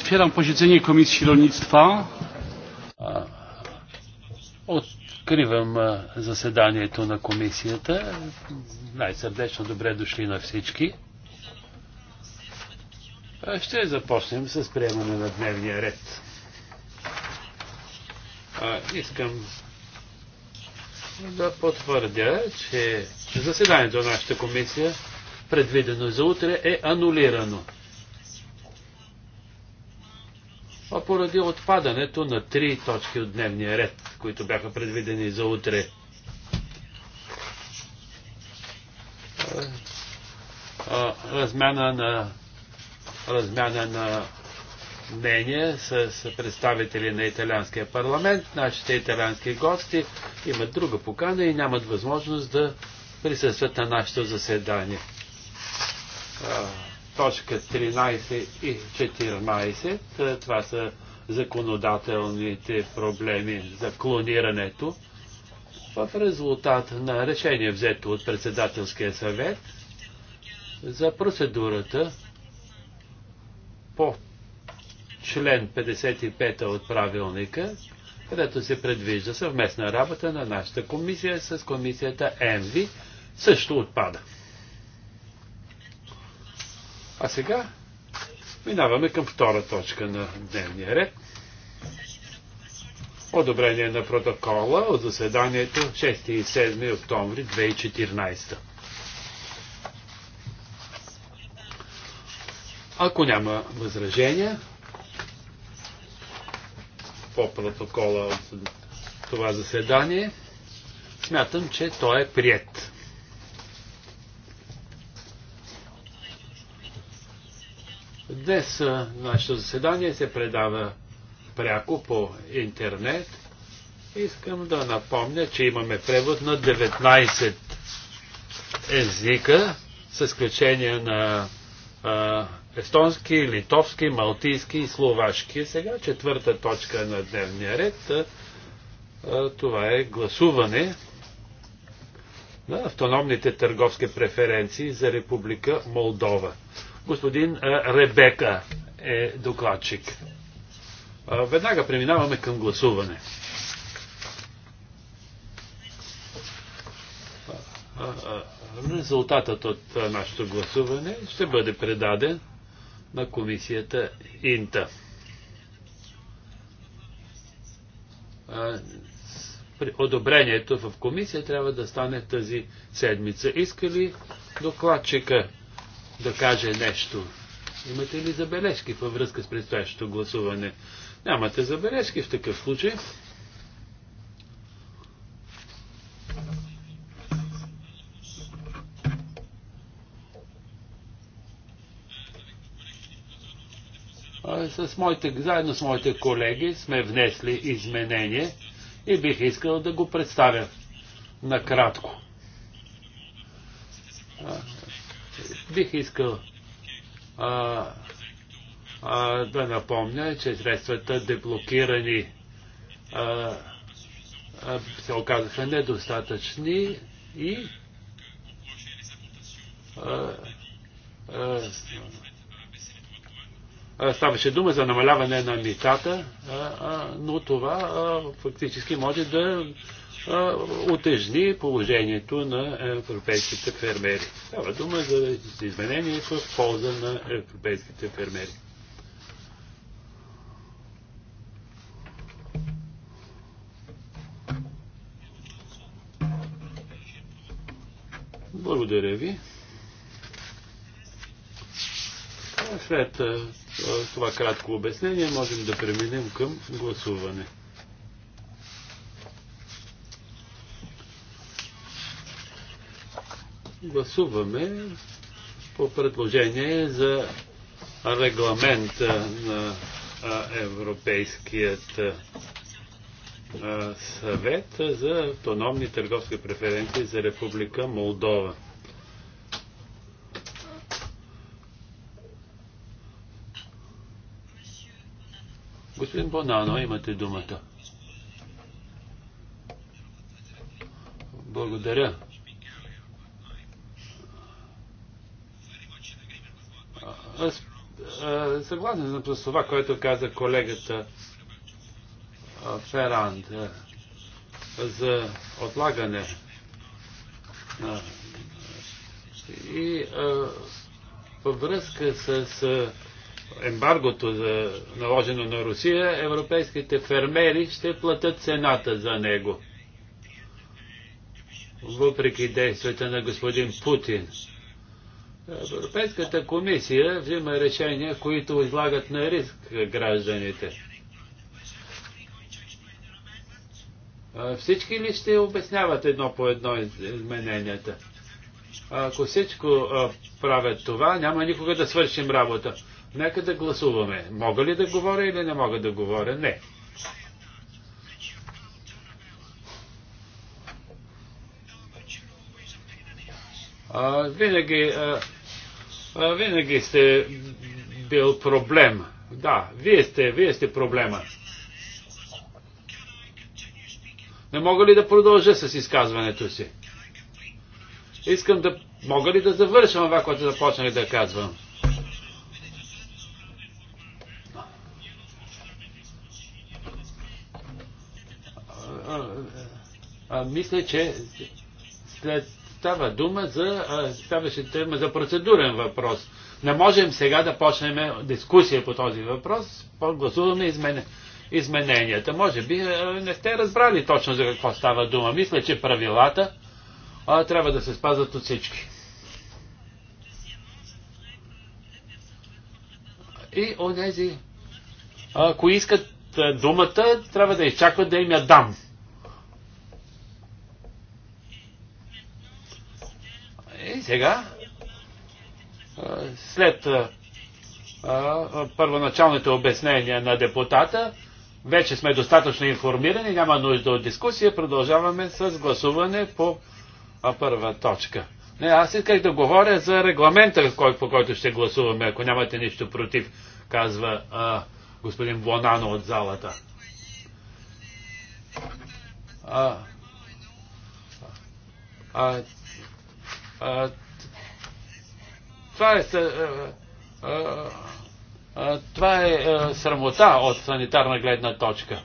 Otwieram posiedzenie Komisji Rolnictwa. Откривам заседанието на комисията. Най-сърдечно добре дошли на всички. Ще започнем с приемане на дневния ред. Искам да потвърдя, че заседанието на нашата комисия, предвидено за утре, е анулирано. А поради отпадането на три точки от дневния ред, които бяха предвидени за утре. Размяна на, размяна на мнение с представители на италианския парламент. Нашите италиански гости имат друга покана и нямат възможност да присъстват на нашето заседание точка 13 и 14. Това са законодателните проблеми за клонирането. В резултат на решение взето от председателския съвет за процедурата по член 55 от правилника, където се предвижда съвместна работа на нашата комисия с комисията ЕМВИ, също отпада. А сега минаваме към втора точка на дневния ред. Одобрение на протокола от заседанието 6 и 7 октомври 2014. Ако няма възражения по протокола от това заседание, смятам, че той е прият. Днес нашето заседание се предава пряко по интернет. Искам да напомня, че имаме превод на 19 езика, с изключение на а, естонски, литовски, малтийски и словашки. Сега четвърта точка на дневния ред. А, това е гласуване на автономните търговски преференции за Република Молдова. Господин е, Ребека е докладчик. Веднага преминаваме към гласуване. Резултатът от нашето гласуване ще бъде предаден на комисията Инта. Одобрението в комисия трябва да стане тази седмица. Иска ли докладчика да каже нещо. Имате ли забележки във връзка с предстоящото гласуване? Нямате забележки в такъв случай. с моите, заедно с моите колеги сме внесли изменение и бих искал да го представя накратко. Бих искал а, а, да напомня, че средствата деблокирани а, а, се оказаха недостатъчни и а, а, ставаше дума за намаляване на митата, но това фактически може да отежни положението на европейските фермери. Става дума за изменение в полза на европейските фермери. Благодаря ви. След това кратко обяснение можем да преминем към гласуване. гласуваме по предложение за регламент на Европейският съвет за автономни търговски преференции за Република Молдова. Господин Бонано, имате думата. Благодаря. съгласен съм с това, което каза колегата Феранд за отлагане и а, във връзка с ембаргото за, наложено на Русия, европейските фермери ще платят цената за него. Въпреки действията на господин Путин. Европейската комисия взима решения, които излагат на риск гражданите. Всички ли ще обясняват едно по едно измененията? Ако всичко правят това, няма никога да свършим работа. Нека да гласуваме. Мога ли да говоря или не мога да говоря? Не. А, винаги а, винаги сте бил проблем. Да, вие сте, вие сте проблема. Не мога ли да продължа с изказването си? Искам да... Мога ли да завършам това, което започнах да казвам? А, а, а, мисля, че след Става дума за, ставаше тема за процедурен въпрос. Не можем сега да почнем дискусия по този въпрос, гласуваме измене, измененията. Може би не сте разбрали точно за какво става дума. Мисля, че правилата а, трябва да се спазват от всички. И онези, ако кои искат думата, трябва да изчакват да им я дам. И сега, след първоначалните обяснения на депутата, вече сме достатъчно информирани, няма нужда от дискусия, продължаваме с гласуване по първа точка. Не, аз исках да говоря за регламента, по който ще гласуваме, ако нямате нищо против, казва а, господин Блонано от залата. А, а, това е, това е срамота от санитарна гледна точка.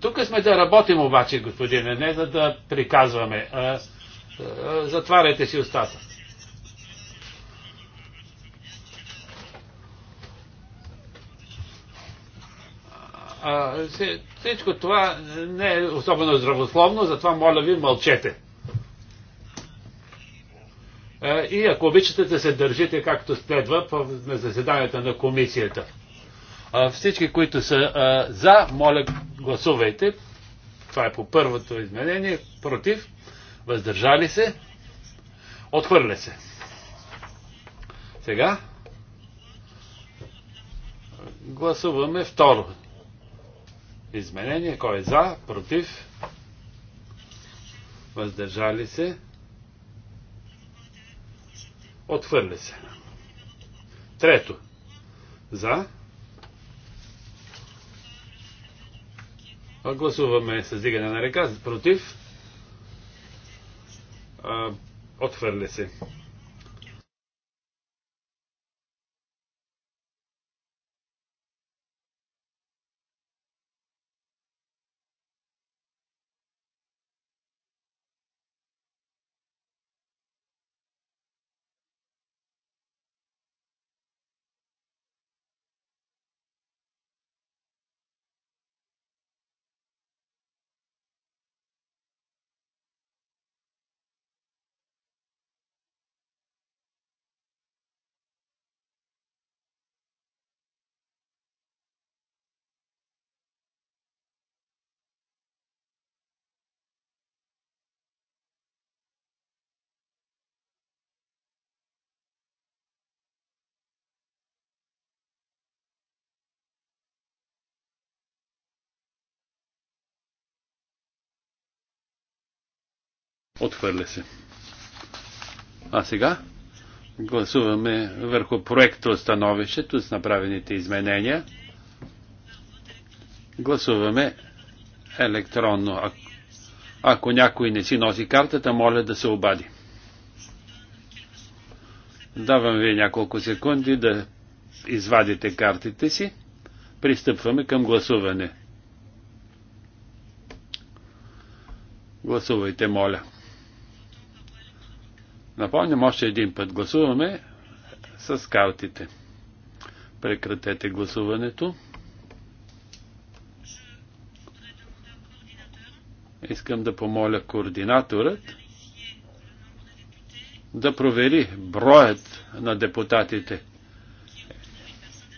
Тук сме да работим обаче, господине, не за да приказваме. затваряйте си устата. А, всичко това не е особено здравословно, затова моля ви мълчете. А, е, и ако обичате да се държите както следва на заседанията на комисията. А, всички, които са а, за, моля гласувайте. Това е по първото изменение. Против, въздържали се, отхвърля се. Сега гласуваме второ изменение. Кой е за? Против? Въздържали се? Отхвърля се. Трето. За? Гласуваме с дигане на Река. Против? Отхвърля се. Отхвърля се. А сега гласуваме върху проекто становището с направените изменения. Гласуваме електронно. ако някой не си носи картата, моля да се обади. Давам ви няколко секунди да извадите картите си. Пристъпваме към гласуване. Гласувайте, моля. Напомням още един път. Гласуваме с картите. Прекратете гласуването. Искам да помоля координаторът да провери броят на депутатите.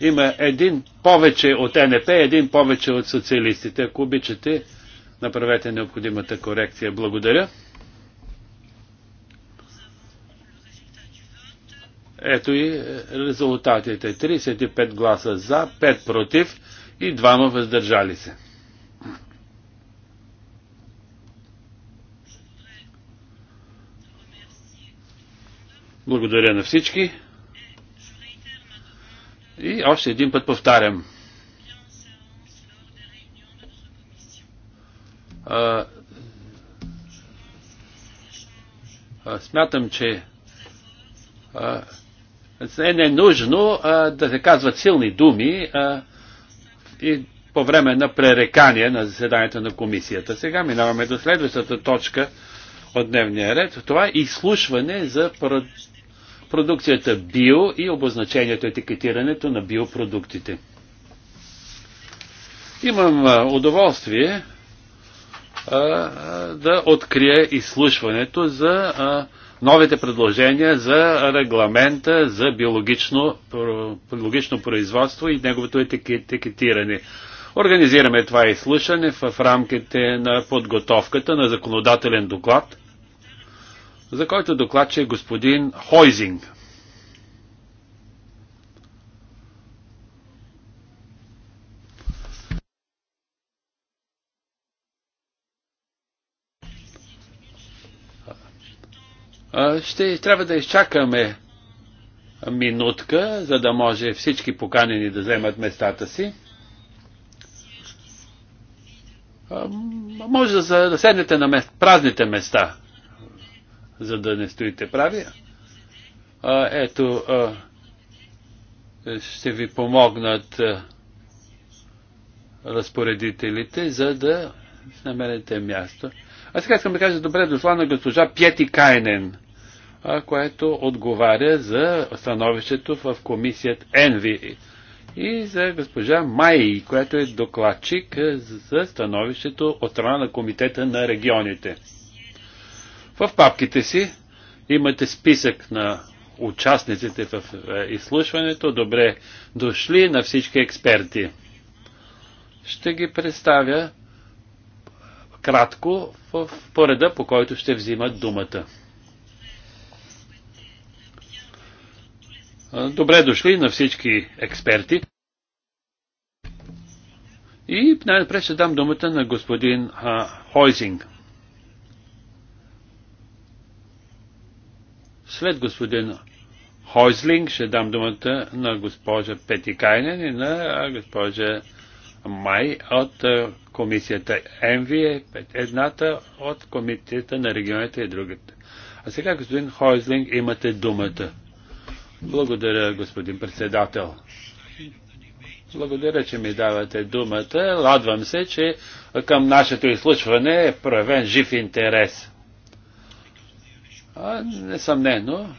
Има един повече от НП, един повече от социалистите. Ако обичате, направете необходимата корекция. Благодаря. Ето и е, резултатите. 35 гласа за, 5 против и 2 въздържали се. Благодаря на всички. И още един път повтарям. А, а, смятам, че а, е ненужно а, да се казват силни думи а, и по време на пререкание на заседанието на комисията. Сега минаваме до следващата точка от дневния ред. Това е изслушване за продукцията био и обозначението, етикетирането на биопродуктите. Имам удоволствие а, да открия изслушването за а, новите предложения за регламента за биологично, биологично производство и неговото етикетиране. Организираме това изслушане в рамките на подготовката на законодателен доклад, за който доклад, че е господин Хойзинг. Ще трябва да изчакаме минутка, за да може всички поканени да вземат местата си. Може да, седнете на мест, празните места, за да не стоите прави. Ето, ще ви помогнат разпоредителите, за да намерите място. А сега искам да кажа добре дошла на госпожа Пети Кайнен което отговаря за становището в комисият ЕНВИ и за госпожа Май, която е докладчик за становището от страна на Комитета на регионите. В папките си имате списък на участниците в изслушването. Добре дошли на всички експерти. Ще ги представя кратко в пореда, по който ще взимат думата. Добре дошли на всички експерти. И най-напред ще дам думата на господин а, Хойзинг. След господин Хойзлинг ще дам думата на госпожа Кайнен и на госпожа Май от комисията МВИ, едната от комитета на регионите и другата. А сега, господин Хойзлинг, имате думата. Благодаря, господин председател. Благодаря, че ми давате думата. Радвам се, че към нашето изслушване е проявен жив интерес. А, несъмнено,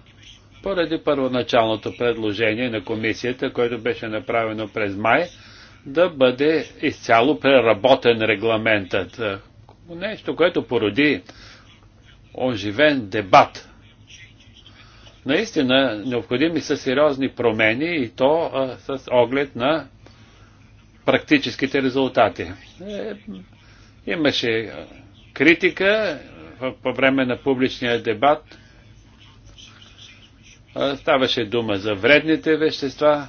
поради първоначалното предложение на комисията, което беше направено през май, да бъде изцяло преработен регламентът. Нещо, което породи оживен дебат Наистина необходими са сериозни промени и то а, с оглед на практическите резултати. Е, имаше критика по време на публичния дебат. А, ставаше дума за вредните вещества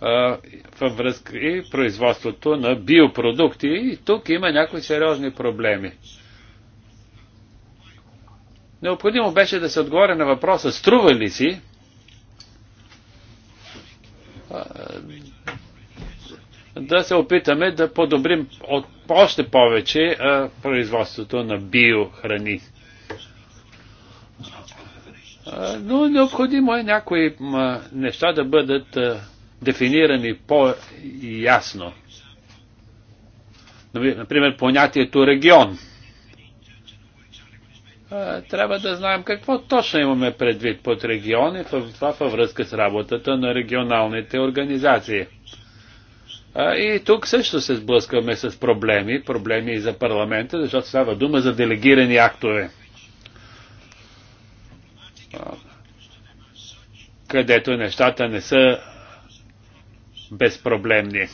а, във връзка и производството на биопродукти. И тук има някои сериозни проблеми Необходимо беше да се отговоря на въпроса, струва ли си да се опитаме да подобрим от, още повече а, производството на биохрани. А, но необходимо е някои а, неща да бъдат а, дефинирани по-ясно. Например, понятието регион – трябва да знаем какво точно имаме предвид под региони, в това във връзка с работата на регионалните организации. И тук също се сблъскваме с проблеми, проблеми и за парламента, защото става дума за делегирани актове. Където нещата не са безпроблемни.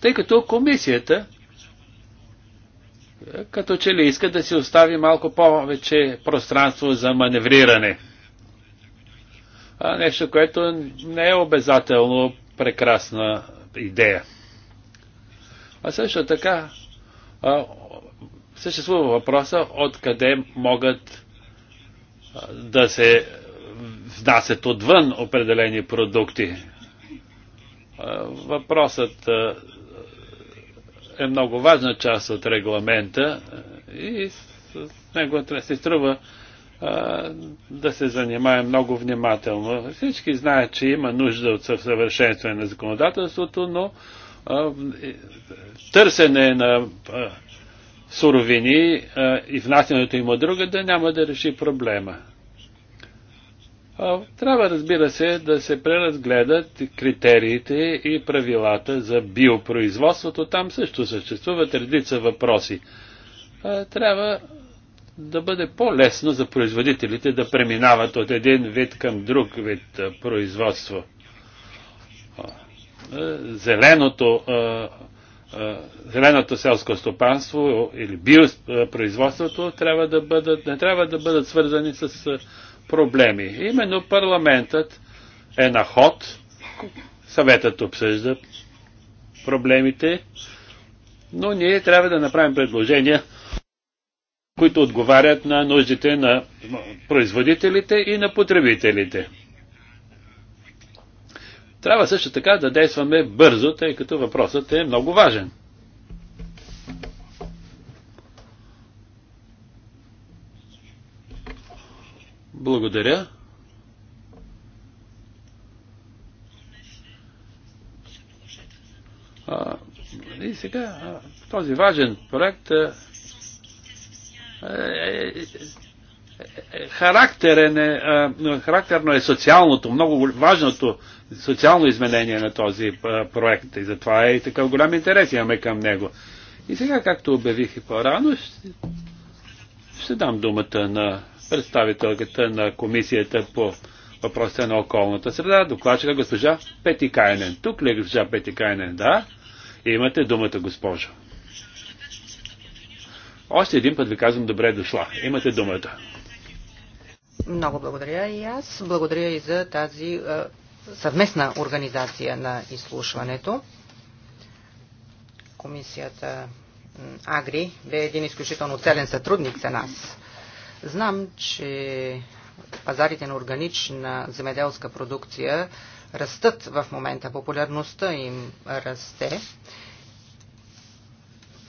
Тъй като комисията като че ли иска да си остави малко повече пространство за маневриране. А нещо, което не е обязателно прекрасна идея. А също така а, съществува въпроса откъде могат а, да се внасят отвън определени продукти. А, въпросът а, е много важна част от регламента е, и с него се струва е, да се занимае много внимателно. Всички знаят, че има нужда от съвършенстване на законодателството, но е, търсене на суровини и внасянето им от друга да няма да реши проблема. Трябва, разбира се, да се преразгледат критериите и правилата за биопроизводството. Там също съществуват редица въпроси. Трябва да бъде по-лесно за производителите да преминават от един вид към друг вид производство. Зеленото, зеленото селско стопанство или биопроизводството трябва да бъдат, не трябва да бъдат свързани с проблеми. Именно парламентът е на ход, съветът обсъжда проблемите, но ние трябва да направим предложения, които отговарят на нуждите на производителите и на потребителите. Трябва също така да действаме бързо, тъй като въпросът е много важен. Благодаря. А, и сега а, този важен проект а, е, е, е, е характерен е, а, характерно е социалното, много важното социално изменение на този а, проект и затова е и такъв голям интерес имаме към него. И сега, както обявих и по-рано, ще, ще дам думата на представителката на Комисията по въпросите на околната среда, докладчика госпожа Пети Кайнен. Тук ли е госпожа Пети Кайнен? Да. Имате думата, госпожо. Още един път ви казвам добре е дошла. Имате думата. Много благодаря и аз. Благодаря и за тази е, съвместна организация на изслушването. Комисията Агри бе един изключително целен сътрудник за нас. Знам, че пазарите на органична земеделска продукция растат в момента, популярността им расте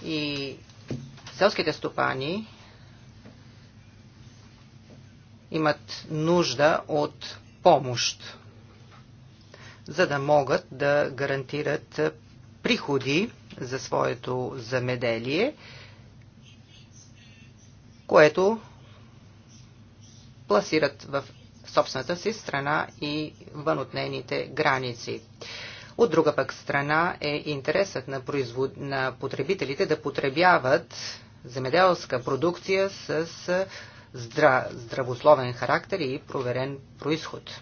и селските стопани имат нужда от помощ, за да могат да гарантират приходи за своето замеделие, което пласират в собствената си страна и вън от нейните граници. От друга пък страна е интересът на, производ... на потребителите да потребяват земеделска продукция с здра... здравословен характер и проверен происход.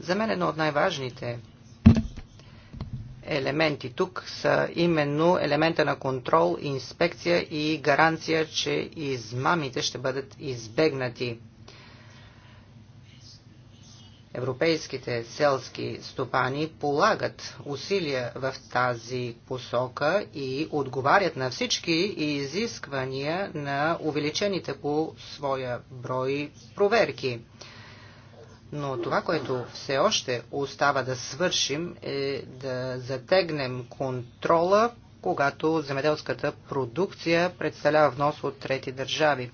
За мен едно от най-важните елементи тук са именно елемента на контрол, инспекция и гаранция, че измамите ще бъдат избегнати. Европейските селски стопани полагат усилия в тази посока и отговарят на всички изисквания на увеличените по своя брой проверки. Но това, което все още остава да свършим е да затегнем контрола, когато земеделската продукция представлява внос от трети държави.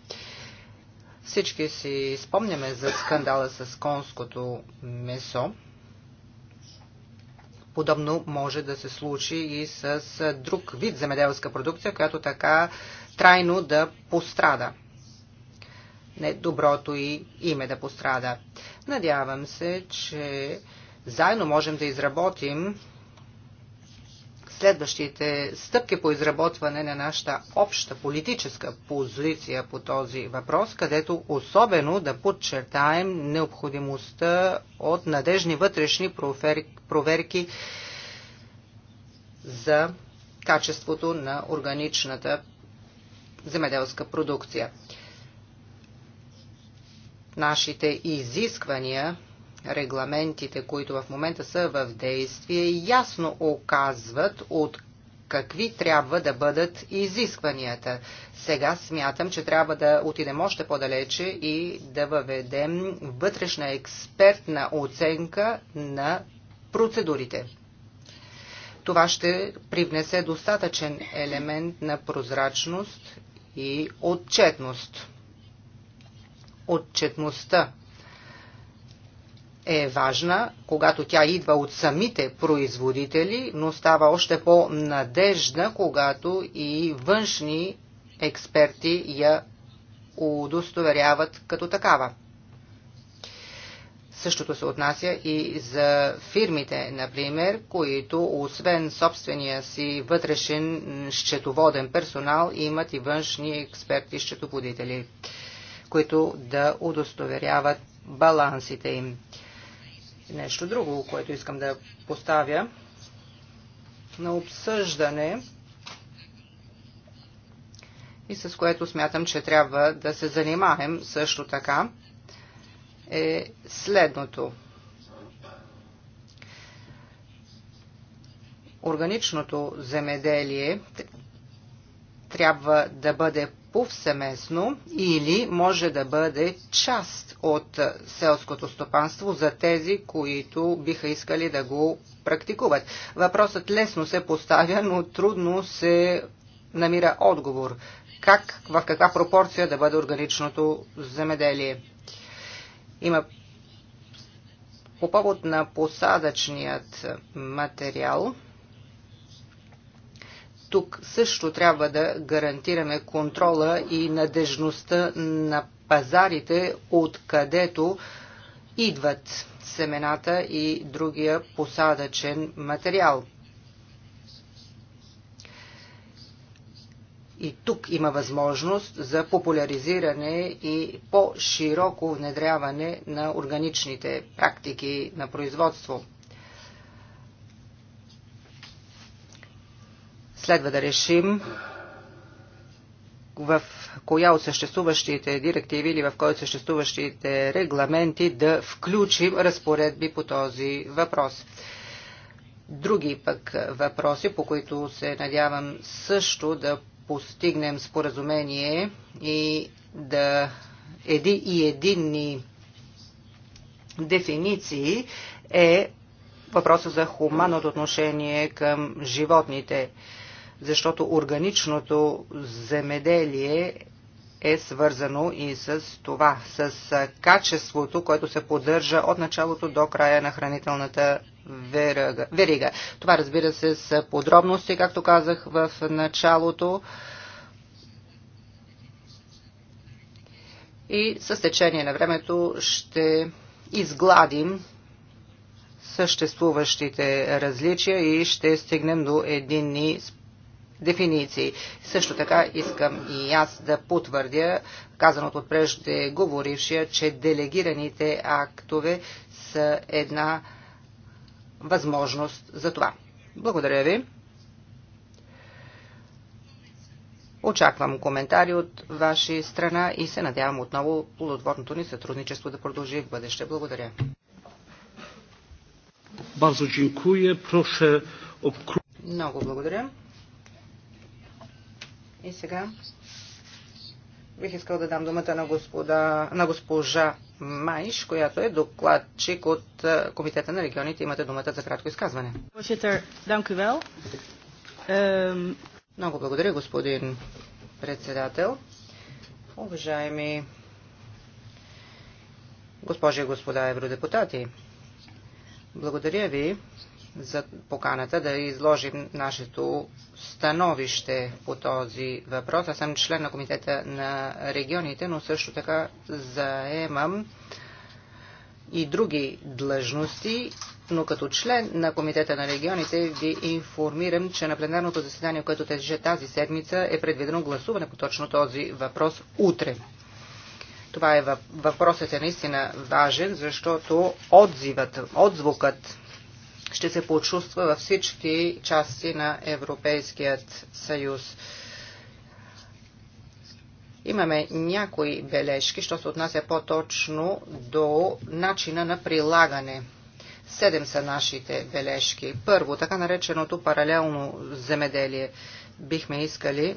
Всички си спомняме за скандала с конското месо. Подобно може да се случи и с друг вид земеделска продукция, която така трайно да пострада. Не доброто и име да пострада. Надявам се, че заедно можем да изработим следващите стъпки по изработване на нашата обща политическа позиция по този въпрос, където особено да подчертаем необходимостта от надежни вътрешни проверки за качеството на органичната земеделска продукция нашите изисквания, регламентите, които в момента са в действие, ясно оказват от какви трябва да бъдат изискванията. Сега смятам, че трябва да отидем още по-далече и да въведем вътрешна експертна оценка на процедурите. Това ще привнесе достатъчен елемент на прозрачност и отчетност отчетността е важна, когато тя идва от самите производители, но става още по-надежна, когато и външни експерти я удостоверяват като такава. Същото се отнася и за фирмите, например, които освен собствения си вътрешен счетоводен персонал имат и външни експерти счетоводители които да удостоверяват балансите им. Нещо друго, което искам да поставя на обсъждане и с което смятам, че трябва да се занимаем също така, е следното. Органичното земеделие трябва да бъде повсеместно или може да бъде част от селското стопанство за тези, които биха искали да го практикуват. Въпросът лесно се поставя, но трудно се намира отговор. Как, в каква пропорция да бъде органичното земеделие? Има по повод на посадъчният материал – тук също трябва да гарантираме контрола и надежността на пазарите, откъдето идват семената и другия посадъчен материал. И тук има възможност за популяризиране и по-широко внедряване на органичните практики на производство. Следва да решим в коя от съществуващите директиви или в кой от съществуващите регламенти да включим разпоредби по този въпрос. Други пък въпроси, по които се надявам също да постигнем споразумение и да еди и единни дефиниции е въпроса за хуманното отношение към животните защото органичното земеделие е свързано и с това, с качеството, което се поддържа от началото до края на хранителната верига. Това разбира се с подробности, както казах в началото. И с течение на времето ще изгладим съществуващите различия и ще стигнем до единни дефиниции. Също така искам и аз да потвърдя казаното от прежде говорившия, че делегираните актове са една възможност за това. Благодаря ви. Очаквам коментари от ваши страна и се надявам отново плодотворното ни сътрудничество да продължи в бъдеще. Благодаря. Много благодаря. И сега бих искал да дам думата на, господа, на госпожа Майш, която е докладчик от е, Комитета на регионите. Имате думата за кратко изказване. Ehm, Много благодаря, господин председател. Уважаеми госпожи и господа евродепутати, благодаря ви за поканата да изложим нашето становище по този въпрос. Аз съм член на Комитета на регионите, но също така заемам и други длъжности, но като член на Комитета на регионите ви информирам, че на пленарното заседание, което тече тази седмица, е предвидено гласуване по точно този въпрос утре. Това е въпросът е наистина важен, защото отзивът, отзвукът ще се почувства във всички части на Европейският съюз. Имаме някои бележки, що се отнася по-точно до начина на прилагане. Седем са нашите бележки. Първо, така нареченото паралелно земеделие. Бихме искали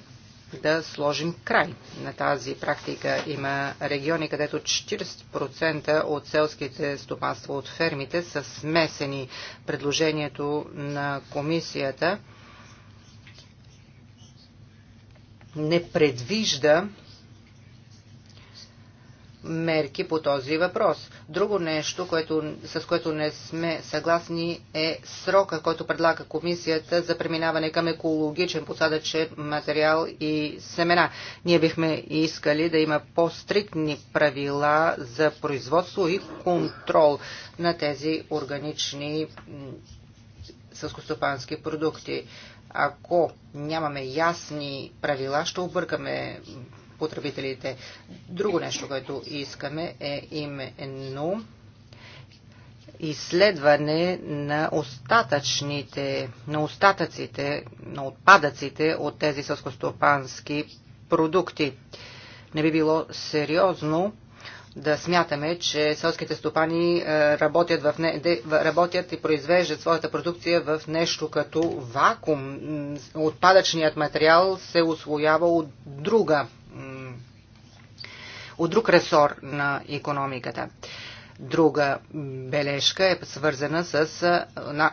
да сложим край на тази практика. Има региони, където 40% от селските стопанства от фермите са смесени. Предложението на комисията не предвижда мерки по този въпрос. Друго нещо, което, с което не сме съгласни е срока, който предлага комисията за преминаване към екологичен посадъчен материал и семена. Ние бихме искали да има по-стриктни правила за производство и контрол на тези органични съскостопански продукти. Ако нямаме ясни правила, ще объркаме потребителите. Друго нещо, което искаме е именно изследване на остатъчните, на остатъците, на отпадъците от тези сълскостопански продукти. Не би било сериозно да смятаме, че селските стопани е, работят, в не, работят и произвеждат своята продукция в нещо като вакуум. Отпадъчният материал се освоява от друга от друг ресор на економиката. Друга бележка е свързана с,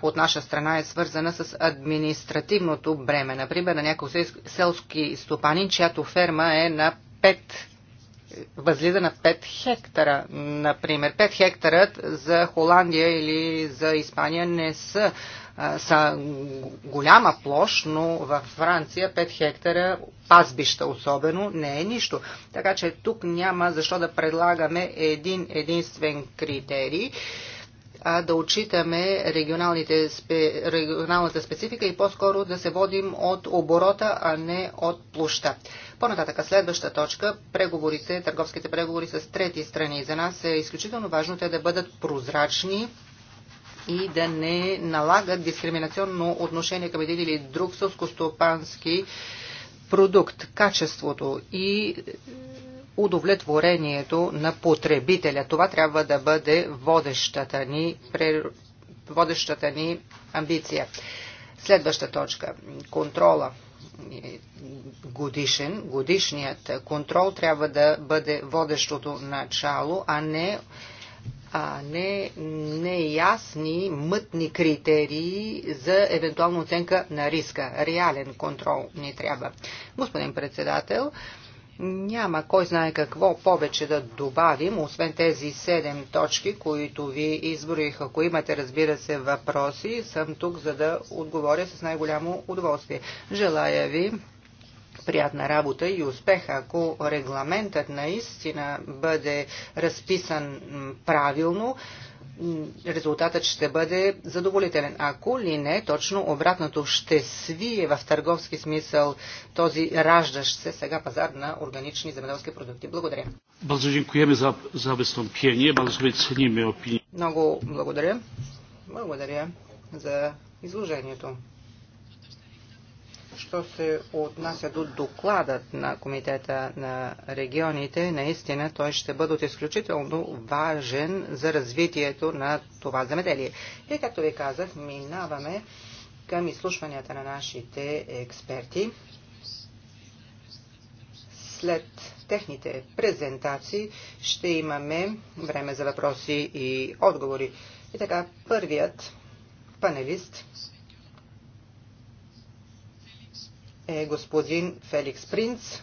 от наша страна е свързана с административното бреме. Например, на някои селски стопанин, чиято ферма е на 5 възлиза на 5 хектара. Например, 5 хектара за Холандия или за Испания не са, а, са голяма площ, но във Франция 5 хектара пазбища особено не е нищо. Така че тук няма защо да предлагаме един единствен критерий а да отчитаме регионалните, спе, регионалната специфика и по-скоро да се водим от оборота, а не от площа. По-нататък, следваща точка, преговорите, търговските преговори с трети страни. За нас е изключително важно те да бъдат прозрачни, и да не налагат дискриминационно отношение към един или друг сълскостопански продукт, качеството и удовлетворението на потребителя. Това трябва да бъде водещата ни, водещата ни амбиция. Следваща точка – контрола годишен, годишният контрол трябва да бъде водещото начало, а не а не неясни мътни критерии за евентуална оценка на риска. Реален контрол ни трябва. Господин председател, няма кой знае какво повече да добавим, освен тези седем точки, които ви изборих. Ако имате, разбира се, въпроси, съм тук, за да отговоря с най-голямо удоволствие. Желая ви приятна работа и успех, ако регламентът наистина бъде разписан правилно, резултатът ще бъде задоволителен. Ако ли не, точно обратното ще свие в търговски смисъл този раждащ се сега пазар на органични земеделски продукти. Благодаря. Много благодаря. Благодаря за изложението що се отнася до докладът на Комитета на регионите, наистина той ще бъде от изключително важен за развитието на това земеделие. И както ви казах, минаваме към изслушванията на нашите експерти. След техните презентации ще имаме време за въпроси и отговори. И така, първият панелист е господин Феликс Принц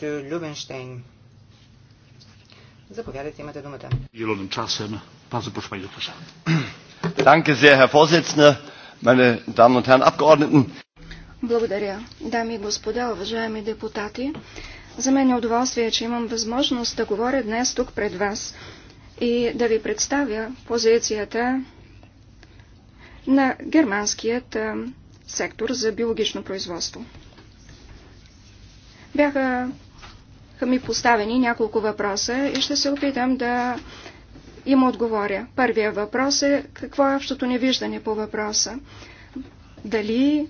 Тю Любенштейн. Заповядайте, имате думата. Зеленым часом. Bardzo proszę, panie doktorze. Danke sehr, Herr Vorsitzender, meine Damen und Herren Abgeordneten. Благодаря. Дами и господа, уважаеми депутати, за мен е удоволствие, че имам възможност да говоря днес тук пред вас и да ви представя позицията на германският сектор за биологично производство. Бяха ми поставени няколко въпроса и ще се опитам да им отговоря. Първия въпрос е какво е общото невиждане по въпроса. Дали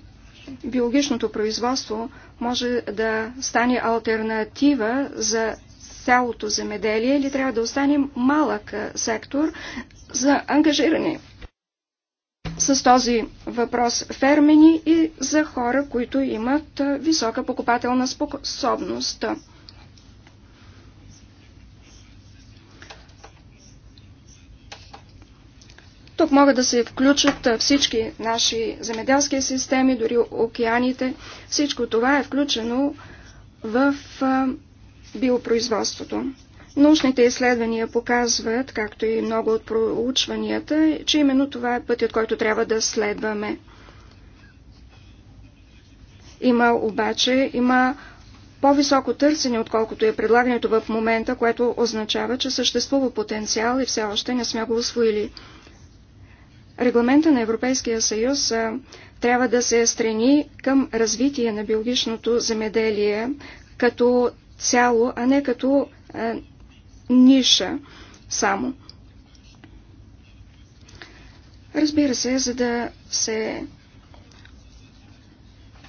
биологичното производство може да стане альтернатива за цялото земеделие или трябва да остане малък сектор за ангажиране с този въпрос фермени и за хора, които имат висока покупателна способност. Тук могат да се включат всички наши земеделски системи, дори океаните. Всичко това е включено в биопроизводството. Научните изследвания показват, както и много от проучванията, че именно това е пътят, който трябва да следваме. Има обаче, има по-високо търсене, отколкото е предлагането в момента, което означава, че съществува потенциал и все още не сме го освоили. Регламента на Европейския съюз трябва да се страни към развитие на биологичното земеделие като цяло, а не като ниша само. Разбира се, за да се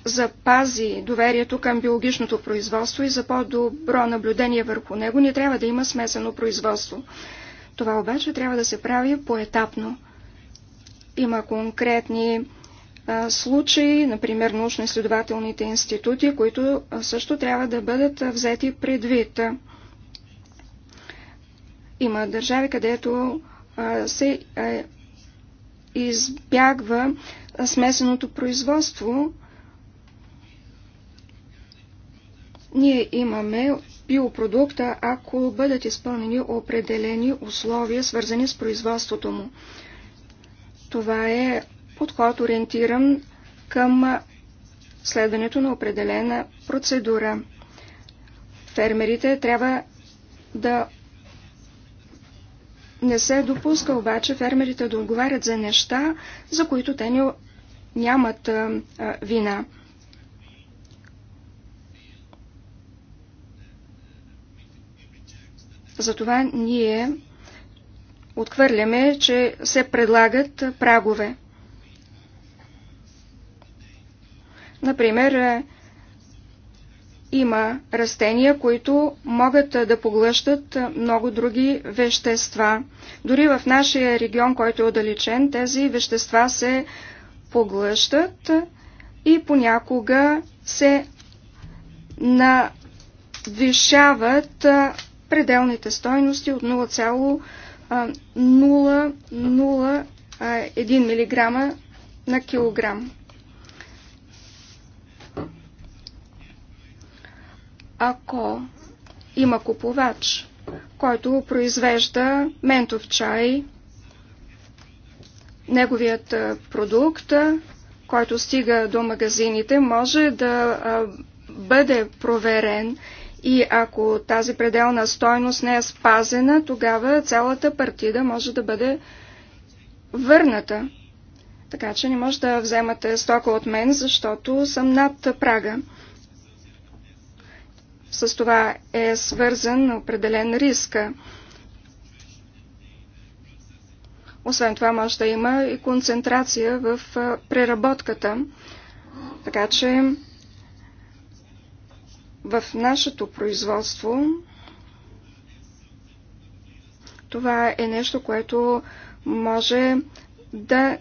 запази доверието към биологичното производство и за по-добро наблюдение върху него, не трябва да има смесено производство. Това обаче трябва да се прави поетапно. Има конкретни а, случаи, например научно-изследователните институти, които също трябва да бъдат взети предвид. Има държави, където се избягва смесеното производство. Ние имаме биопродукта, ако бъдат изпълнени определени условия, свързани с производството му. Това е подход ориентиран към следването на определена процедура. Фермерите трябва да не се допуска обаче фермерите да отговарят за неща, за които те не, нямат а, а, вина. Затова ние отхвърляме, че се предлагат прагове. Например, има растения, които могат да поглъщат много други вещества. Дори в нашия регион, който е отдалечен, тези вещества се поглъщат и понякога се надвишават пределните стойности от 0,001 мг на килограм. ако има купувач, който произвежда ментов чай, неговият продукт, който стига до магазините, може да бъде проверен и ако тази пределна стойност не е спазена, тогава цялата партида може да бъде върната. Така че не може да вземате стока от мен, защото съм над прага с това е свързан определен риск. Освен това може да има и концентрация в преработката. Така че в нашето производство това е нещо, което може да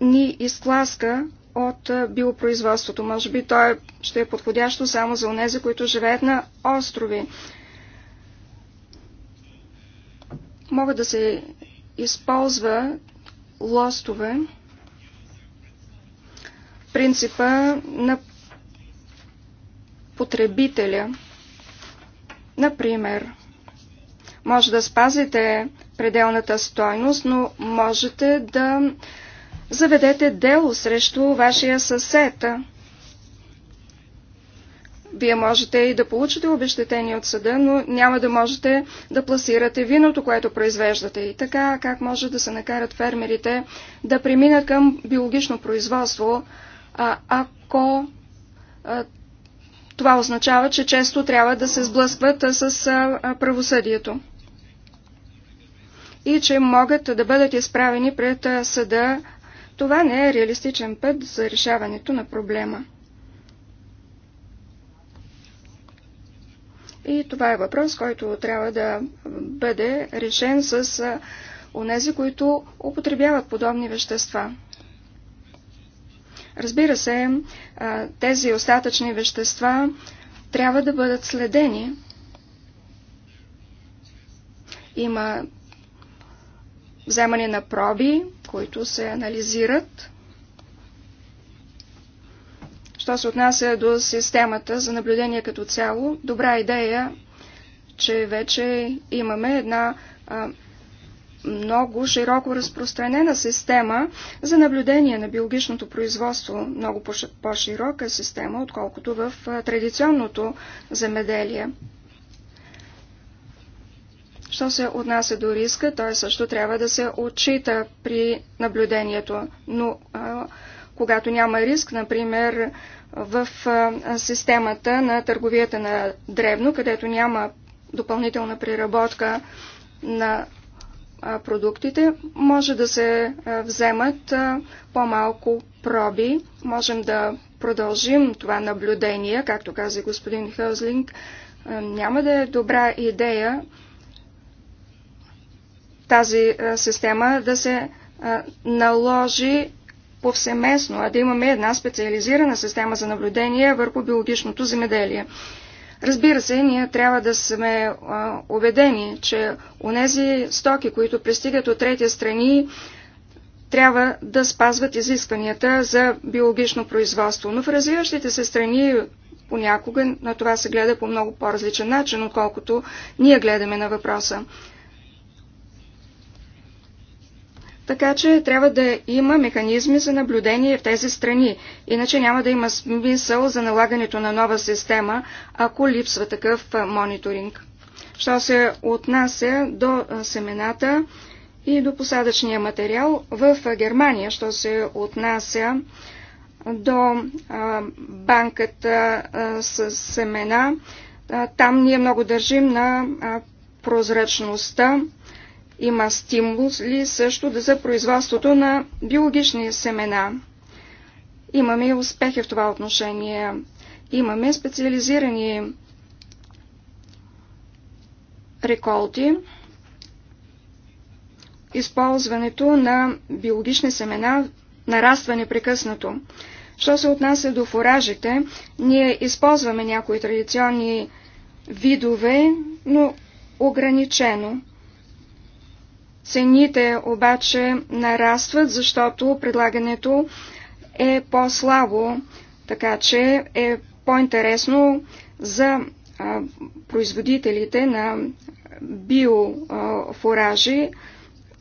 ни изтласка от биопроизводството. Може би то е, ще е подходящо само за онези, които живеят на острови. Могат да се използва лостове, принципа на потребителя. Например, може да спазите пределната стойност, но можете да заведете дело срещу вашия съсед. Вие можете и да получите обещетение от съда, но няма да можете да пласирате виното, което произвеждате. И така, как може да се накарат фермерите да преминат към биологично производство, а, ако а, това означава, че често трябва да се сблъскват с а, правосъдието и че могат да бъдат изправени пред съда това не е реалистичен път за решаването на проблема. И това е въпрос, който трябва да бъде решен с онези, които употребяват подобни вещества. Разбира се, тези остатъчни вещества трябва да бъдат следени. Има вземане на проби, които се анализират. Що се отнася до системата за наблюдение като цяло, добра идея, че вече имаме една а, много широко разпространена система за наблюдение на биологичното производство, много по-широка система, отколкото в традиционното земеделие. Що се отнася до риска, той също трябва да се отчита при наблюдението. Но а, когато няма риск, например, в а, системата на търговията на древно, където няма допълнителна преработка на а, продуктите, може да се а, вземат по-малко проби. Можем да продължим това наблюдение, както каза господин Хълзлинг. Няма да е добра идея тази система да се наложи повсеместно, а да имаме една специализирана система за наблюдение върху биологичното земеделие. Разбира се, ние трябва да сме а, убедени, че нези стоки, които пристигат от третия страни, трябва да спазват изискванията за биологично производство. Но в развиващите се страни понякога на това се гледа по много по-различен начин, отколкото ние гледаме на въпроса. Така че трябва да има механизми за наблюдение в тези страни. Иначе няма да има смисъл за налагането на нова система, ако липсва такъв мониторинг. Що се отнася до семената и до посадъчния материал в Германия, що се отнася до банката с семена, там ние много държим на прозрачността има стимули също да за производството на биологични семена. Имаме и успехи в това отношение. Имаме специализирани реколти, използването на биологични семена нараства непрекъснато. Що се отнася до фуражите, ние използваме някои традиционни видове, но ограничено. Цените обаче нарастват, защото предлагането е по-слабо, така че е по-интересно за производителите на биофуражи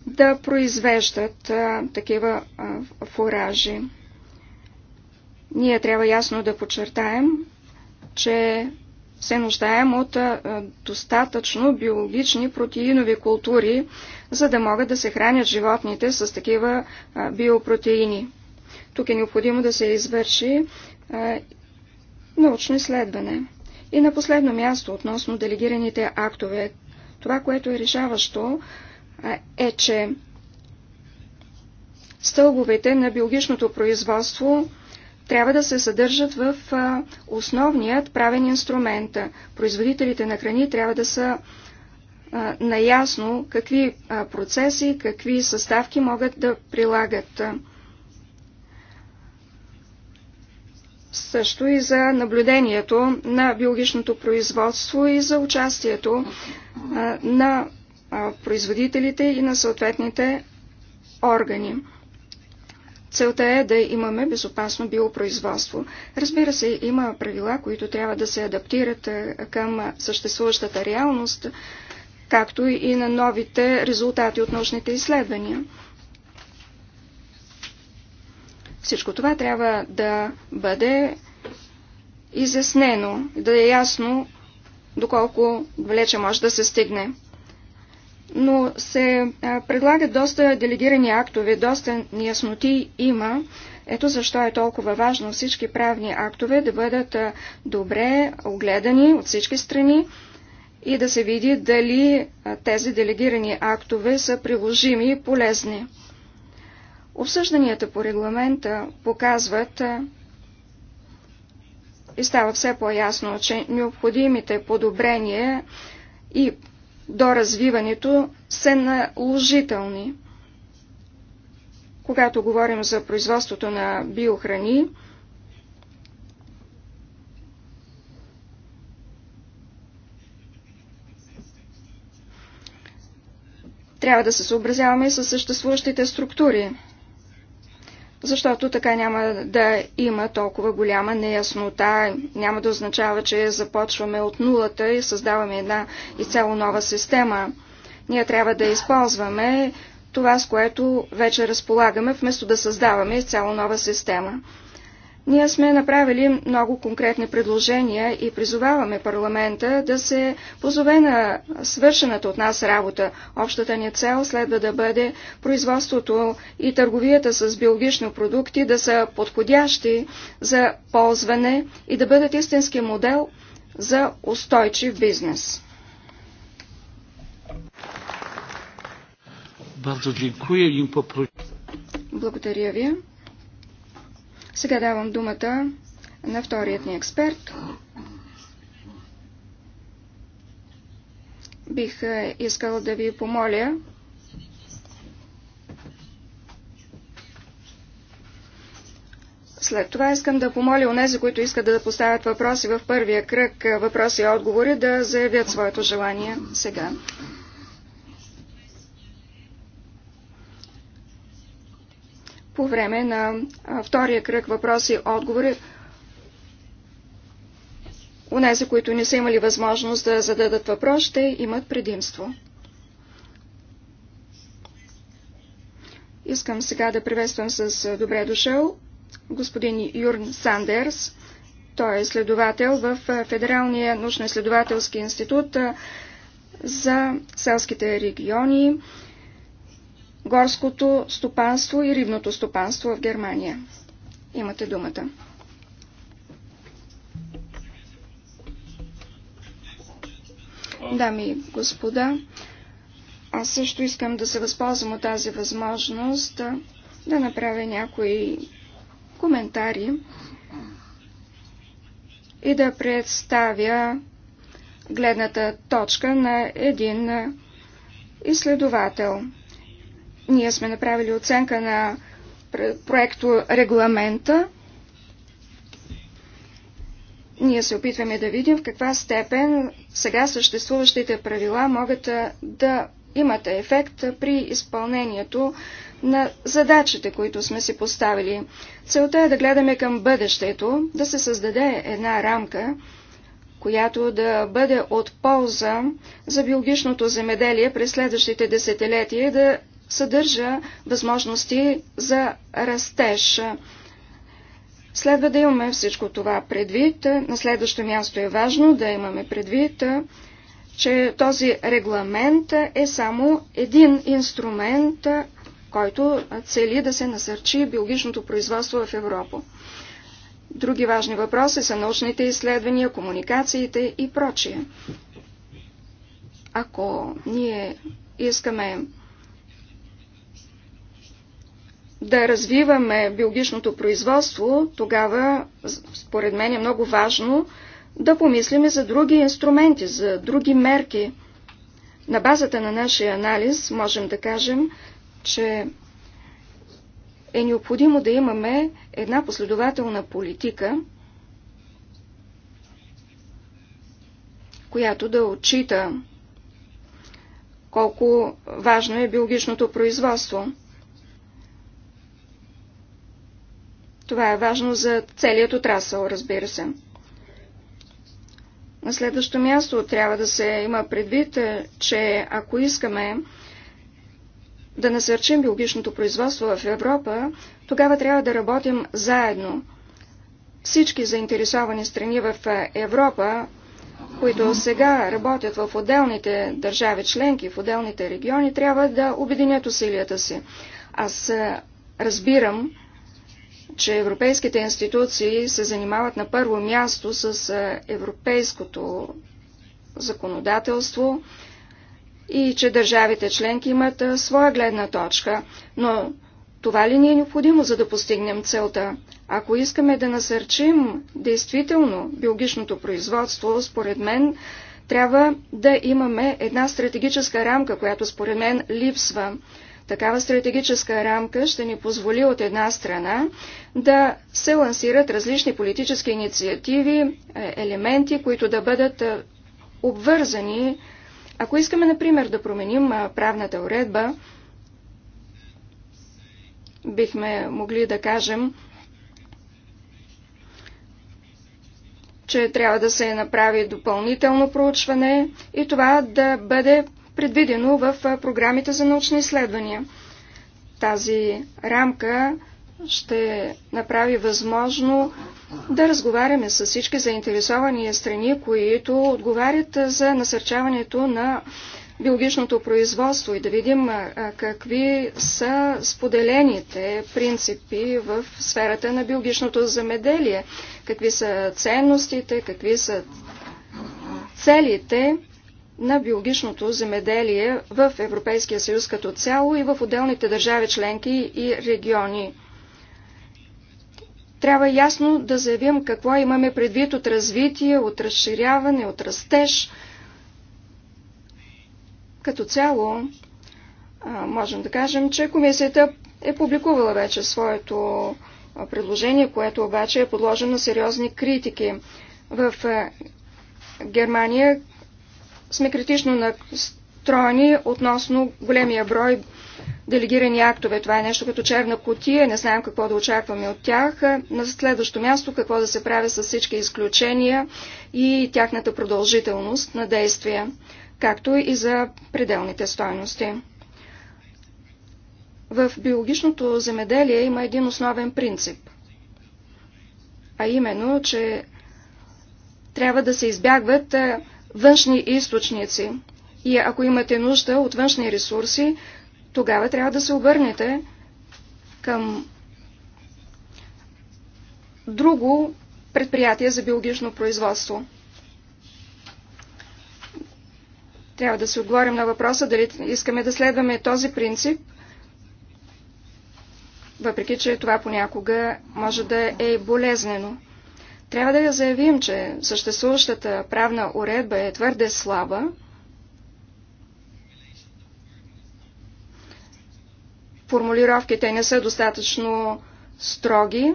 да произвеждат такива фуражи. Ние трябва ясно да подчертаем, че се нуждаем от достатъчно биологични протеинови култури, за да могат да се хранят животните с такива биопротеини. Тук е необходимо да се извърши научно изследване. И на последно място, относно делегираните актове, това, което е решаващо, е, че стълбовете на биологичното производство трябва да се съдържат в основният правен инструмент. Производителите на храни трябва да са наясно какви процеси, какви съставки могат да прилагат. Също и за наблюдението на биологичното производство и за участието на производителите и на съответните органи. Целта е да имаме безопасно биопроизводство. Разбира се, има правила, които трябва да се адаптират към съществуващата реалност, както и на новите резултати от научните изследвания. Всичко това трябва да бъде изяснено, да е ясно доколко далече може да се стигне. Но се предлагат доста делегирани актове, доста неясноти има. Ето защо е толкова важно всички правни актове да бъдат добре огледани от всички страни, и да се види дали тези делегирани актове са приложими и полезни. Обсъжданията по регламента показват и става все по-ясно, че необходимите подобрения и до развиването са наложителни. Когато говорим за производството на биохрани, Трябва да се съобразяваме с съществуващите структури, защото така няма да има толкова голяма неяснота, няма да означава, че започваме от нулата и създаваме една изцяло нова система. Ние трябва да използваме това, с което вече разполагаме, вместо да създаваме изцяло нова система. Ние сме направили много конкретни предложения и призоваваме парламента да се позове на свършената от нас работа. Общата ни цел следва да бъде производството и търговията с биологични продукти да са подходящи за ползване и да бъдат истински модел за устойчив бизнес. Благодаря ви. Сега давам думата на вторият ни експерт. Бих е, искал да ви помоля След това искам да помоля нези, които искат да поставят въпроси в първия кръг е, въпроси и отговори, да заявят своето желание сега. по време на втория кръг въпроси-отговори. и Унези, които не са имали възможност да зададат въпрос, ще имат предимство. Искам сега да приветствам с добре дошъл господин Юрн Сандерс. Той е следовател в Федералния научно-изследователски институт за селските региони горското стопанство и рибното стопанство в Германия. Имате думата. Дами и господа, аз също искам да се възползвам от тази възможност да, да направя някои коментари и да представя гледната точка на един изследовател – ние сме направили оценка на проекто регламента. Ние се опитваме да видим в каква степен сега съществуващите правила могат да имат ефект при изпълнението на задачите, които сме си поставили. Целта е да гледаме към бъдещето, да се създаде една рамка, която да бъде от полза за биологичното земеделие през следващите десетилетия и да съдържа възможности за растеж. Следва да имаме всичко това предвид. На следващо място е важно да имаме предвид, че този регламент е само един инструмент, който цели да се насърчи биологичното производство в Европа. Други важни въпроси са научните изследвания, комуникациите и прочие. Ако ние искаме да развиваме биологичното производство, тогава, според мен, е много важно да помислим за други инструменти, за други мерки. На базата на нашия анализ можем да кажем, че е необходимо да имаме една последователна политика, която да отчита колко важно е биологичното производство. Това е важно за целият отрасъл, разбира се. На следващо място трябва да се има предвид, е, че ако искаме да насърчим биологичното производство в Европа, тогава трябва да работим заедно. Всички заинтересовани страни в е, Европа, които сега работят в отделните държави членки, в отделните региони, трябва да обединят усилията си. Аз е, разбирам, че европейските институции се занимават на първо място с европейското законодателство и че държавите членки имат своя гледна точка. Но това ли ни е необходимо, за да постигнем целта? Ако искаме да насърчим действително биологичното производство, според мен, трябва да имаме една стратегическа рамка, която според мен липсва. Такава стратегическа рамка ще ни позволи от една страна да се лансират различни политически инициативи, е, елементи, които да бъдат е, обвързани. Ако искаме, например, да променим е, правната уредба, бихме могли да кажем, че трябва да се направи допълнително проучване и това да бъде предвидено в програмите за научни изследвания. Тази рамка ще направи възможно да разговаряме с всички заинтересовани страни, които отговарят за насърчаването на биологичното производство и да видим какви са споделените принципи в сферата на биологичното замеделие, какви са ценностите, какви са целите на биологичното земеделие в Европейския съюз като цяло и в отделните държави членки и региони. Трябва ясно да заявим какво имаме предвид от развитие, от разширяване, от растеж. Като цяло, можем да кажем, че комисията е публикувала вече своето предложение, което обаче е подложено на сериозни критики. В Германия сме критично настроени относно големия брой делегирани актове. Това е нещо като черна котия, не знаем какво да очакваме от тях. На следващо място какво да се прави с всички изключения и тяхната продължителност на действия, както и за пределните стойности. В биологичното земеделие има един основен принцип, а именно, че трябва да се избягват външни източници. И ако имате нужда от външни ресурси, тогава трябва да се обърнете към друго предприятие за биологично производство. Трябва да се отговорим на въпроса дали искаме да следваме този принцип, въпреки че това понякога може да е болезнено. Трябва да заявим, че съществуващата правна уредба е твърде слаба. Формулировките не са достатъчно строги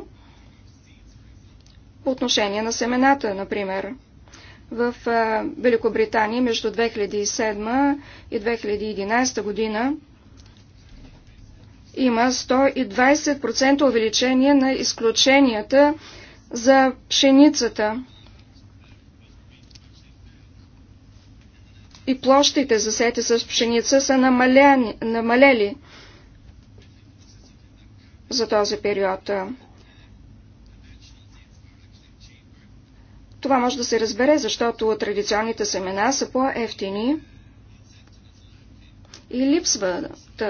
по отношение на семената, например. В Великобритания между 2007 и 2011 година има 120% увеличение на изключенията за пшеницата и площите засети с пшеница са намаляни, намалели за този период. Това може да се разбере, защото традиционните семена са по-ефтини и липсват,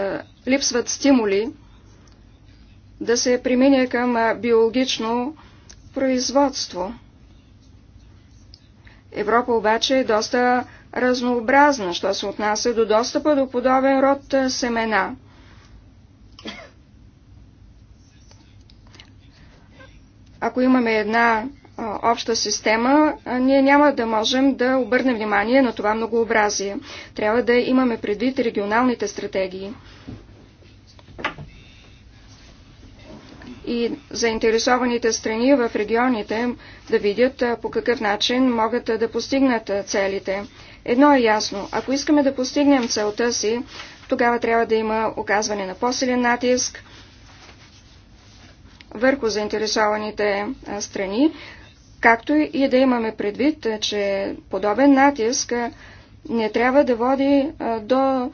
липсват стимули да се премине към биологично производство. Европа обаче е доста разнообразна, що се отнася до достъпа до подобен род е, семена. Ако имаме една е, обща система, е, ние няма да можем да обърнем внимание на това многообразие. Трябва да имаме предвид регионалните стратегии. и заинтересованите страни в регионите да видят по какъв начин могат да постигнат целите. Едно е ясно. Ако искаме да постигнем целта си, тогава трябва да има оказване на по-силен натиск върху заинтересованите страни, както и да имаме предвид, че подобен натиск не трябва да води до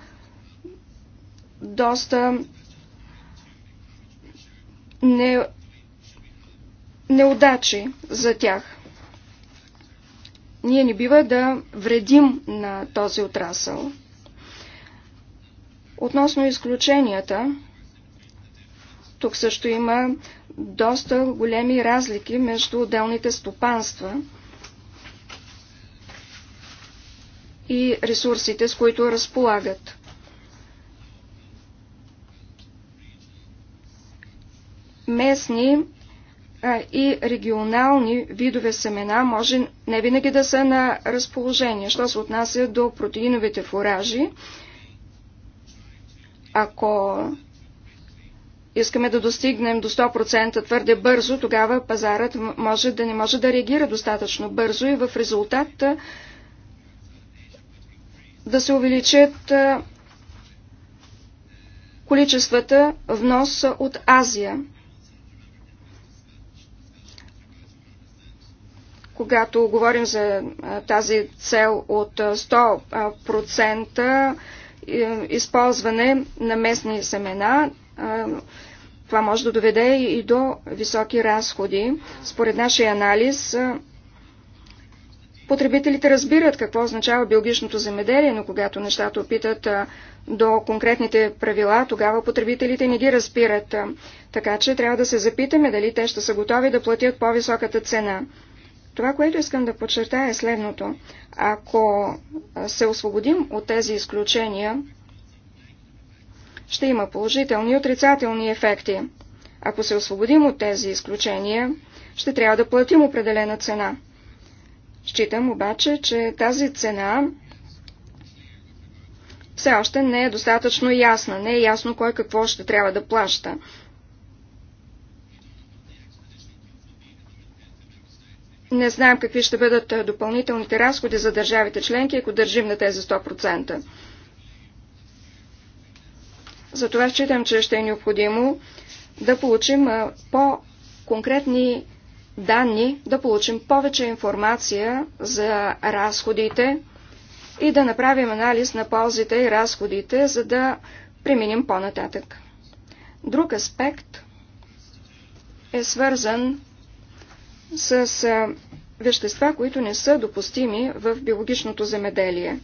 доста не, неудачи за тях. Ние не бива да вредим на този отрасъл. Относно изключенията, тук също има доста големи разлики между отделните стопанства и ресурсите, с които разполагат. местни и регионални видове семена може не винаги да са на разположение. Що се отнася до протеиновите фуражи, ако искаме да достигнем до 100% твърде бързо, тогава пазарът може да не може да реагира достатъчно бързо и в резултат да се увеличат количествата внос от Азия. Когато говорим за тази цел от 100% използване на местни семена, това може да доведе и до високи разходи. Според нашия анализ, потребителите разбират какво означава биологичното земеделие, но когато нещата опитат до конкретните правила, тогава потребителите не ги разбират. Така че трябва да се запитаме дали те ще са готови да платят по-високата цена. Това, което искам да подчертая е следното. Ако се освободим от тези изключения, ще има положителни и отрицателни ефекти. Ако се освободим от тези изключения, ще трябва да платим определена цена. Считам обаче, че тази цена все още не е достатъчно ясна. Не е ясно кой какво ще трябва да плаща. Не знаем какви ще бъдат допълнителните разходи за държавите членки, ако държим на тези 100%. Затова считам, че ще е необходимо да получим по-конкретни данни, да получим повече информация за разходите и да направим анализ на ползите и разходите, за да преминем по-нататък. Друг аспект е свързан с вещества, които не са допустими в биологичното земеделие.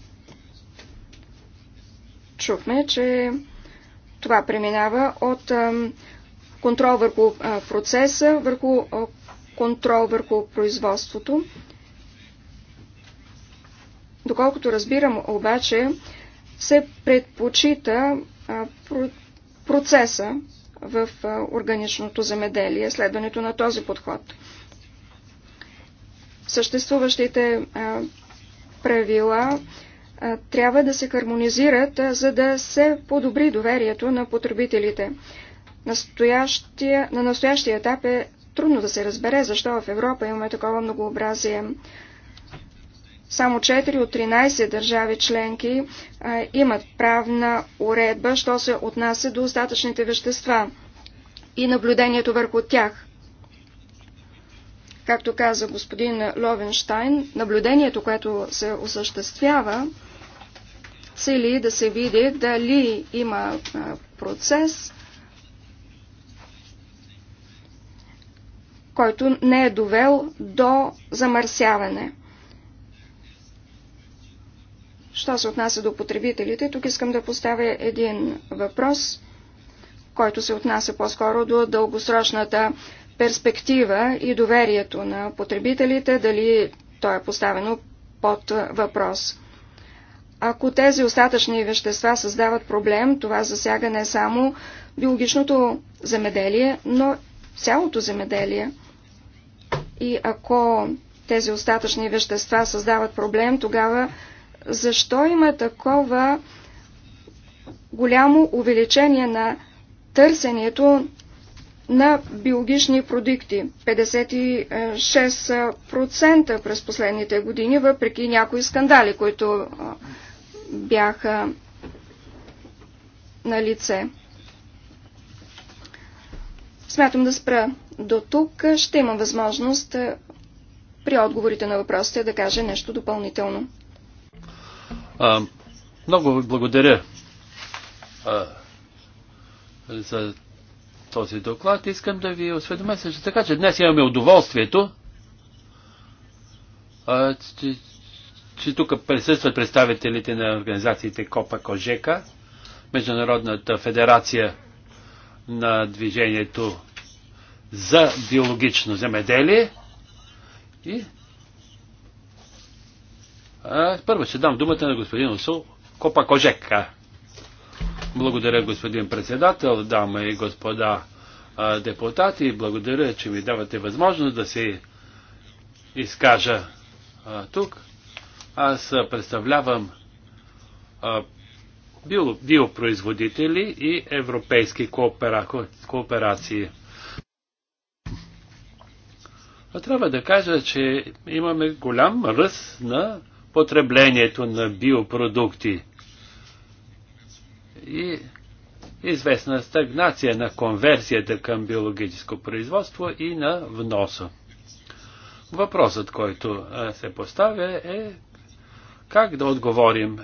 Чухме, че това преминава от контрол върху процеса, върху контрол върху производството. Доколкото разбирам обаче, се предпочита процеса в органичното земеделие, следването на този подход съществуващите правила трябва да се хармонизират, за да се подобри доверието на потребителите. на настоящия етап е трудно да се разбере защо в Европа имаме такова многообразие. Само 4 от 13 държави членки а, имат правна уредба, що се отнася до остатъчните вещества и наблюдението върху тях. Както каза господин Ловенштайн, наблюдението, което се осъществява, цели да се види дали има процес, който не е довел до замърсяване. Що се отнася до потребителите, тук искам да поставя един въпрос, който се отнася по-скоро до дългосрочната перспектива и доверието на потребителите, дали то е поставено под въпрос. Ако тези остатъчни вещества създават проблем, това засяга не само биологичното земеделие, но цялото земеделие. И ако тези остатъчни вещества създават проблем, тогава защо има такова голямо увеличение на търсенето на биологични продукти 56% през последните години, въпреки някои скандали, които бяха на лице. Смятам да спра до тук. Ще имам възможност при отговорите на въпросите да кажа нещо допълнително. А, много благодаря а, за този доклад. Искам да ви осведомя също така, че днес имаме удоволствието, а, че, че тук присъстват представителите на организациите Копа Кожека, Международната федерация на движението за биологично земеделие. И а, първо ще дам думата на господин Усул Копа Кожека. Благодаря, господин председател, дама и господа депутати. Благодаря, че ми давате възможност да се изкажа тук. Аз представлявам биопроизводители и европейски кооперации. А трябва да кажа, че имаме голям ръст на потреблението на биопродукти и известна стагнация на конверсията към биологическо производство и на вноса. Въпросът, който се поставя е как да отговорим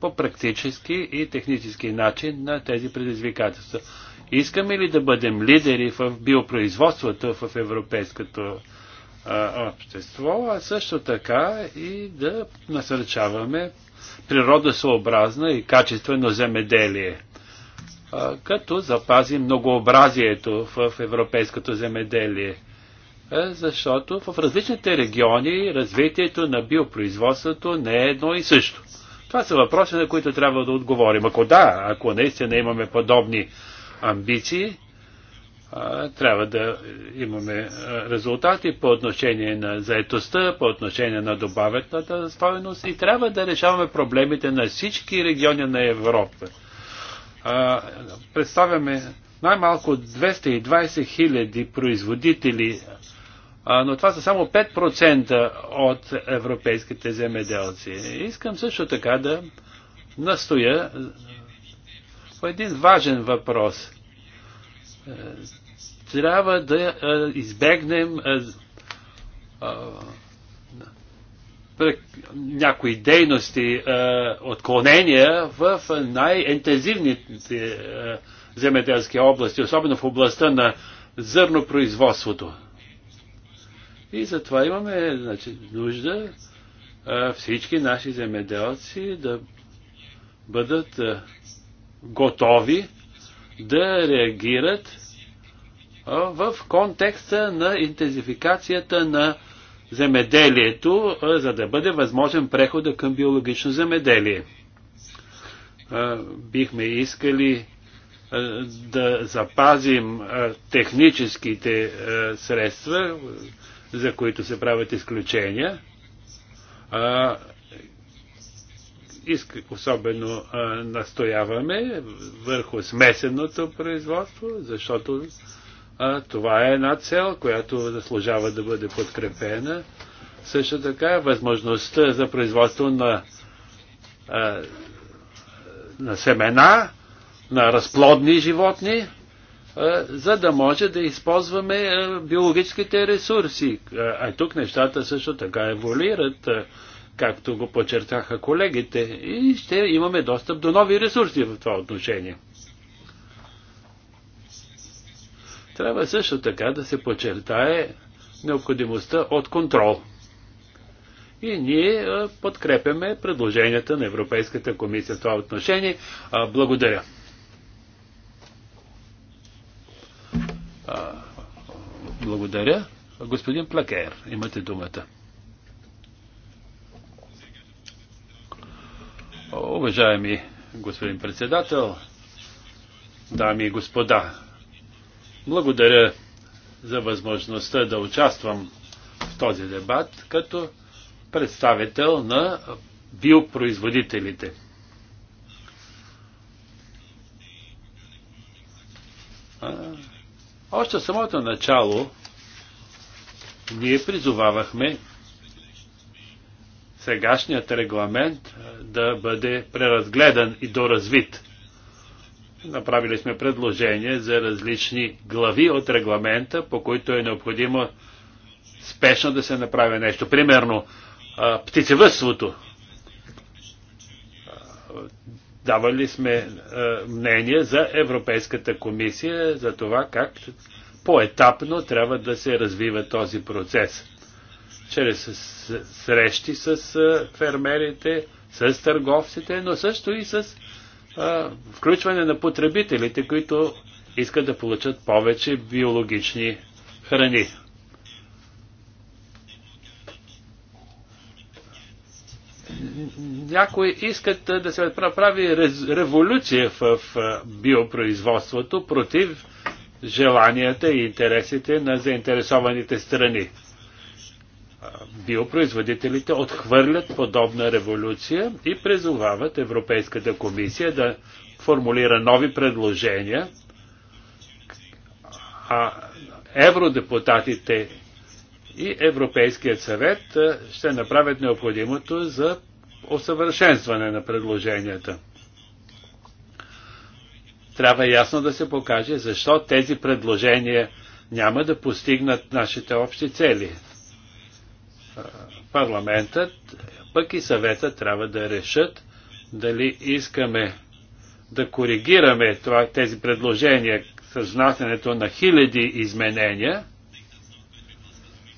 по практически и технически начин на тези предизвикателства. Искаме ли да бъдем лидери в биопроизводството в европейското общество, а също така и да насърчаваме природосъобразно и качествено земеделие, като запази многообразието в европейското земеделие. Защото в различните региони развитието на биопроизводството не е едно и също. Това са въпроси, на които трябва да отговорим. Ако да, ако наистина имаме подобни амбиции, трябва да имаме резултати по отношение на заетостта, по отношение на добавената стоеност и трябва да решаваме проблемите на всички региони на Европа. Представяме най-малко 220 хиляди производители, но това са само 5% от европейските земеделци. Искам също така да настоя по един важен въпрос – трябва да е, избегнем е, е, някои дейности, отклонения в най-интензивните земеделски области, особено в областта на зърнопроизводството. И затова имаме значи, нужда всички наши земеделци да бъдат готови да реагират в контекста на интензификацията на земеделието, за да бъде възможен прехода към биологично земеделие. Бихме искали да запазим техническите средства, за които се правят изключения, особено настояваме върху смесеното производство, защото а, това е една цел, която заслужава да бъде подкрепена. Също така възможността за производство на, а, на семена, на разплодни животни, а, за да може да използваме а, биологическите ресурси. А, а тук нещата също така еволюират, а, както го подчертаха колегите, и ще имаме достъп до нови ресурси в това отношение. Трябва също така да се подчертае необходимостта от контрол. И ние подкрепяме предложенията на Европейската комисия в това отношение. Благодаря. Благодаря. Господин Плакер, имате думата. Уважаеми господин председател, дами и господа, благодаря за възможността да участвам в този дебат като представител на биопроизводителите. Още самото начало ние призовавахме сегашният регламент да бъде преразгледан и доразвит. Направили сме предложение за различни глави от регламента, по които е необходимо спешно да се направи нещо. Примерно, птицевътството. Давали сме мнение за Европейската комисия за това как поетапно трябва да се развива този процес. Чрез срещи с фермерите, с търговците, но също и с включване на потребителите, които искат да получат повече биологични храни. Някои искат да се прави революция в биопроизводството против желанията и интересите на заинтересованите страни биопроизводителите отхвърлят подобна революция и призовават Европейската комисия да формулира нови предложения, а евродепутатите и Европейският съвет ще направят необходимото за усъвършенстване на предложенията. Трябва ясно да се покаже защо тези предложения няма да постигнат нашите общи цели парламентът, пък и съвета трябва да решат дали искаме да коригираме това, тези предложения с внасянето на хиляди изменения,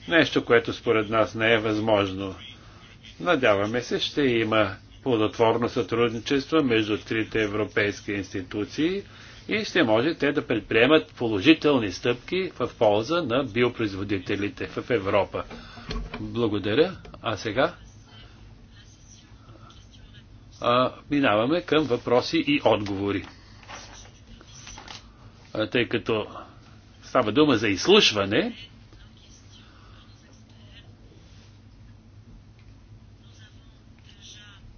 нещо, което според нас не е възможно. Надяваме се, ще има плодотворно сътрудничество между трите европейски институции и ще може те да предприемат положителни стъпки в полза на биопроизводителите в Европа. Благодаря. А сега а, минаваме към въпроси и отговори. А, тъй като става дума за изслушване,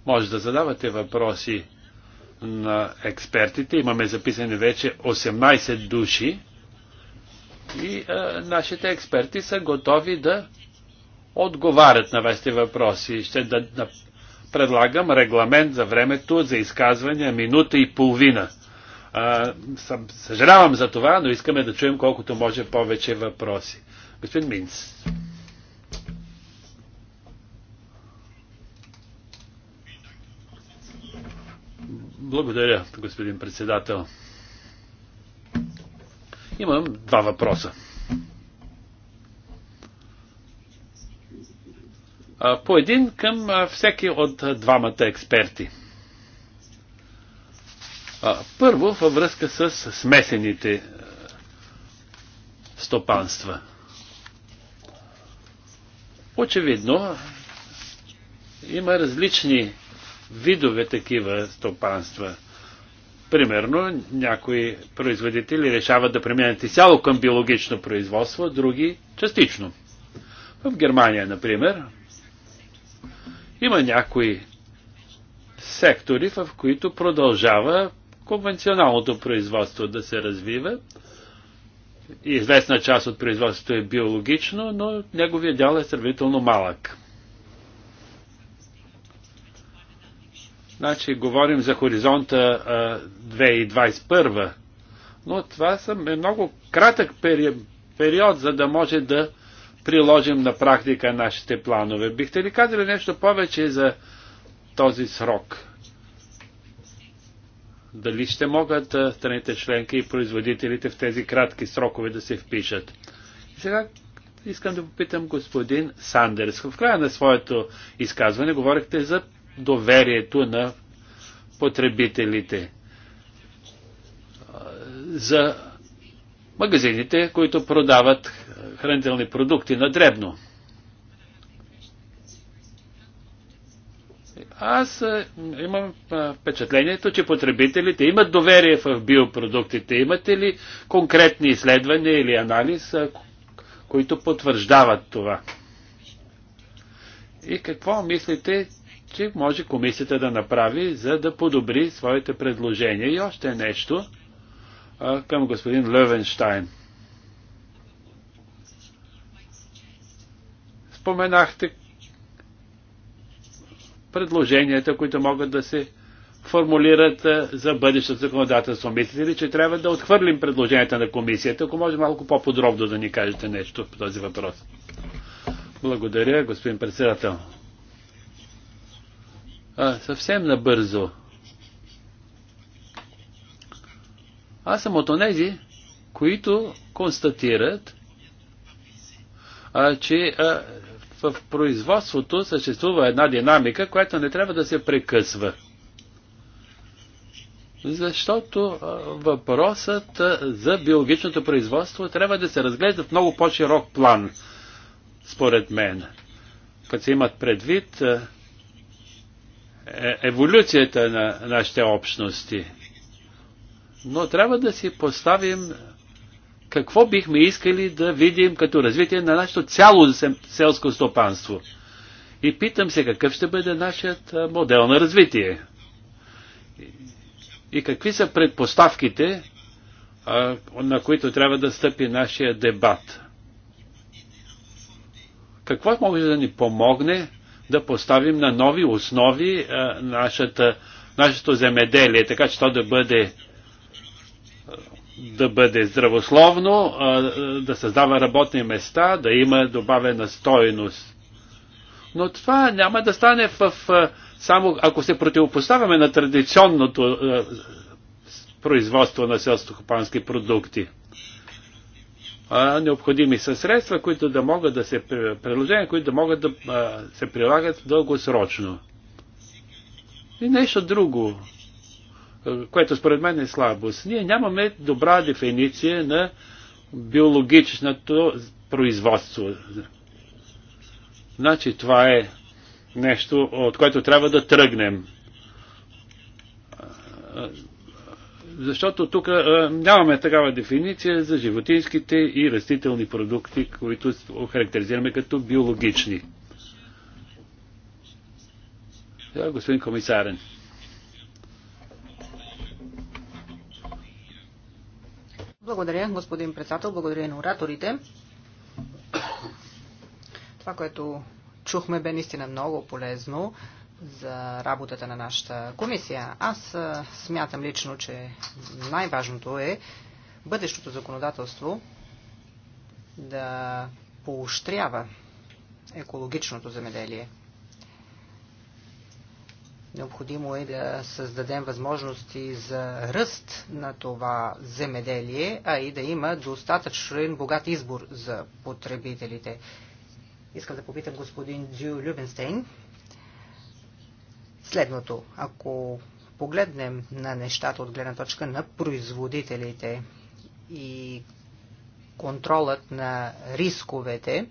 може да задавате въпроси на експертите. Имаме записани вече 18 души и а, е, нашите експерти са готови да отговарят на вашите въпроси. Ще да, да предлагам регламент за времето за изказвания минута и половина. А, е, съжалявам за това, но искаме да чуем колкото може повече въпроси. Господин Минц. Благодаря, господин председател. Имам два въпроса. По един към всеки от двамата експерти. Първо, във връзка с смесените стопанства. Очевидно, има различни видове такива стопанства. Примерно, някои производители решават да преминат изцяло към биологично производство, други частично. В Германия, например, има някои сектори, в които продължава конвенционалното производство да се развива. Известна част от производството е биологично, но неговия дял е сравнително малък. Значи, говорим за хоризонта 2021, но това е много кратък период, период, за да може да приложим на практика нашите планове. Бихте ли казали нещо повече за този срок? Дали ще могат страните членки и производителите в тези кратки срокове да се впишат? И сега искам да попитам господин Сандерс. В края на своето изказване говорихте за доверието на потребителите. За магазините, които продават хранителни продукти на дребно. Аз е, имам е, впечатлението, че потребителите имат доверие в биопродуктите. Имате ли конкретни изследвания или анализ, е, които потвърждават това? И какво мислите, че може комисията да направи, за да подобри своите предложения. И още нещо а, към господин Левенштайн. Споменахте предложенията, които могат да се формулират за бъдещето законодателство. Мислите ли, че трябва да отхвърлим предложенията на комисията? Ако може малко по-подробно да ни кажете нещо по този въпрос. Благодаря, господин председател съвсем набързо. Аз съм от онези, които констатират, а, че а, в производството съществува една динамика, която не трябва да се прекъсва. Защото а, въпросът а, за биологичното производство трябва да се разглежда в много по-широк план, според мен. Като се имат предвид а, е, еволюцията на нашите общности. Но трябва да си поставим какво бихме искали да видим като развитие на нашето цяло селско стопанство. И питам се какъв ще бъде нашият модел на развитие. И какви са предпоставките, на които трябва да стъпи нашия дебат. Какво може да ни помогне да поставим на нови основи а, е, нашата, нашето земеделие, така че то да бъде е, да бъде здравословно, а, е, да създава работни места, да има добавена стойност. Но това няма да стане в, само ако се противопоставяме на традиционното производство на селскохопански продукти необходими са средства, които да могат да се предложения, които да могат да се прилагат дългосрочно. И нещо друго, което според мен е слабост. Ние нямаме добра дефиниция на биологичното производство. Значи това е нещо, от което трябва да тръгнем защото тук нямаме такава дефиниция за животинските и растителни продукти, които охарактеризираме като биологични. Да, господин комисарен. Благодаря, господин председател. Благодаря на ораторите. Това, което чухме, бе наистина много полезно за работата на нашата комисия. Аз смятам лично, че най-важното е бъдещото законодателство да поощрява екологичното земеделие. Необходимо е да създадем възможности за ръст на това земеделие, а и да има достатъчен богат избор за потребителите. Искам да попитам господин Дзю Любенстейн следното. Ако погледнем на нещата от гледна точка на производителите и контролът на рисковете,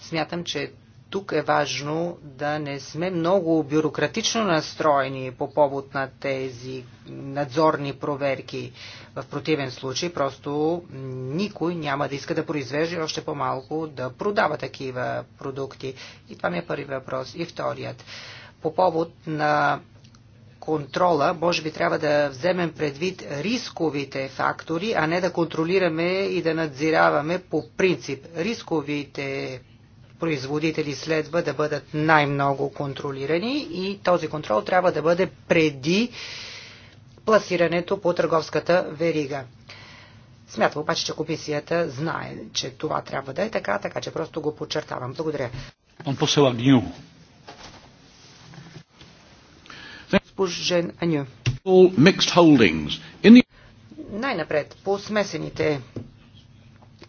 смятам, че тук е важно да не сме много бюрократично настроени по повод на тези надзорни проверки. В противен случай просто никой няма да иска да произвежда още по-малко да продава такива продукти. И това ми е първи въпрос. И вторият по повод на контрола, може би трябва да вземем предвид рисковите фактори, а не да контролираме и да надзираваме по принцип. Рисковите производители следва да бъдат най-много контролирани и този контрол трябва да бъде преди пласирането по търговската верига. Смятам обаче, че комисията знае, че това трябва да е така, така че просто го подчертавам. Благодаря. Он Жен Аню. The... Най-напред, по смесените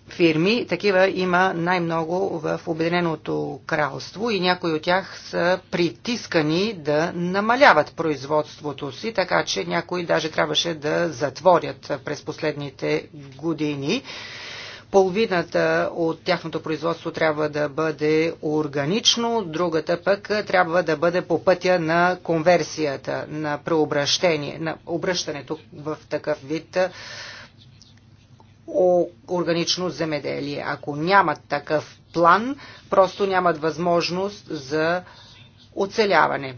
фирми, такива има най-много в Обединеното кралство и някои от тях са притискани да намаляват производството си, така че някои даже трябваше да затворят през последните години. Половината от тяхното производство трябва да бъде органично, другата пък трябва да бъде по пътя на конверсията, на преобращение, на обръщането в такъв вид е, органично земеделие. Ако нямат такъв план, просто нямат възможност за оцеляване.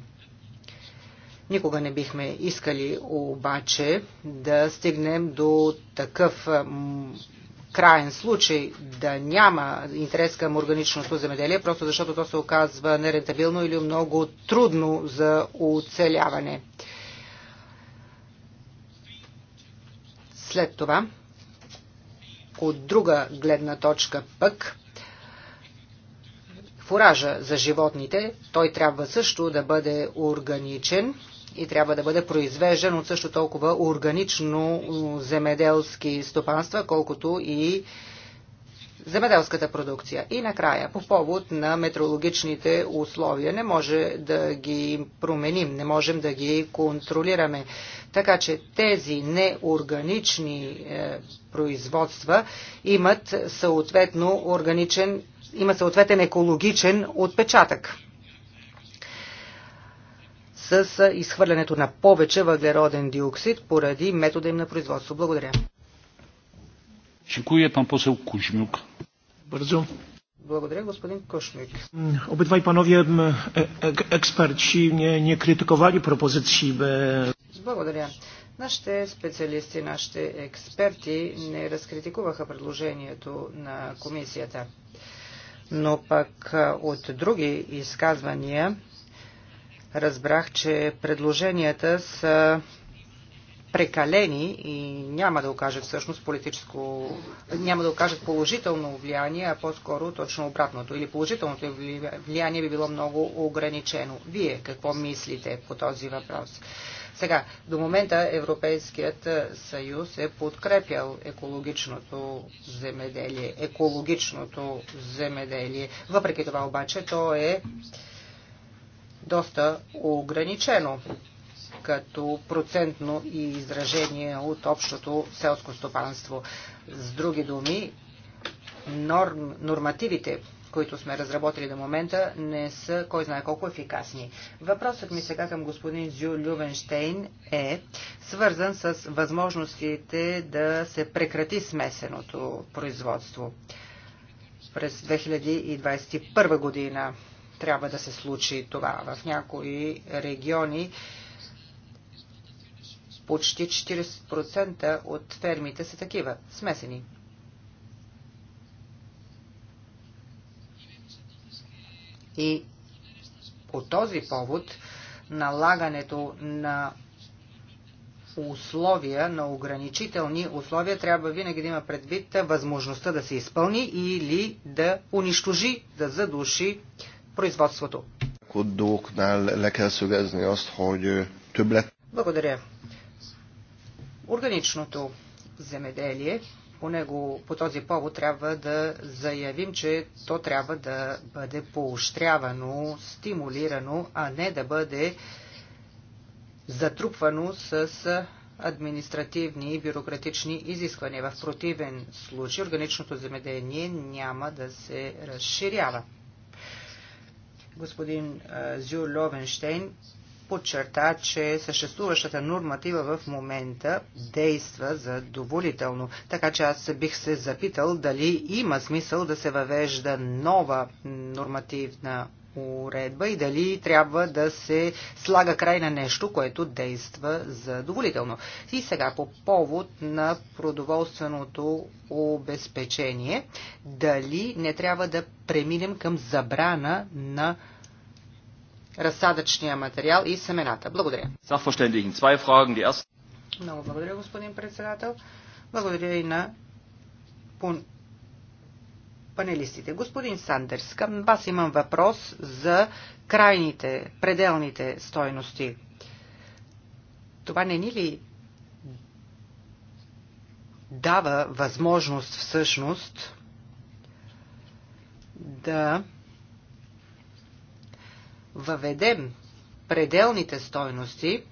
Никога не бихме искали обаче да стигнем до такъв крайен случай да няма интерес към органичното земеделие, просто защото то се оказва нерентабилно или много трудно за оцеляване. След това, от друга гледна точка пък, фуража за животните, той трябва също да бъде органичен и трябва да бъде произвеждан от също толкова органично земеделски стопанства, колкото и земеделската продукция. И накрая, по повод на метрологичните условия, не може да ги променим, не можем да ги контролираме. Така че тези неорганични е, производства имат съответно органичен, има съответен екологичен отпечатък с изхвърлянето на повече въглероден диоксид поради метода им на производство. Благодаря. Dziękuję пан посел Кушмюк. Бързо. Благодаря, господин Кошмик. и панове е, е, експерти не, не критиковали пропозиции. Бе... Благодаря. Нашите специалисти, нашите експерти не разкритикуваха предложението на комисията. Но пък от други изказвания разбрах, че предложенията са прекалени и няма да окажат всъщност политическо, няма да окажат положително влияние, а по-скоро точно обратното. Или положителното влияние би било много ограничено. Вие какво мислите по този въпрос? Сега, до момента Европейският съюз е подкрепял екологичното земеделие, екологичното земеделие. Въпреки това обаче то е доста ограничено като процентно и изражение от общото селско стопанство. С други думи, норм, нормативите, които сме разработили до момента, не са кой знае колко ефикасни. Въпросът ми сега към господин Зю Лювенштейн е свързан с възможностите да се прекрати смесеното производство през 2021 година трябва да се случи това. В някои региони почти 40% от фермите са такива, смесени. И по този повод налагането на условия, на ограничителни условия, трябва винаги да има предвид възможността да се изпълни или да унищожи, да задуши производството. Благодаря. Органичното земеделие, по, него, по този повод трябва да заявим, че то трябва да бъде поощрявано, стимулирано, а не да бъде затрупвано с административни и бюрократични изисквания. В противен случай органичното земеделие няма да се разширява господин Зю Ловенштейн подчерта, че съществуващата норматива в момента действа задоволително. Така че аз бих се запитал дали има смисъл да се въвежда нова нормативна уредба и дали трябва да се слага край на нещо, което действа задоволително. И сега по повод на продоволственото обезпечение, дали не трябва да преминем към забрана на разсадъчния материал и семената. Благодаря. Много благодаря, господин председател. Благодаря и на панелистите. Господин Сандерс, към вас имам въпрос за крайните, пределните стойности. Това не ни ли дава възможност всъщност да въведем пределните стойности,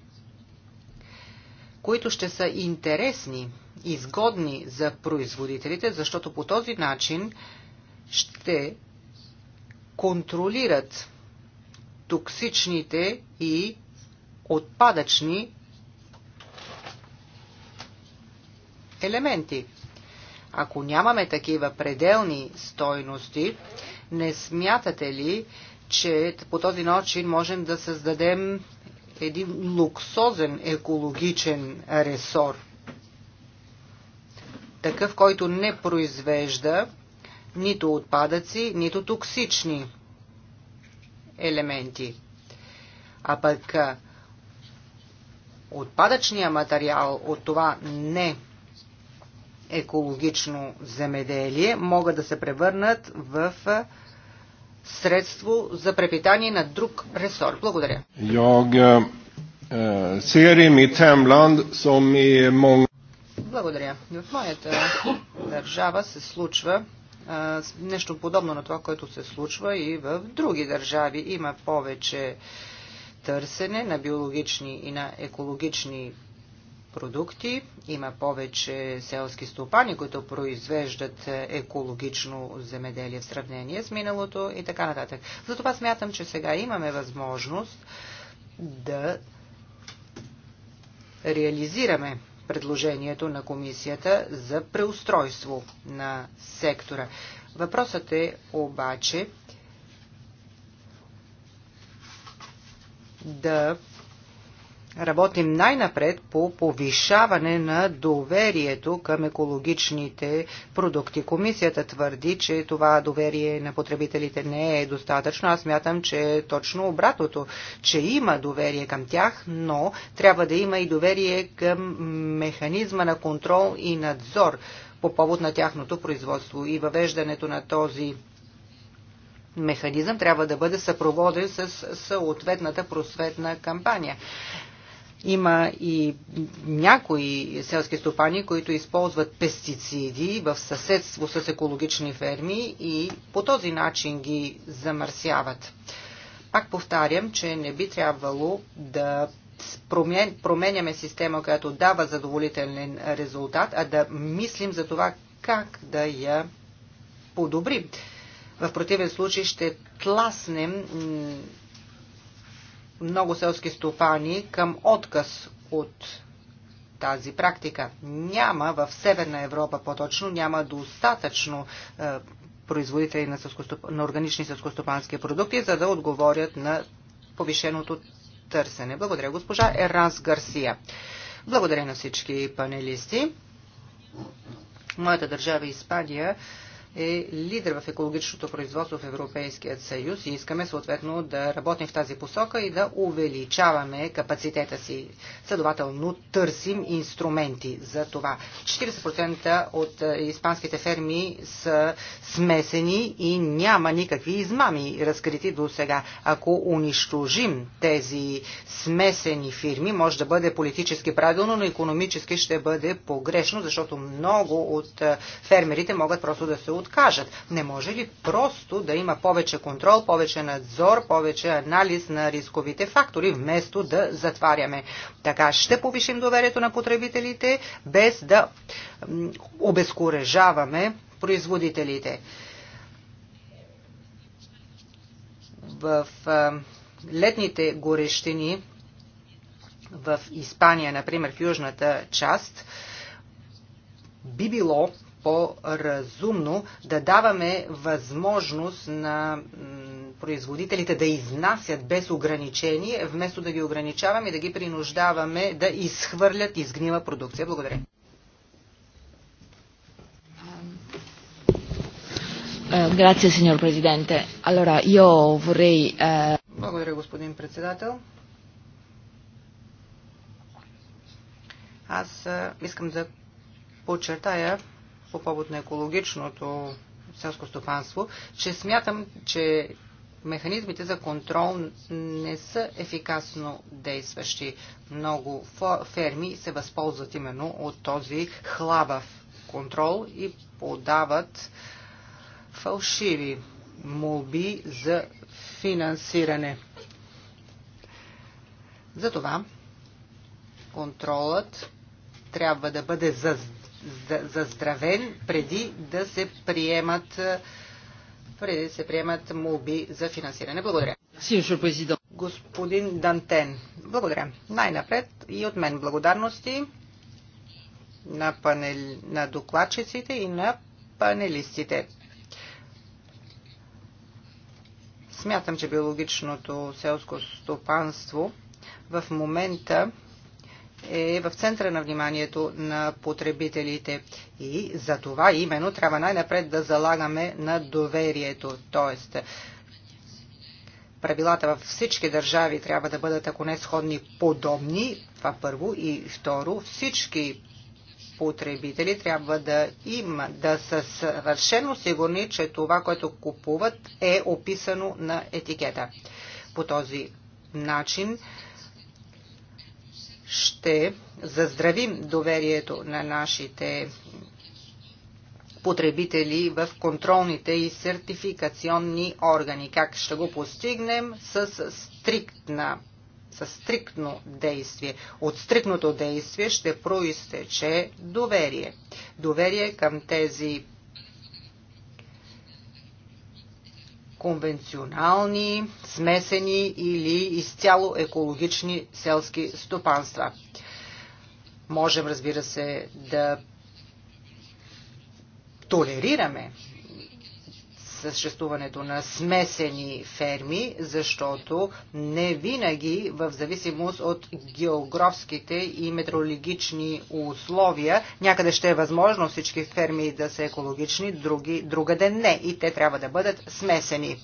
които ще са интересни, изгодни за производителите, защото по този начин ще контролират токсичните и отпадъчни елементи. Ако нямаме такива пределни стойности, не смятате ли, че по този начин можем да създадем един луксозен екологичен ресор? Такъв, който не произвежда нито отпадъци, нито токсични елементи. А пък отпадъчния материал от това не екологично земеделие могат да се превърнат в средство за препитание на друг ресор. Благодаря. Jag äh, ser Благодаря. В моята държава се случва нещо подобно на това, което се случва и в други държави. Има повече търсене на биологични и на екологични продукти, има повече селски стопани, които произвеждат екологично земеделие в сравнение с миналото и така нататък. Затова смятам, че сега имаме възможност да реализираме предложението на комисията за преустройство на сектора. Въпросът е обаче да работим най-напред по повишаване на доверието към екологичните продукти. Комисията твърди, че това доверие на потребителите не е достатъчно. Аз мятам, че е точно обратното, че има доверие към тях, но трябва да има и доверие към механизма на контрол и надзор по повод на тяхното производство и въвеждането на този механизъм трябва да бъде съпроводен с съответната просветна кампания. Има и някои селски стопани, които използват пестициди в съседство с екологични ферми и по този начин ги замърсяват. Пак повтарям, че не би трябвало да променяме система, която дава задоволителен резултат, а да мислим за това как да я подобрим. В противен случай ще тласнем много селски стопани към отказ от тази практика. Няма в Северна Европа по-точно, няма достатъчно е, производители на, на органични съскостопански продукти, за да отговорят на повишеното търсене. Благодаря госпожа Еранс Гарсия. Благодаря на всички панелисти. Моята държава Испания е лидер в екологичното производство в Европейският съюз и искаме съответно да работим в тази посока и да увеличаваме капацитета си. Следователно търсим инструменти за това. 40% от е, испанските ферми са смесени и няма никакви измами разкрити до сега. Ако унищожим тези смесени фирми, може да бъде политически правилно, но економически ще бъде погрешно, защото много от е, фермерите могат просто да се от откажат. Не може ли просто да има повече контрол, повече надзор, повече анализ на рисковите фактори, вместо да затваряме? Така ще повишим доверието на потребителите, без да обезкуражаваме производителите. В летните горещини в Испания, например, в южната част, би било по-разумно да даваме възможност на производителите да изнасят без ограничение, вместо да ги ограничаваме и да ги принуждаваме да изхвърлят изгнила продукция. Благодаря. Е, грация, сеньор президенте. Алора, йо, ворей... Е, Благодаря господин председател. Аз е, искам да подчертая по повод на екологичното селско стопанство, че смятам, че механизмите за контрол не са ефикасно действащи. Много ферми се възползват именно от този хлабав контрол и подават фалшиви молби за финансиране. Затова контролът трябва да бъде заздравен преди да се приемат е, преди да се приемат молби за финансиране. Благодаря. Господин Дантен, благодаря. Най-напред и от мен благодарности на, панел, на докладчиците и на панелистите. Смятам, че биологичното селско стопанство в момента е в центъра на вниманието на потребителите. И за това именно трябва най-напред да залагаме на доверието. Тоест, правилата във всички държави трябва да бъдат, ако не сходни, подобни. Това първо. И второ, всички потребители трябва да има, да са съвършено сигурни, че това, което купуват, е описано на етикета. По този начин ще заздравим доверието на нашите потребители в контролните и сертификационни органи. Как ще го постигнем? С стриктна със стриктно действие. От стриктното действие ще проистече доверие. Доверие към тези конвенционални, смесени или изцяло екологични селски стопанства. Можем, разбира се, да толерираме съществуването на смесени ферми, защото не винаги, в зависимост от географските и метеорологични условия, някъде ще е възможно всички ферми да са екологични, други, другаде не. И те трябва да бъдат смесени.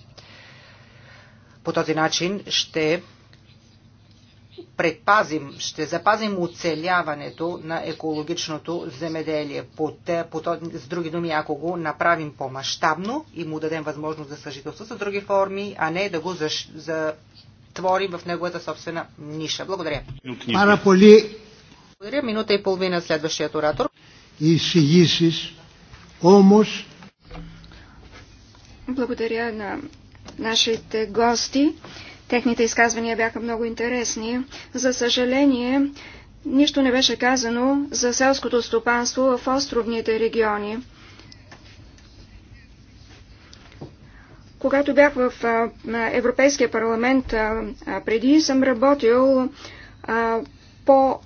По този начин ще предпазим, ще запазим оцеляването на екологичното земеделие. По, по, с други думи, ако го направим по-масштабно и му дадем възможност за съжителство с други форми, а не да го заш, затворим в неговата собствена ниша. Благодаря. Параполи. Благодаря. Минута и половина следващият оратор. И сигисис, омос. Благодаря на нашите гости. Техните изказвания бяха много интересни. За съжаление, нищо не беше казано за селското стопанство в островните региони. Когато бях в Европейския парламент преди, съм работил по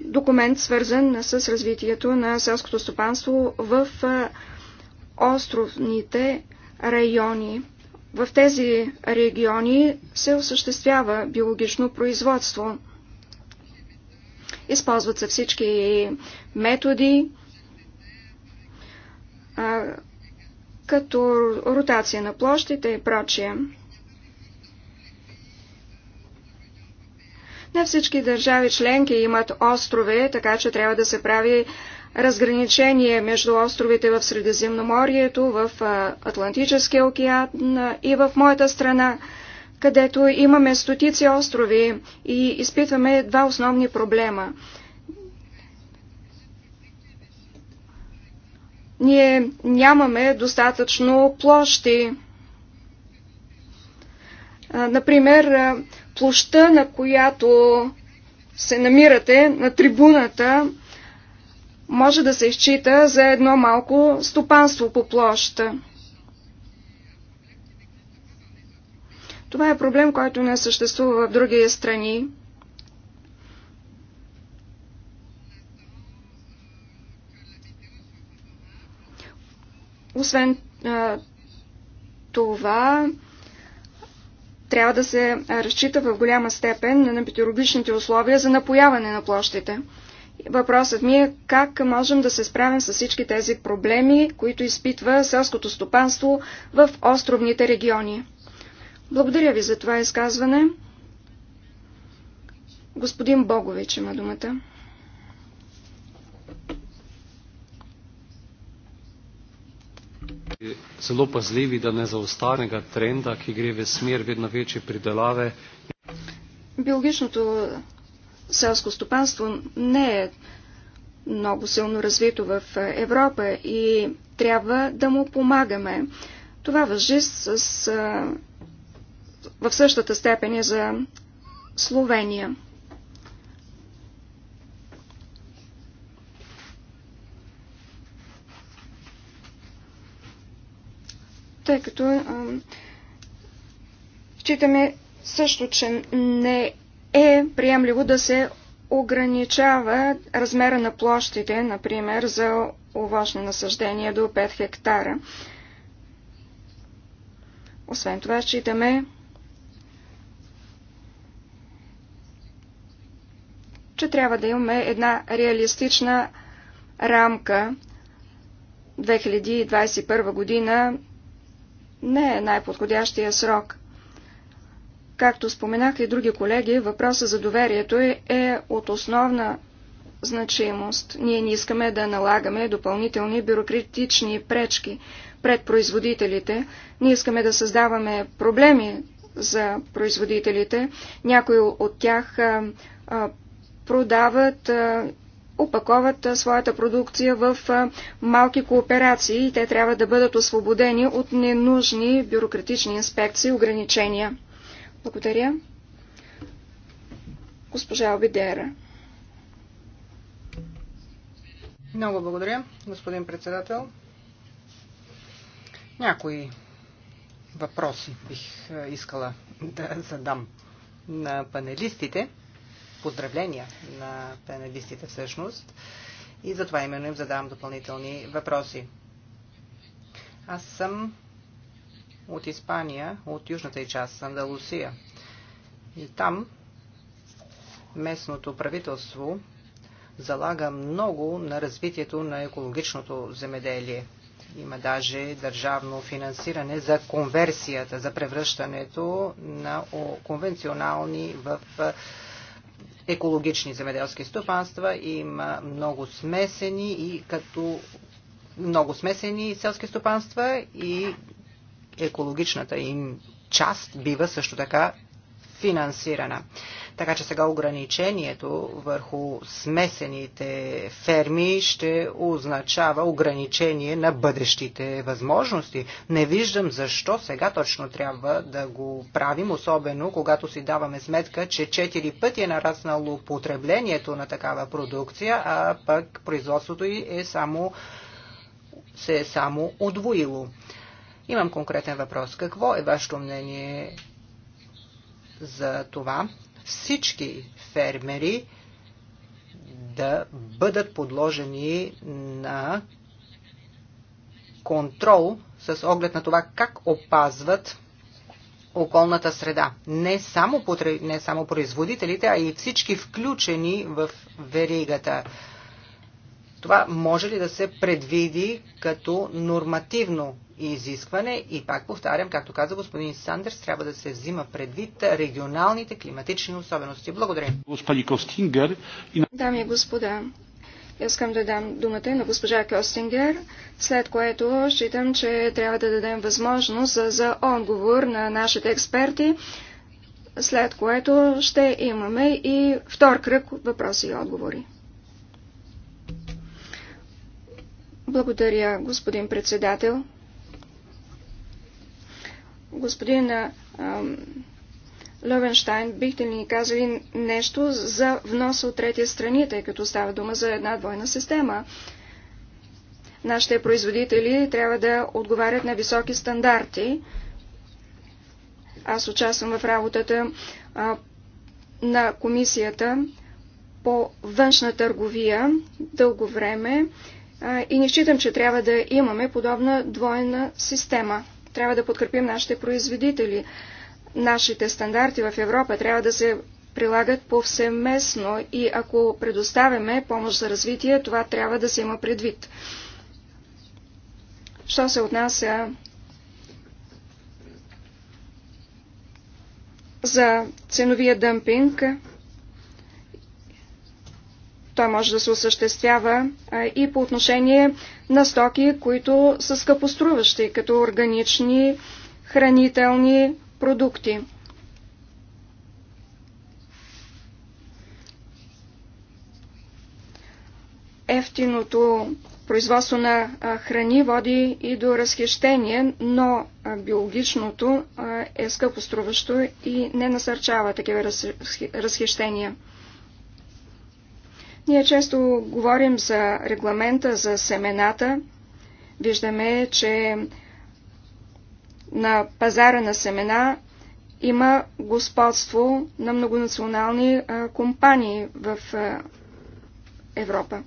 документ, свързан с развитието на селското стопанство в островните райони. В тези региони се осъществява биологично производство. Използват се всички методи, като ротация на площите и прочие. Не всички държави членки имат острове, така че трябва да се прави разграничение между островите в Средиземноморието, в Атлантическия океан и в моята страна, където имаме стотици острови и изпитваме два основни проблема. Ние нямаме достатъчно площи. Например, площа, на която се намирате на трибуната, може да се счита за едно малко стопанство по площа. Това е проблем, който не съществува в други страни. Освен а, това, трябва да се разчита в голяма степен на метеорологичните условия за напояване на площите. Въпросът ми е как можем да се справим с всички тези проблеми, които изпитва селското стопанство в островните региони. Благодаря ви за това изказване. Господин Богович има думата. Zelo pazljivi, da ne zaostanega trenda, ki gre v smer vedno večje pridelave. Биологичното селско стопанство не е много силно развито в Европа и трябва да му помагаме. Това въжи с, в същата степен и за Словения. Тъй като а, считаме също, че не е приемливо да се ограничава размера на площите, например, за овощно насъждение до 5 хектара. Освен това, считаме, че трябва да имаме една реалистична рамка. 2021 година не е най-подходящия срок – Както споменаха и други колеги, въпроса за доверието е, е от основна значимост. Ние не искаме да налагаме допълнителни бюрократични пречки пред производителите. Ние искаме да създаваме проблеми за производителите. Някои от тях а, а, продават, а, опаковат а, своята продукция в а, малки кооперации и те трябва да бъдат освободени от ненужни бюрократични инспекции и ограничения. Благодаря. Госпожа Обидера. Много благодаря, господин председател. Някои въпроси бих е, искала да задам на панелистите. Поздравления на панелистите всъщност. И затова именно им задавам допълнителни въпроси. Аз съм от Испания, от южната и част, Андалусия. И там местното правителство залага много на развитието на екологичното земеделие. Има даже държавно финансиране за конверсията, за превръщането на конвенционални в екологични земеделски стопанства. Има много смесени и като много смесени селски стопанства и екологичната им част бива също така финансирана. Така че сега ограничението върху смесените ферми ще означава ограничение на бъдещите възможности. Не виждам защо сега точно трябва да го правим, особено когато си даваме сметка, че 4 пъти е нараснало потреблението на такава продукция, а пък производството й е само, се е само удвоило. Имам конкретен въпрос. Какво е вашето мнение за това всички фермери да бъдат подложени на контрол с оглед на това как опазват околната среда. Не само, потре... не само производителите, а и всички включени в веригата. Това може ли да се предвиди като нормативно изискване и пак повтарям, както каза господин Сандърс, трябва да се взима предвид регионалните климатични особености. Благодаря. Костингер. Дами и господа, искам да дам думата на госпожа Костингер, след което считам, че трябва да дадем възможност за отговор на нашите експерти, след което ще имаме и втор кръг въпроси и отговори. Благодаря, господин председател. Господин Левенштайн, бихте ли ни казали нещо за вноса от трети страни, тъй като става дума за една двойна система? Нашите производители трябва да отговарят на високи стандарти. Аз участвам в работата а, на комисията по външна търговия дълго време а, и не считам, че трябва да имаме подобна двойна система. Трябва да подкрепим нашите производители. Нашите стандарти в Европа трябва да се прилагат повсеместно и ако предоставяме помощ за развитие, това трябва да се има предвид. Що се отнася за ценовия дъмпинг, той може да се осъществява и по отношение на стоки, които са скъпоструващи, като органични хранителни продукти. Ефтиното производство на храни води и до разхищение, но биологичното е скъпоструващо и не насърчава такива разхищения. Ние често говорим за регламента за семената. Виждаме, че на пазара на семена има господство на многонационални компании в Европа.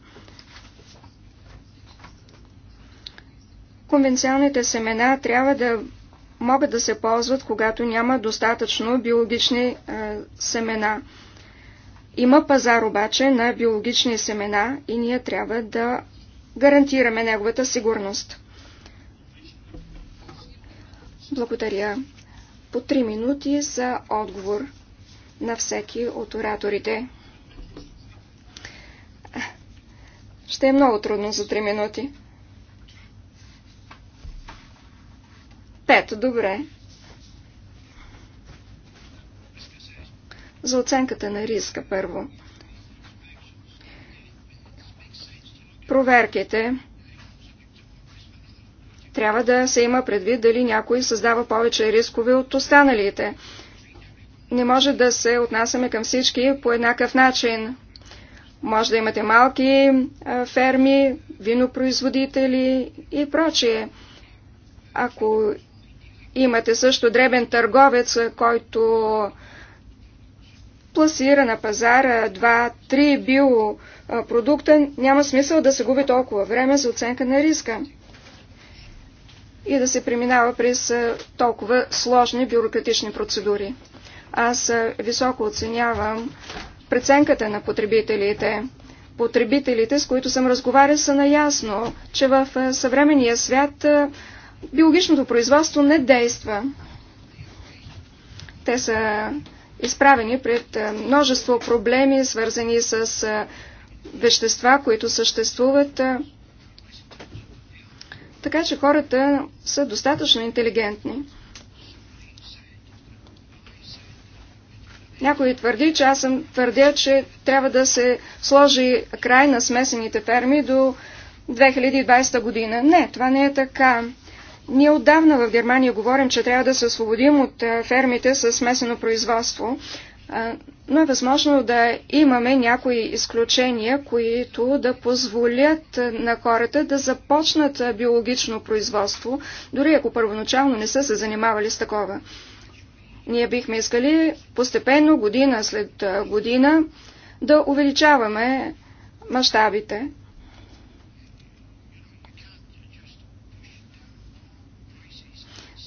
Конвенциалните семена трябва да могат да се ползват, когато няма достатъчно биологични семена. Има пазар обаче на биологични семена и ние трябва да гарантираме неговата сигурност. Благодаря. По три минути за отговор на всеки от ораторите. Ще е много трудно за три минути. Пет, добре. За оценката на риска първо. Проверките трябва да се има предвид дали някой създава повече рискове от останалите. Не може да се отнасяме към всички по еднакъв начин. Може да имате малки ферми, винопроизводители и прочие. Ако имате също дребен търговец, който пласира на пазара 2-3 биопродукта, няма смисъл да се губи толкова време за оценка на риска и да се преминава през толкова сложни бюрократични процедури. Аз високо оценявам преценката на потребителите. Потребителите, с които съм разговаря, са наясно, че в съвременния свят биологичното производство не действа. Те са изправени пред е, множество проблеми, свързани с е, вещества, които съществуват. Е, така че хората са достатъчно интелигентни. Някой твърди, че аз съм твърдя, че трябва да се сложи край на смесените ферми до 2020 година. Не, това не е така. Ние отдавна в Германия говорим, че трябва да се освободим от е, фермите с смесено производство, но е възможно да имаме някои изключения, които да позволят е, на хората да започнат е, биологично производство, дори ако първоначално не са се занимавали с такова. Ние бихме искали постепенно, година след година, да увеличаваме мащабите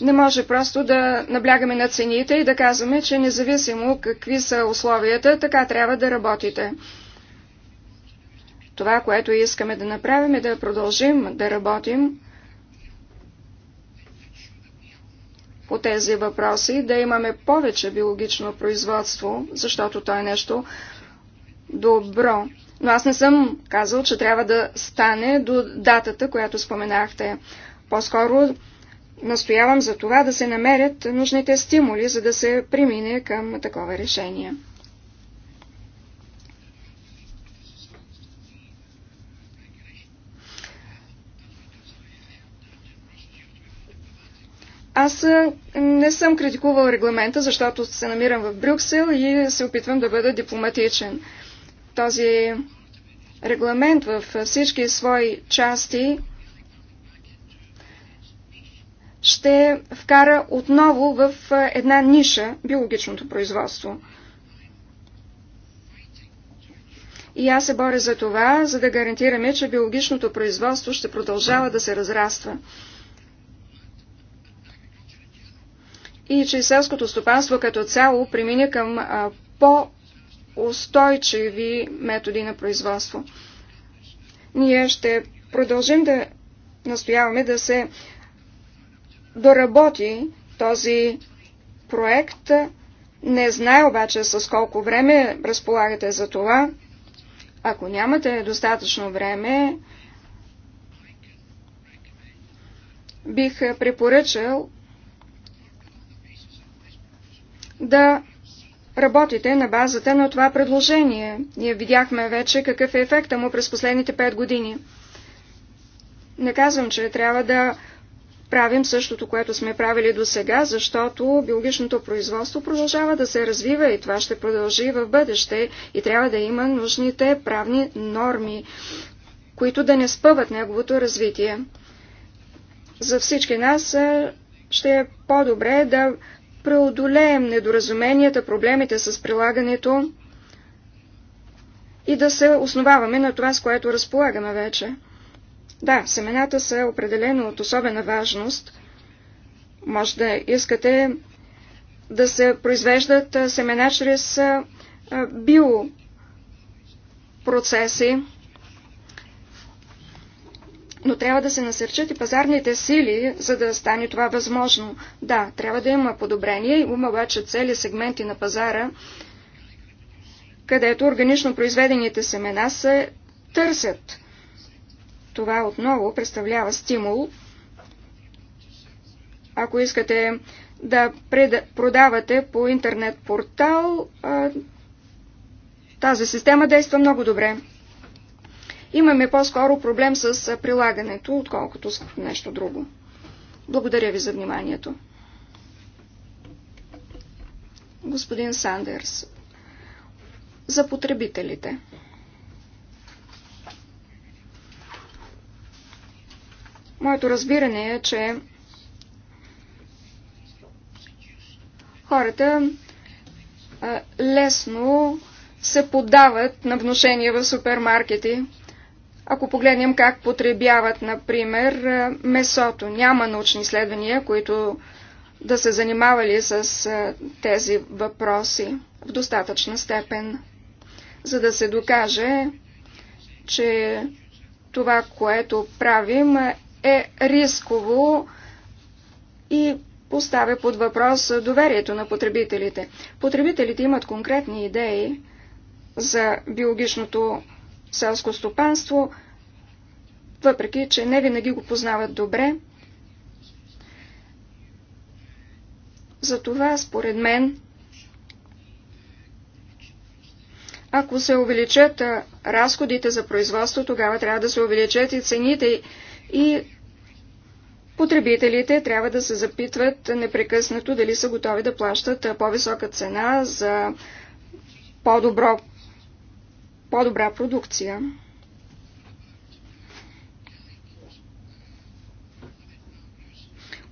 Не може просто да наблягаме на цените и да казваме, че независимо какви са условията, така трябва да работите. Това, което искаме да направим е да продължим да работим по тези въпроси, да имаме повече биологично производство, защото то е нещо добро. Но аз не съм казал, че трябва да стане до датата, която споменахте. По-скоро Настоявам за това да се намерят нужните стимули, за да се премине към такова решение. Аз не съм критикувал регламента, защото се намирам в Брюксел и се опитвам да бъда дипломатичен. Този регламент във всички свои части ще вкара отново в е, една ниша биологичното производство. И аз се боря за това, за да гарантираме, че биологичното производство ще продължава да се разраства. И че селското стопанство като цяло премине към по-устойчиви методи на производство. Ние ще продължим да настояваме да се доработи този проект. Не знае обаче с колко време разполагате за това. Ако нямате достатъчно време, бих препоръчал да работите на базата на това предложение. Ние видяхме вече какъв е ефекта му през последните 5 години. Не казвам, че трябва да правим същото, което сме правили до сега, защото биологичното производство продължава да се развива и това ще продължи в бъдеще и трябва да има нужните правни норми, които да не спъват неговото развитие. За всички нас ще е по-добре да преодолеем недоразуменията, проблемите с прилагането и да се основаваме на това, с което разполагаме вече. Да, семената са определено от особена важност. Може да искате да се произвеждат семена чрез биопроцеси, но трябва да се насърчат и пазарните сили, за да стане това възможно. Да, трябва да има подобрение, има обаче цели сегменти на пазара, където органично произведените семена се търсят. Това отново представлява стимул. Ако искате да продавате по интернет портал, тази система действа много добре. Имаме по-скоро проблем с прилагането, отколкото с нещо друго. Благодаря ви за вниманието. Господин Сандерс, за потребителите. Моето разбиране е, че хората лесно се подават на вношения в супермаркети. Ако погледнем как потребяват, например, месото, няма научни изследвания, които да се занимавали с тези въпроси в достатъчна степен, за да се докаже, че това, което правим, е рисково и поставя под въпрос доверието на потребителите. Потребителите имат конкретни идеи за биологичното селско стопанство, въпреки че не винаги го познават добре. Затова, според мен, ако се увеличат разходите за производство, тогава трябва да се увеличат и цените и потребителите трябва да се запитват непрекъснато дали са готови да плащат по-висока цена за по-добро, по-добра продукция.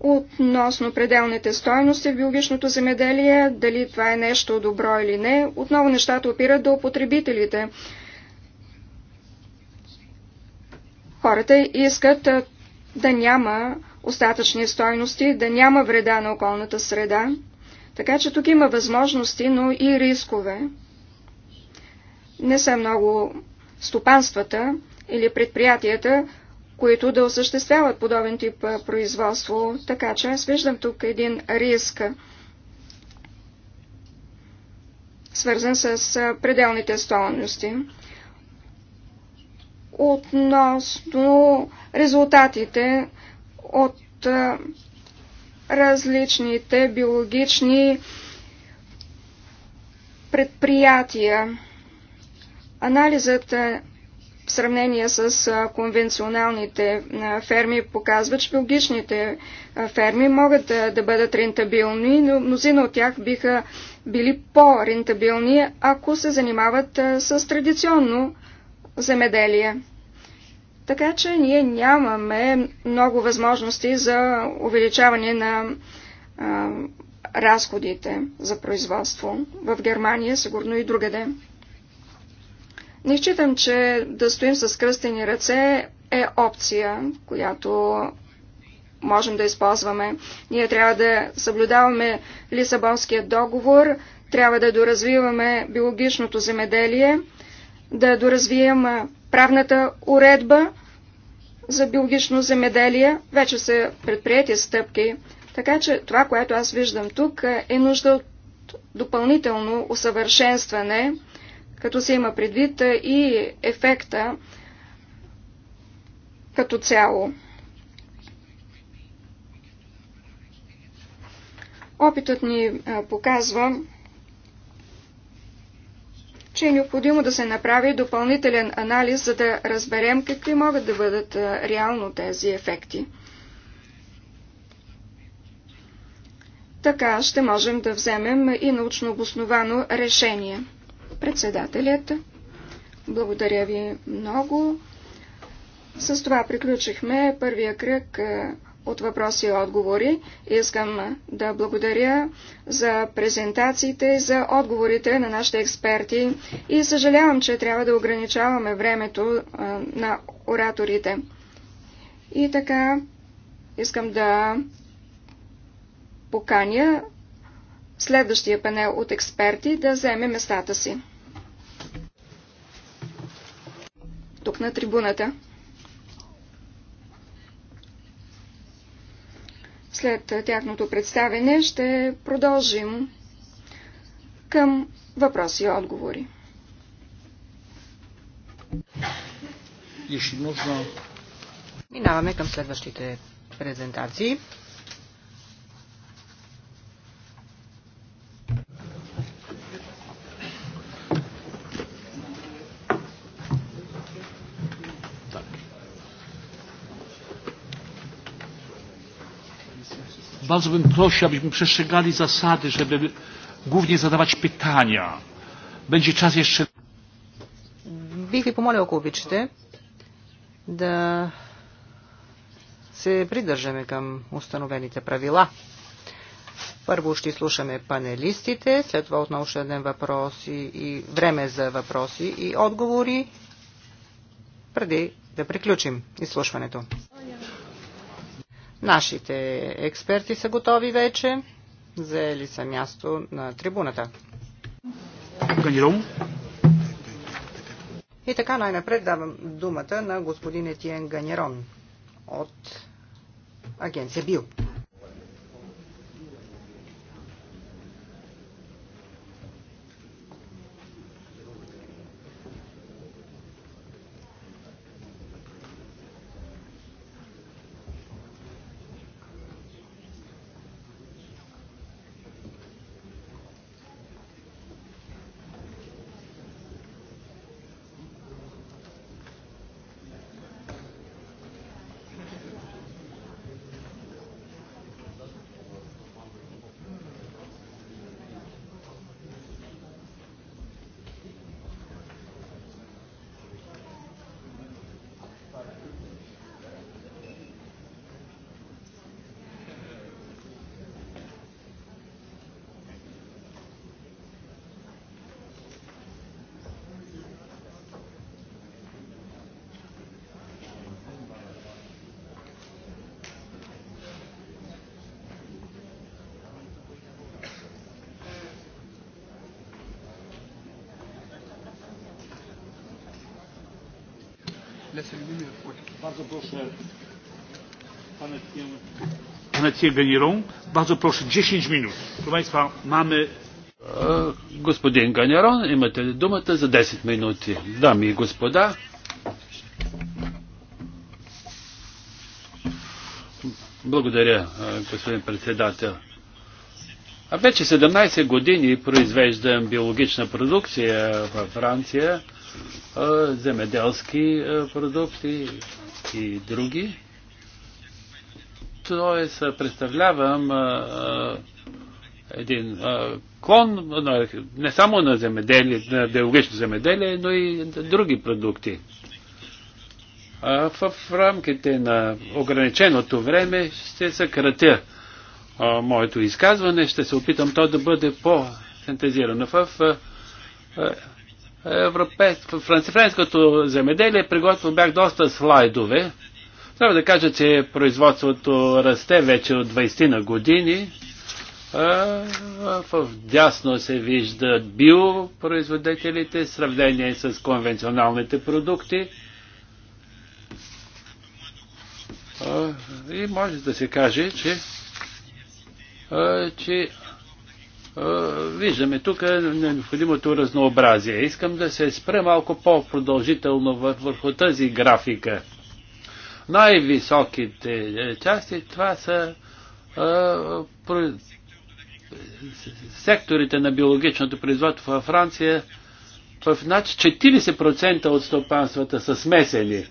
Относно пределните стоености в биологичното земеделие, дали това е нещо добро или не, отново нещата опират до потребителите. Хората искат да няма остатъчни стойности, да няма вреда на околната среда. Така че тук има възможности, но и рискове. Не са много стопанствата или предприятията, които да осъществяват подобен тип производство. Така че аз виждам тук един риск, свързан с пределните стойности относно резултатите от различните биологични предприятия. Анализът в сравнение с конвенционалните ферми показва, че биологичните ферми могат да бъдат рентабилни, но мнозина от тях биха били по-рентабилни, ако се занимават с традиционно земеделие. Така че ние нямаме много възможности за увеличаване на а, разходите за производство в Германия, сигурно и другаде. Не считам, че да стоим с кръстени ръце е опция, която можем да използваме. Ние трябва да съблюдаваме Лисабонския договор, трябва да доразвиваме биологичното земеделие да доразвием правната уредба за биологично земеделие. Вече са предприяти стъпки. Така че това, което аз виждам тук, е нужда от допълнително усъвършенстване, като се има предвид и ефекта като цяло. Опитът ни показва, че е необходимо да се направи допълнителен анализ, за да разберем какви могат да бъдат реално тези ефекти. Така ще можем да вземем и научно обосновано решение. Председателят, благодаря ви много. С това приключихме първия кръг от въпроси и отговори. Искам да благодаря за презентациите, за отговорите на нашите експерти и съжалявам, че трябва да ограничаваме времето на ораторите. И така, искам да поканя следващия панел от експерти да вземе местата си. Тук на трибуната. След е, тяхното представене ще продължим към въпроси и отговори. Минаваме към следващите презентации. Bardzo bym prosił, abyśmy przestrzegali zasady, żeby głównie zadawać pytania. Będzie czas jeszcze. Бих ви помолил, ако обичате, да се придържаме към установените правила. Първо ще слушаме панелистите, след това отново ще дадем въпроси и време за въпроси и отговори, преди да приключим изслушването. Нашите експерти са готови вече. Заели са място на трибуната. И така най-напред давам думата на господин Етиен Ганерон от агенция БИО. Bardzo proszę Bardzo proszę, 10 minut. Proszę Państwa, mamy... Господин Ганярон, имате ли думата за 10 минути. Дами и господа, благодаря, е, господин председател. А вече 17 години произвеждам биологична продукция във Франция земеделски продукти и други. Тоест, представлявам един клон, е не само на земеделие, на биологично земеделие, но и други продукти. В рамките на ограниченото време ще съкратя моето изказване, ще се опитам то да бъде по-синтезирано. В европейско, земеделие приготвил бях доста слайдове. Трябва да кажа, че производството расте вече от 20 на години. В дясно се виждат биопроизводителите в сравнение с конвенционалните продукти. И може да се каже, че, че виждаме тук необходимото разнообразие. Искам да се спра малко по-продължително върху тази графика. Най-високите е, части това са секторите на биологичното производство във Франция. В над 40% от стопанствата са смесени.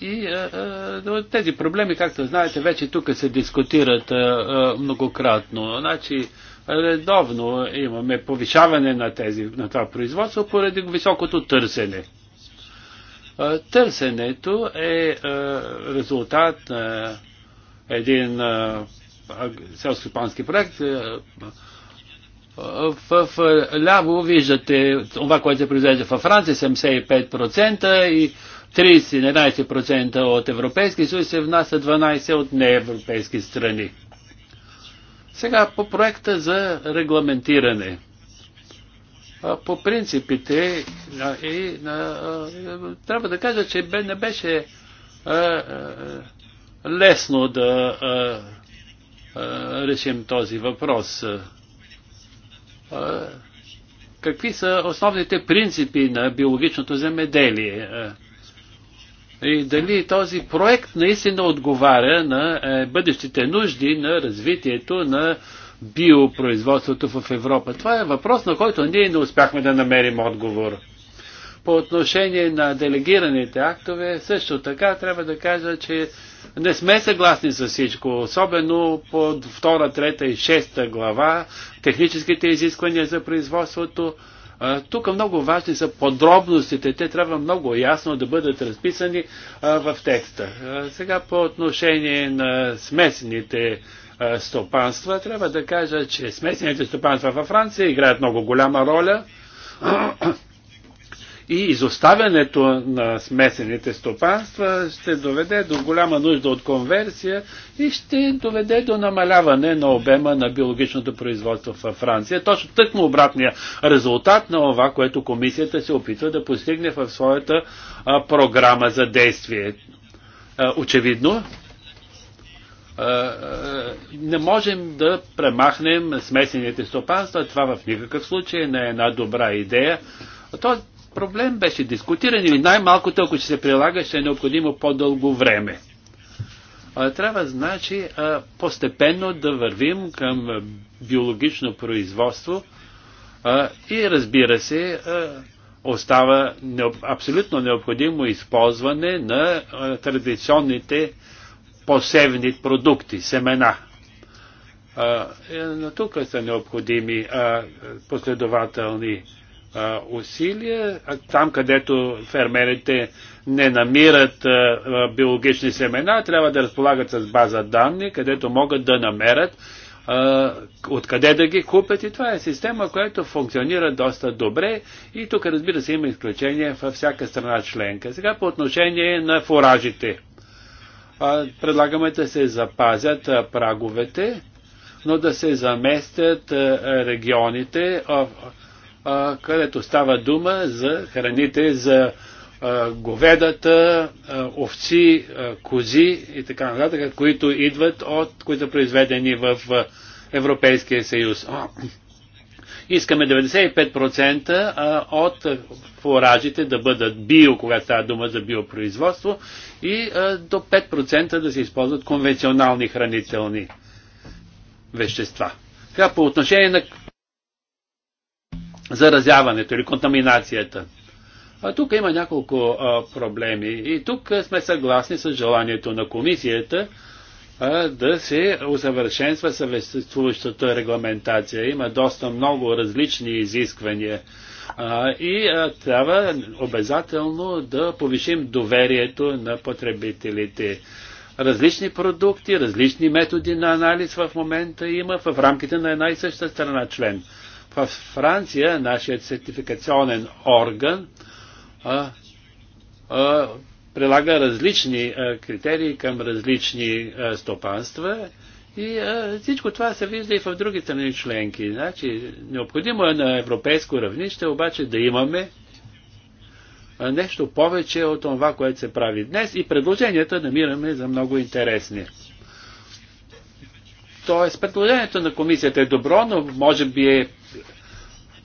И а, е, а, е, тези проблеми, както знаете, вече тук се дискутират а, е, а, многократно. Значи, редовно имаме повишаване на, тези, на това производство поради високото търсене. А, търсенето е а, резултат на един селско пански проект. А, в, в, ляво виждате това, което се произвежда във Франция, 75% и 30-11% от Европейски съюз се внася 12% от неевропейски страни. Сега по проекта за регламентиране. По принципите и, трябва да кажа, че не беше лесно да решим този въпрос. Какви са основните принципи на биологичното земеделие? и дали този проект наистина отговаря на е, бъдещите нужди на развитието на биопроизводството в Европа. Това е въпрос, на който ние не успяхме да намерим отговор. По отношение на делегираните актове, също така трябва да кажа, че не сме съгласни с всичко, особено по втора, трета и шеста глава, техническите изисквания за производството, тук много важни са подробностите. Те трябва много ясно да бъдат разписани в текста. Сега по отношение на смесените стопанства, трябва да кажа, че смесените стопанства във Франция играят много голяма роля И изоставянето на смесените стопанства ще доведе до голяма нужда от конверсия и ще доведе до намаляване на обема на биологичното производство във Франция. Точно тъкмо обратния резултат на това, което комисията се опитва да постигне в своята а, програма за действие. А, очевидно, не можем да премахнем смесените стопанства. Това в никакъв случай не е една добра идея проблем беше дискутиран или най-малкото, ако ще се прилага, ще е необходимо по-дълго време. Трябва, значи, постепенно да вървим към биологично производство и, разбира се, остава абсолютно необходимо използване на традиционните посевни продукти, семена. тук са необходими последователни усилия, там където фермерите не намират биологични семена, трябва да разполагат с база данни, където могат да намерят откъде да ги купят и това е система, която функционира доста добре и тук разбира се има изключение във всяка страна членка. Сега по отношение на фуражите. Предлагаме да се запазят праговете, но да се заместят регионите, където става дума за храните, за говедата, овци, кози и така нататък, които идват от, които са произведени в Европейския съюз. Искаме 95% от фуражите да бъдат био, когато става дума за биопроизводство, и до 5% да се използват конвенционални хранителни вещества. Така по отношение на заразяването или контаминацията. А тук има няколко а, проблеми и тук сме съгласни с желанието на комисията а, да се усъвършенства съвествуващата регламентация. Има доста много различни изисквания а, и а, трябва обязателно да повишим доверието на потребителите. Различни продукти, различни методи на анализ в момента има в рамките на една и съща страна член. В Франция нашият сертификационен орган а, а, прилага различни а, критерии към различни а, стопанства и а, всичко това се вижда и в други страни членки. Значи, необходимо е на европейско равнище обаче да имаме нещо повече от това, което се прави днес и предложенията намираме за много интересни. Тоест, предложението на комисията е добро, но може би е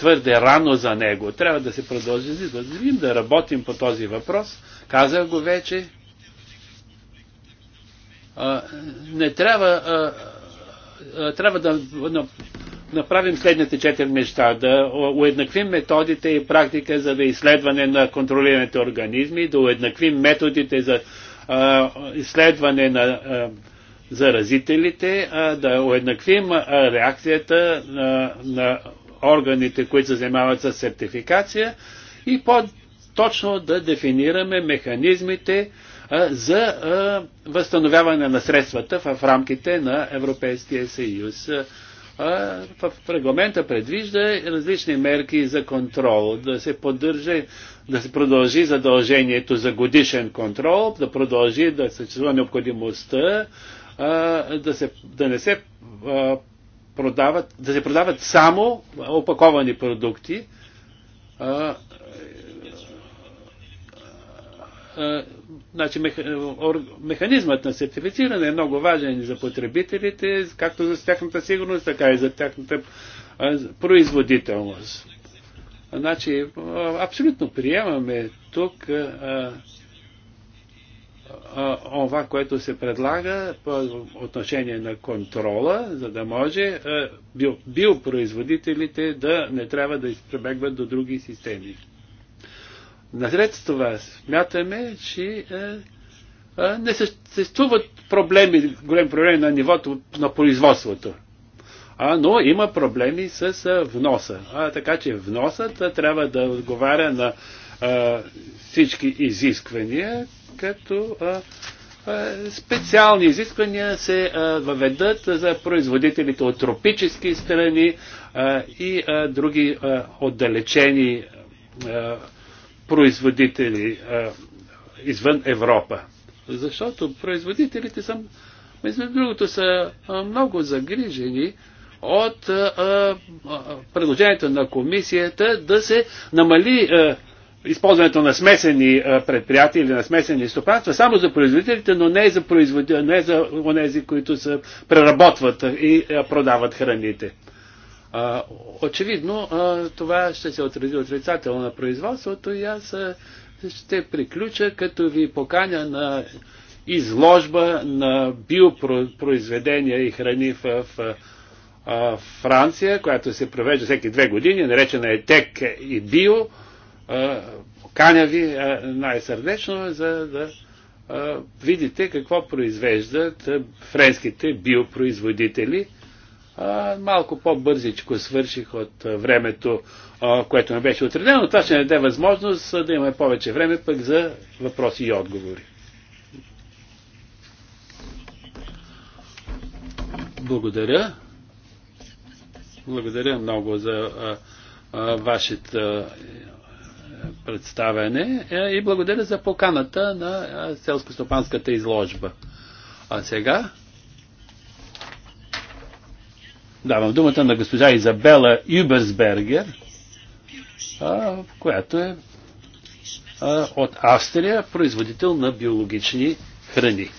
твърде рано за него. Трябва да се продължи да видим, да работим по този въпрос. Казах го вече. А, не трябва. А, а, трябва да на, направим следните четири неща. Да уеднаквим методите и практика за да изследване на контролираните организми, да уеднаквим методите за а, изследване на. А, заразителите, а, да уеднаквим реакцията на, на органите, които се занимават с сертификация и по-точно да дефинираме механизмите за възстановяване на средствата в рамките на Европейския съюз. В регламента предвижда различни мерки за контрол, да се поддържа, да се продължи задължението за годишен контрол, да продължи да съществува необходимостта да, се, да не се продават, да се продават само опаковани продукти. А, значи механизмът на сертифициране е много важен за потребителите, както за тяхната сигурност, така и за тяхната производителност. Значи, абсолютно приемаме тук това, което се предлага по отношение на контрола, за да може биопроизводителите да не трябва да изпребегват до други системи. Насред с това смятаме, че не съществуват проблеми, голем проблем на нивото на производството. А, но има проблеми с вноса. А, така че вносът трябва да отговаря на а, всички изисквания, като специални изисквания се въведат за производителите от тропически страни и други отдалечени производители извън Европа. Защото производителите са, между другото, са много загрижени от предложението на комисията да се намали използването на смесени е, предприятия или на смесени стопанства само за производителите, но не за, производители, не за онези, които са, преработват и е, продават храните. Е, очевидно, това ще се отрази отрицателно на производството и аз ще приключа, като ви поканя на изложба на биопроизведения и храни в, в Франция, която се провежда всеки две години, наречена е ТЕК и БИО. Каня ви най-сърдечно, е за да видите какво произвеждат френските биопроизводители. Малко по-бързичко свърших от времето, което ме беше отредено. Това ще не даде възможност да имаме повече време пък за въпроси и отговори. Благодаря. Благодаря много за а, а, вашата представяне е, и благодаря за поканата на е, селско-стопанската изложба. А сега давам думата на госпожа Изабела Юберсбергер, която е от Австрия, производител на биологични храни.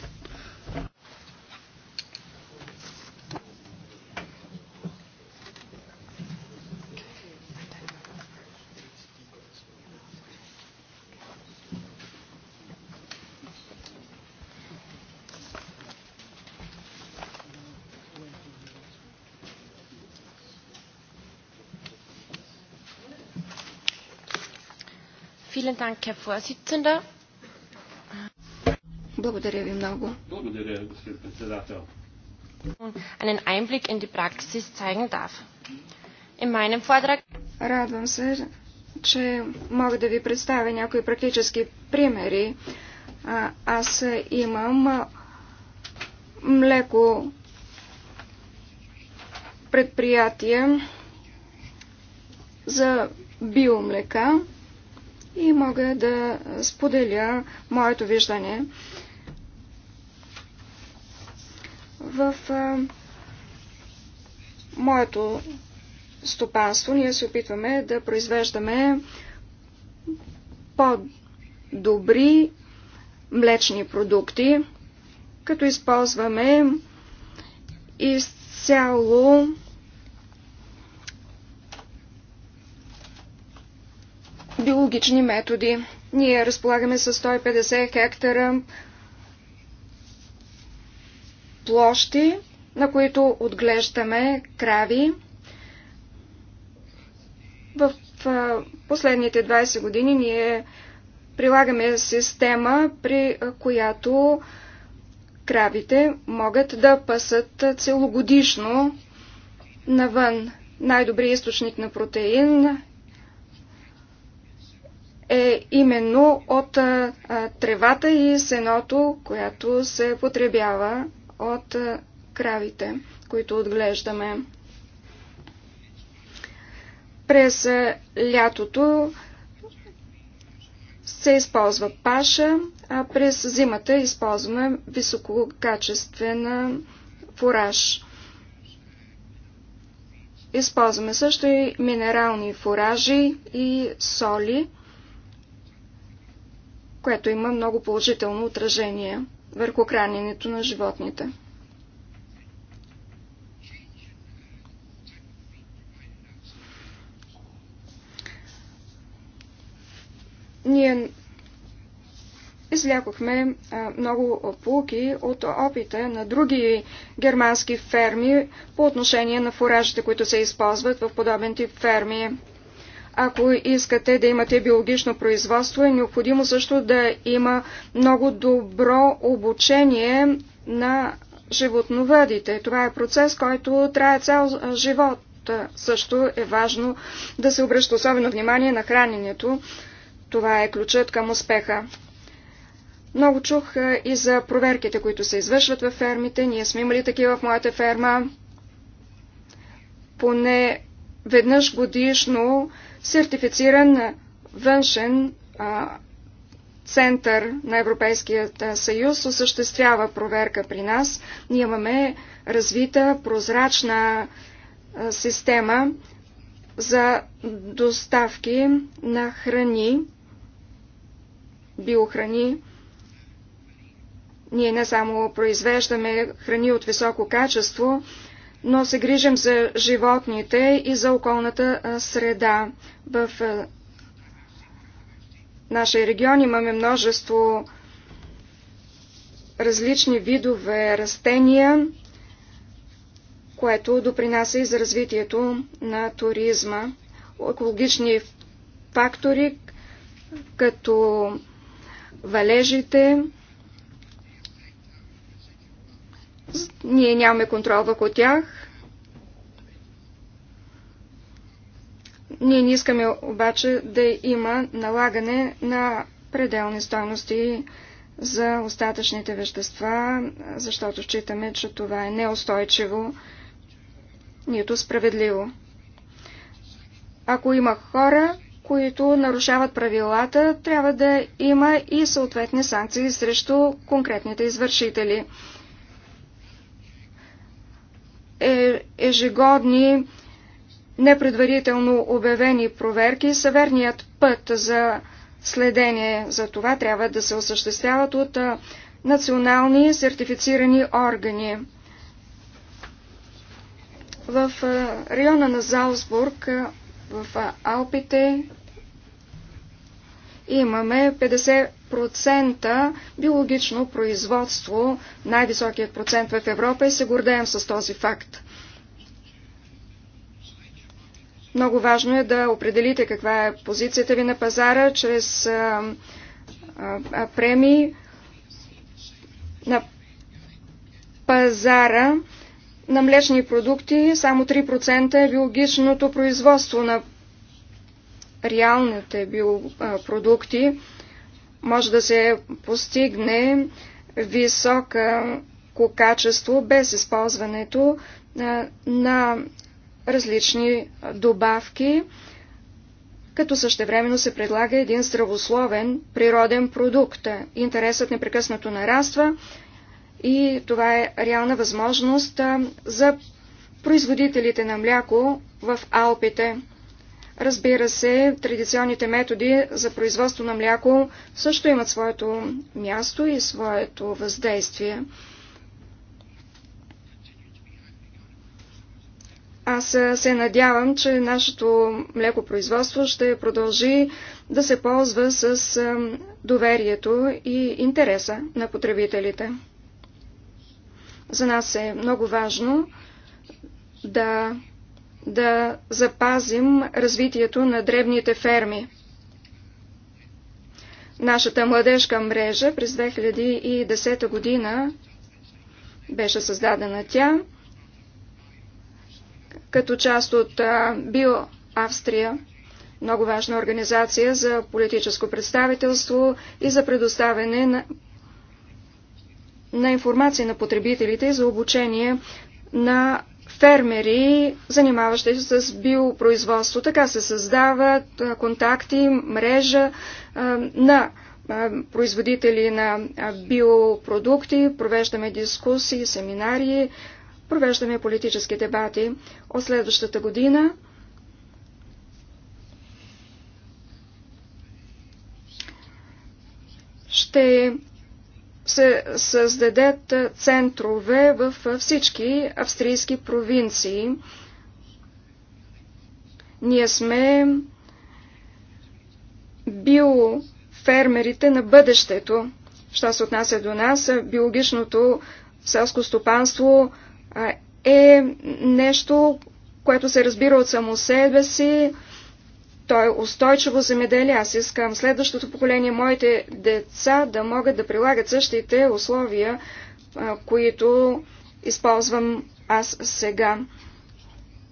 Благодаря ви много. Благодаря, господин председател. Einen Einblick in die Praxis zeigen darf. In meinem Vortrag... Радвам се, че мога да ви представя някои практически примери. Аз имам млеко предприятие за биомлека и мога да споделя моето виждане. В а, моето стопанство ние се опитваме да произвеждаме по-добри млечни продукти, като използваме изцяло биологични методи. Ние разполагаме с 150 хектара площи, на които отглеждаме крави. В последните 20 години ние прилагаме система, при която кравите могат да пасат целогодишно навън. Най-добрият източник на протеин е именно от а, тревата и сеното, която се потребява от а, кравите, които отглеждаме. През а, лятото се използва паша, а през зимата използваме висококачествена фураж. Използваме също и минерални фуражи и соли – което има много положително отражение върху храненето на животните. Ние излякохме много полуки от опита на други германски ферми по отношение на фуражите, които се използват в подобен тип ферми. Ако искате да имате биологично производство, е необходимо също да има много добро обучение на животновъдите. Това е процес, който трае цял живот. Също е важно да се обръща особено внимание на храненето. Това е ключът към успеха. Много чух и за проверките, които се извършват във фермите. Ние сме имали такива в моята ферма. Поне веднъж годишно сертифициран външен а, център на Европейският съюз осъществява проверка при нас. Ние имаме развита прозрачна а, система за доставки на храни, биохрани. Ние не само произвеждаме храни от високо качество, но се грижим за животните и за околната среда. В нашия регион имаме множество различни видове растения, което допринася и за развитието на туризма. Екологични фактори, като валежите, Ние нямаме контрол върху тях. Ние не искаме обаче да има налагане на пределни стойности за остатъчните вещества, защото считаме, че това е неустойчиво, нито справедливо. Ако има хора, които нарушават правилата, трябва да има и съответни санкции срещу конкретните извършители. Е ежегодни непредварително обявени проверки са верният път за следение. За това трябва да се осъществяват от национални сертифицирани органи. В района на Залсбург, в Алпите, имаме 50 процента биологично производство, най-високият процент в Европа и се гордеем с този факт. Много важно е да определите каква е позицията ви на пазара чрез а, а, премии на пазара на млечни продукти. Само 3% е биологичното производство на реалните биопродукти може да се постигне високо качество без използването на различни добавки, като същевременно се предлага един здравословен природен продукт. Интересът непрекъснато нараства и това е реална възможност за производителите на мляко в Алпите. Разбира се, традиционните методи за производство на мляко също имат своето място и своето въздействие. Аз се надявам, че нашето млекопроизводство ще продължи да се ползва с доверието и интереса на потребителите. За нас е много важно да да запазим развитието на древните ферми. Нашата младежка мрежа през 2010 година беше създадена тя като част от Био Австрия, много важна организация за политическо представителство и за предоставяне на, на информация на потребителите за обучение на фермери, занимаващи се с биопроизводство. Така се създават контакти, мрежа на производители на биопродукти, провеждаме дискусии, семинари, провеждаме политически дебати. От следващата година ще се създадат центрове в всички австрийски провинции. Ние сме биофермерите на бъдещето. Що се отнася до нас, биологичното селско стопанство е нещо, което се разбира от само себе си, той е устойчиво земеделие. Аз искам следващото поколение, моите деца, да могат да прилагат същите условия, които използвам аз сега.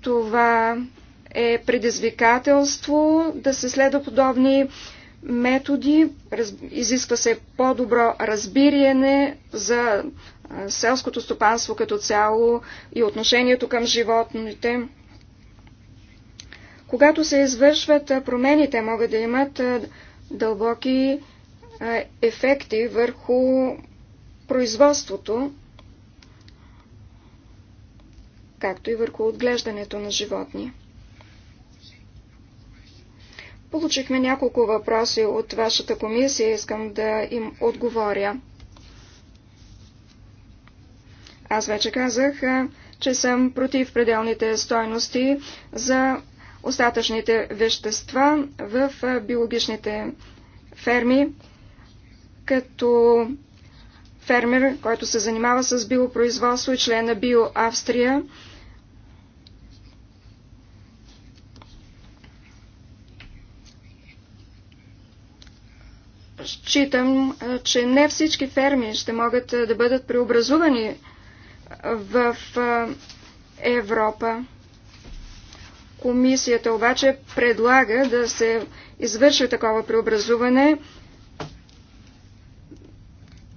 Това е предизвикателство да се следва подобни методи, изисква се по-добро разбиране за селското стопанство като цяло и отношението към животните. Когато се извършват промените, могат да имат дълбоки ефекти върху производството, както и върху отглеждането на животни. Получихме няколко въпроси от вашата комисия, искам да им отговоря. Аз вече казах, че съм против пределните стойности за остатъчните вещества в биологичните ферми, като фермер, който се занимава с биопроизводство и член на Био Австрия. Считам, че не всички ферми ще могат да бъдат преобразувани в Европа. Комисията обаче предлага да се извърши такова преобразуване,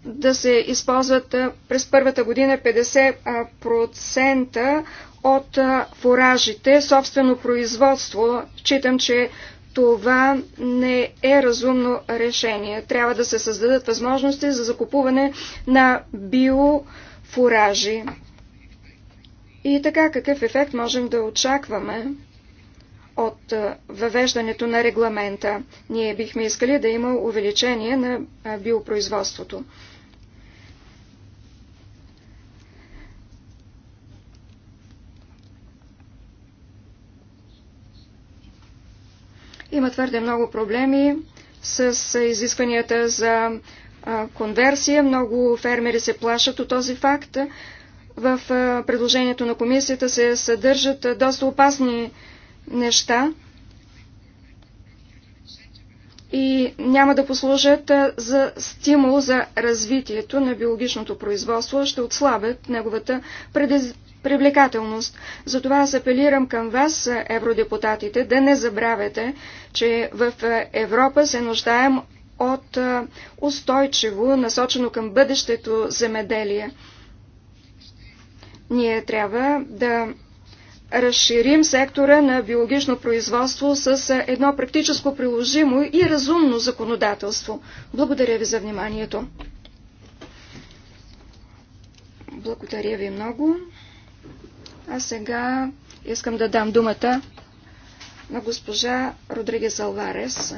да се използват през първата година 50% от фуражите, собствено производство. Читам, че това не е разумно решение. Трябва да се създадат възможности за закупуване на биофуражи. И така, какъв ефект можем да очакваме? от въвеждането на регламента. Ние бихме искали да има увеличение на биопроизводството. Има твърде много проблеми с изискванията за конверсия. Много фермери се плашат от този факт. В предложението на комисията се съдържат доста опасни неща и няма да послужат за стимул за развитието на биологичното производство, ще отслабят неговата предиз... привлекателност. Затова аз апелирам към вас, евродепутатите, да не забравяте, че в Европа се нуждаем от устойчиво, насочено към бъдещето земеделие. Ние трябва да разширим сектора на биологично производство с едно практическо приложимо и разумно законодателство. Благодаря ви за вниманието. Благодаря ви много. А сега искам да дам думата на госпожа Родригес Алварес.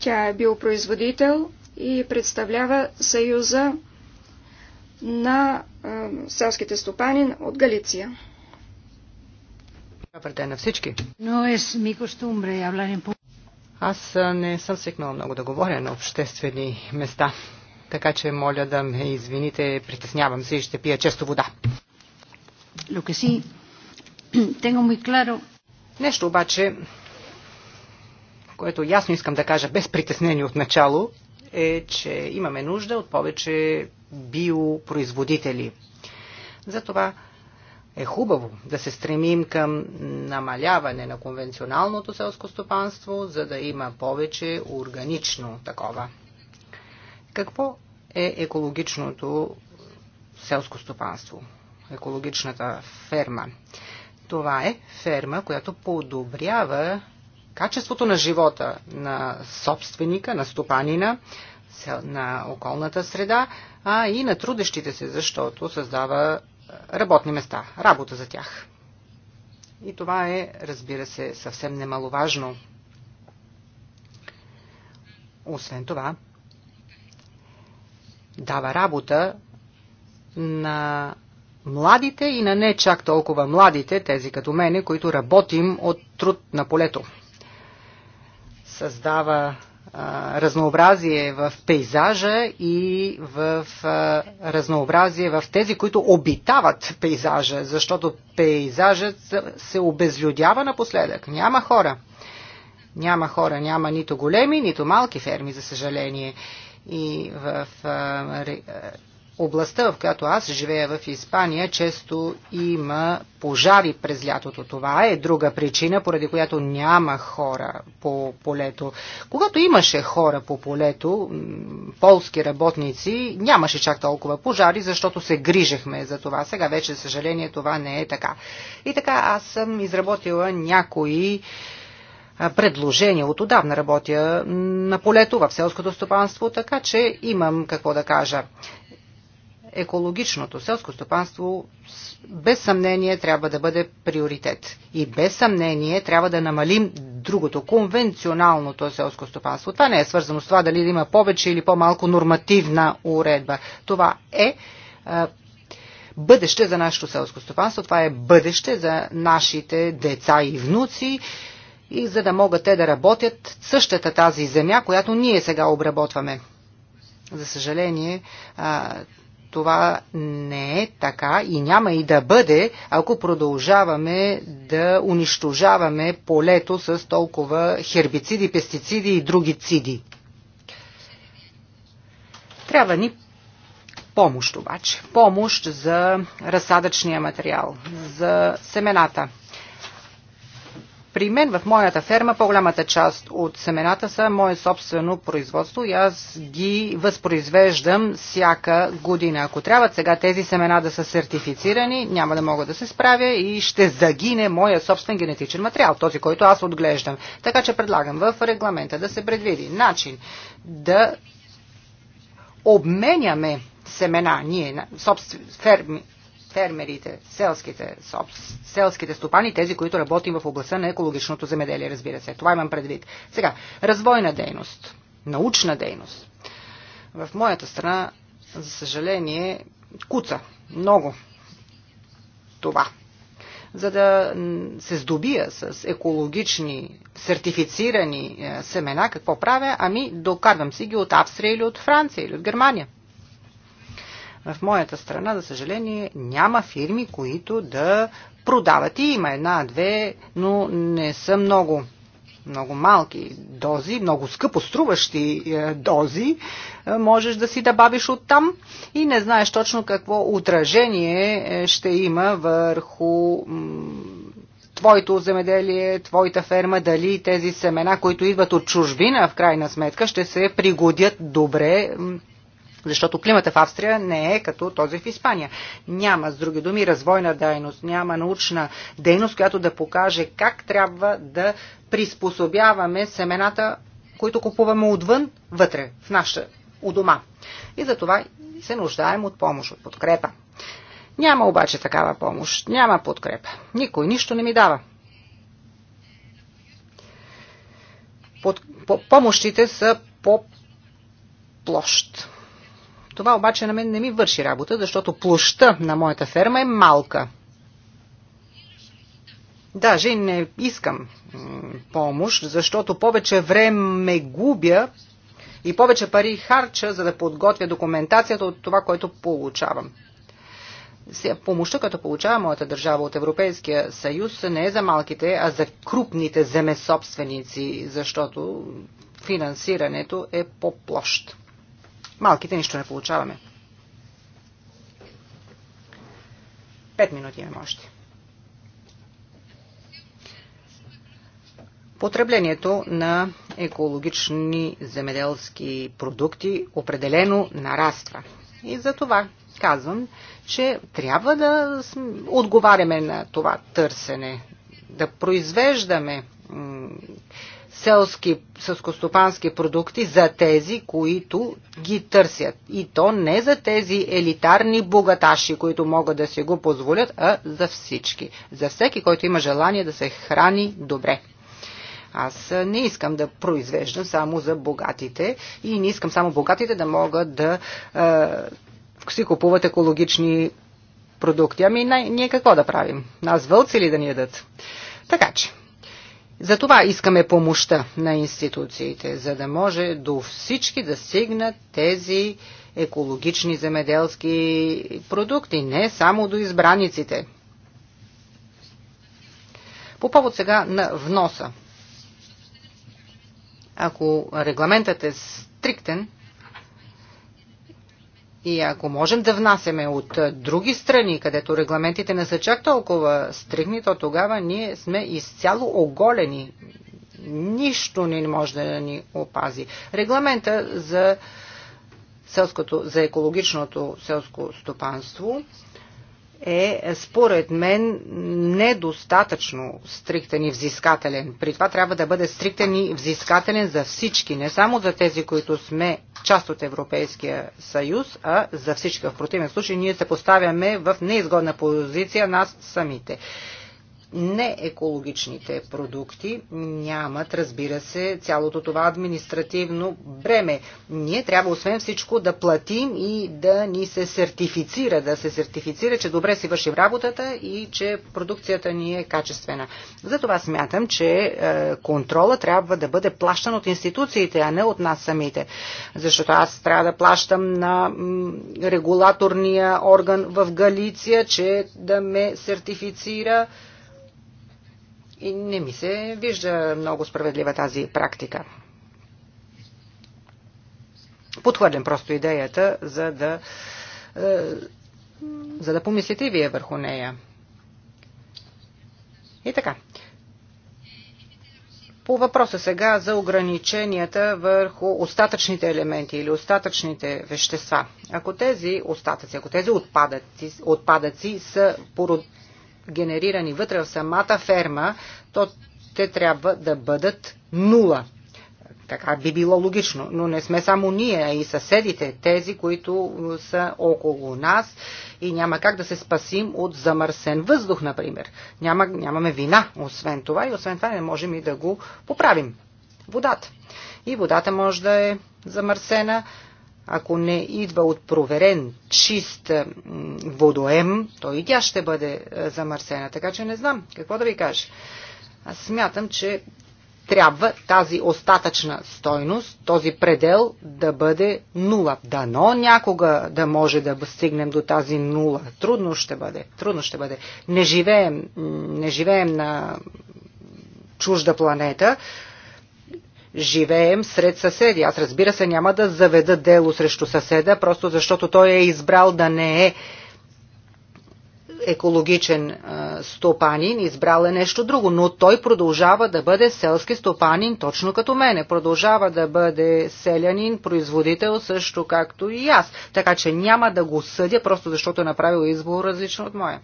Тя е биопроизводител и представлява Съюза на селските стопани от Галиция на всички. Е Аз не съм свикнала много да говоря на обществени места, така че моля да ме извините, притеснявам се и ще пия често вода. Нещо обаче, което ясно искам да кажа без притеснение от начало, е, че имаме нужда от повече биопроизводители. Затова е хубаво да се стремим към намаляване на конвенционалното селско стопанство, за да има повече органично такова. Какво е екологичното селско стопанство? Екологичната ферма. Това е ферма, която подобрява качеството на живота на собственика, на стопанина, на околната среда, а и на трудещите се, защото създава работни места, работа за тях. И това е, разбира се, съвсем немаловажно. Освен това, дава работа на младите и на не чак толкова младите, тези като мене, които работим от труд на полето. Създава разнообразие в пейзажа и в а, разнообразие в тези, които обитават пейзажа, защото пейзажът се обезлюдява напоследък. Няма хора. Няма хора, няма нито големи, нито малки ферми, за съжаление. И в а, областта, в която аз живея в Испания, често има пожари през лятото. Това е друга причина, поради която няма хора по полето. Когато имаше хора по полето, полски работници, нямаше чак толкова пожари, защото се грижехме за това. Сега вече, съжаление, това не е така. И така аз съм изработила някои предложения. От отдавна работя на полето в селското стопанство, така че имам какво да кажа екологичното селско стопанство без съмнение трябва да бъде приоритет. И без съмнение трябва да намалим другото, конвенционалното селско стопанство. Това не е свързано с това дали има повече или по-малко нормативна уредба. Това е бъдеще за нашето селско стопанство, това е бъдеще за нашите деца и внуци и за да могат те да работят същата тази земя, която ние сега обработваме. За съжаление, това не е така и няма и да бъде, ако продължаваме да унищожаваме полето с толкова хербициди, пестициди и други циди. Трябва ни помощ обаче. Помощ за разсадъчния материал, за семената – при мен в моята ферма по-голямата част от семената са мое собствено производство и аз ги възпроизвеждам всяка година. Ако трябва сега тези семена да са сертифицирани, няма да мога да се справя и ще загине моя собствен генетичен материал, този, който аз отглеждам. Така че предлагам в регламента да се предвиди начин да обменяме семена, ние, собствен, ферми, фермерите, селските, селските стопани, тези, които работим в областта на екологичното земеделие, разбира се. Това имам предвид. Сега, развойна дейност, научна дейност. В моята страна, за съжаление, куца много това. За да се здобия с екологични, сертифицирани е, семена, какво правя? Ами, докарвам си ги от Австрия или от Франция или от Германия. В моята страна, за съжаление, няма фирми, които да продават. И има една-две, но не са много много малки дози, много скъпо струващи е, дози, е, можеш да си добавиш от оттам и не знаеш точно какво отражение е, ще има върху твоето земеделие, твоята ферма, дали тези семена, които идват от чужбина, в крайна сметка, ще се пригодят добре защото климата в Австрия не е като този в Испания. Няма, с други думи, развойна дейност, няма научна дейност, която да покаже как трябва да приспособяваме семената, които купуваме отвън, вътре, в наша, у дома. И за това се нуждаем от помощ, от подкрепа. Няма обаче такава помощ, няма подкрепа. Никой нищо не ми дава. Под, по, помощите са по площ това обаче на мен не ми върши работа, защото площта на моята ферма е малка. Даже и не искам помощ, защото повече време губя и повече пари харча, за да подготвя документацията от това, което получавам. Помощта, като получава моята държава от Европейския съюз, не е за малките, а за крупните земесобственици, защото финансирането е по площ малките нищо не получаваме. Пет минути имаме още. Потреблението на екологични земеделски продукти определено нараства. И за това казвам, че трябва да отговаряме на това търсене, да произвеждаме селски, селскостопански продукти за тези, които ги търсят. И то не за тези елитарни богаташи, които могат да си го позволят, а за всички. За всеки, който има желание да се храни добре. Аз не искам да произвеждам само за богатите и не искам само богатите да могат да е, си купуват екологични продукти. Ами ние какво да правим? Нас вълци ли да ни ядат? Така че, затова искаме помощта на институциите, за да може до всички да стигнат тези екологични земеделски продукти, не само до избраниците. По повод сега на вноса. Ако регламентът е стриктен, и ако можем да внасяме от други страни, където регламентите не са чак толкова стригни, то тогава ние сме изцяло оголени. Нищо не може да ни опази. Регламента за, селското, за екологичното селско стопанство е, според мен, недостатъчно стриктен и взискателен. При това трябва да бъде стриктен и взискателен за всички, не само за тези, които сме част от Европейския съюз, а за всички. В противен случай ние се поставяме в неизгодна позиция нас самите неекологичните продукти нямат, разбира се, цялото това административно бреме. Ние трябва, освен всичко, да платим и да ни се сертифицира, да се сертифицира, че добре си вършим работата и че продукцията ни е качествена. Затова смятам, че е, контрола трябва да бъде плащан от институциите, а не от нас самите. Защото аз трябва да плащам на регулаторния орган в Галиция, че да ме сертифицира и не ми се вижда много справедлива тази практика. Подхвърлям просто идеята, за да, е, за да помислите и вие върху нея. И така. По въпроса сега за ограниченията върху остатъчните елементи или остатъчните вещества. Ако тези остатъци, ако тези отпадъци, отпадъци са генерирани вътре в самата ферма, то те трябва да бъдат нула. Така би било логично, но не сме само ние, а и съседите, тези, които са около нас и няма как да се спасим от замърсен въздух, например. Няма, нямаме вина, освен това, и освен това не можем и да го поправим. Водата. И водата може да е замърсена, ако не идва от проверен чист водоем, то и тя ще бъде е, замърсена. Така че не знам какво да ви кажа. Аз смятам, че трябва тази остатъчна стойност, този предел да бъде нула. Дано някога да може да стигнем до тази нула. Трудно ще бъде. Трудно ще бъде. Не живеем, не живеем на чужда планета, живеем сред съседи. Аз разбира се няма да заведа дело срещу съседа, просто защото той е избрал да не е екологичен стопанин, избрал е нещо друго, но той продължава да бъде селски стопанин, точно като мене. Продължава да бъде селянин, производител, също както и аз. Така че няма да го съдя, просто защото е направил избор различен от моя.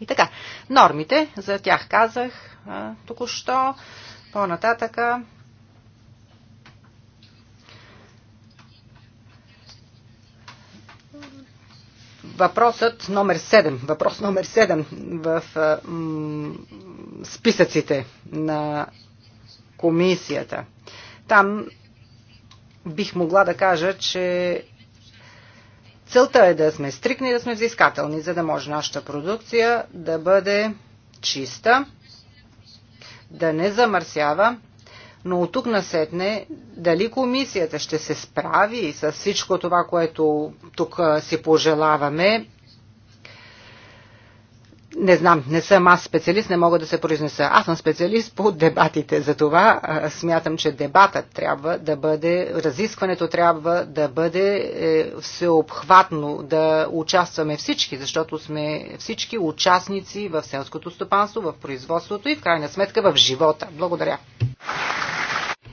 И така, Нормите, за тях казах току-що, по-нататъка. Въпросът номер 7, въпрос номер 7 в списъците на комисията. Там бих могла да кажа, че Целта е да сме стрикни, да сме взискателни, за да може нашата продукция да бъде чиста, да не замърсява, но от тук насетне дали комисията ще се справи с всичко това, което тук си пожелаваме не знам, не съм аз специалист, не мога да се произнеса. Аз съм специалист по дебатите. Затова смятам, че дебатът трябва да бъде, разискването трябва да бъде е, всеобхватно, да участваме всички, защото сме всички участници в селското стопанство, в производството и в крайна сметка в живота. Благодаря.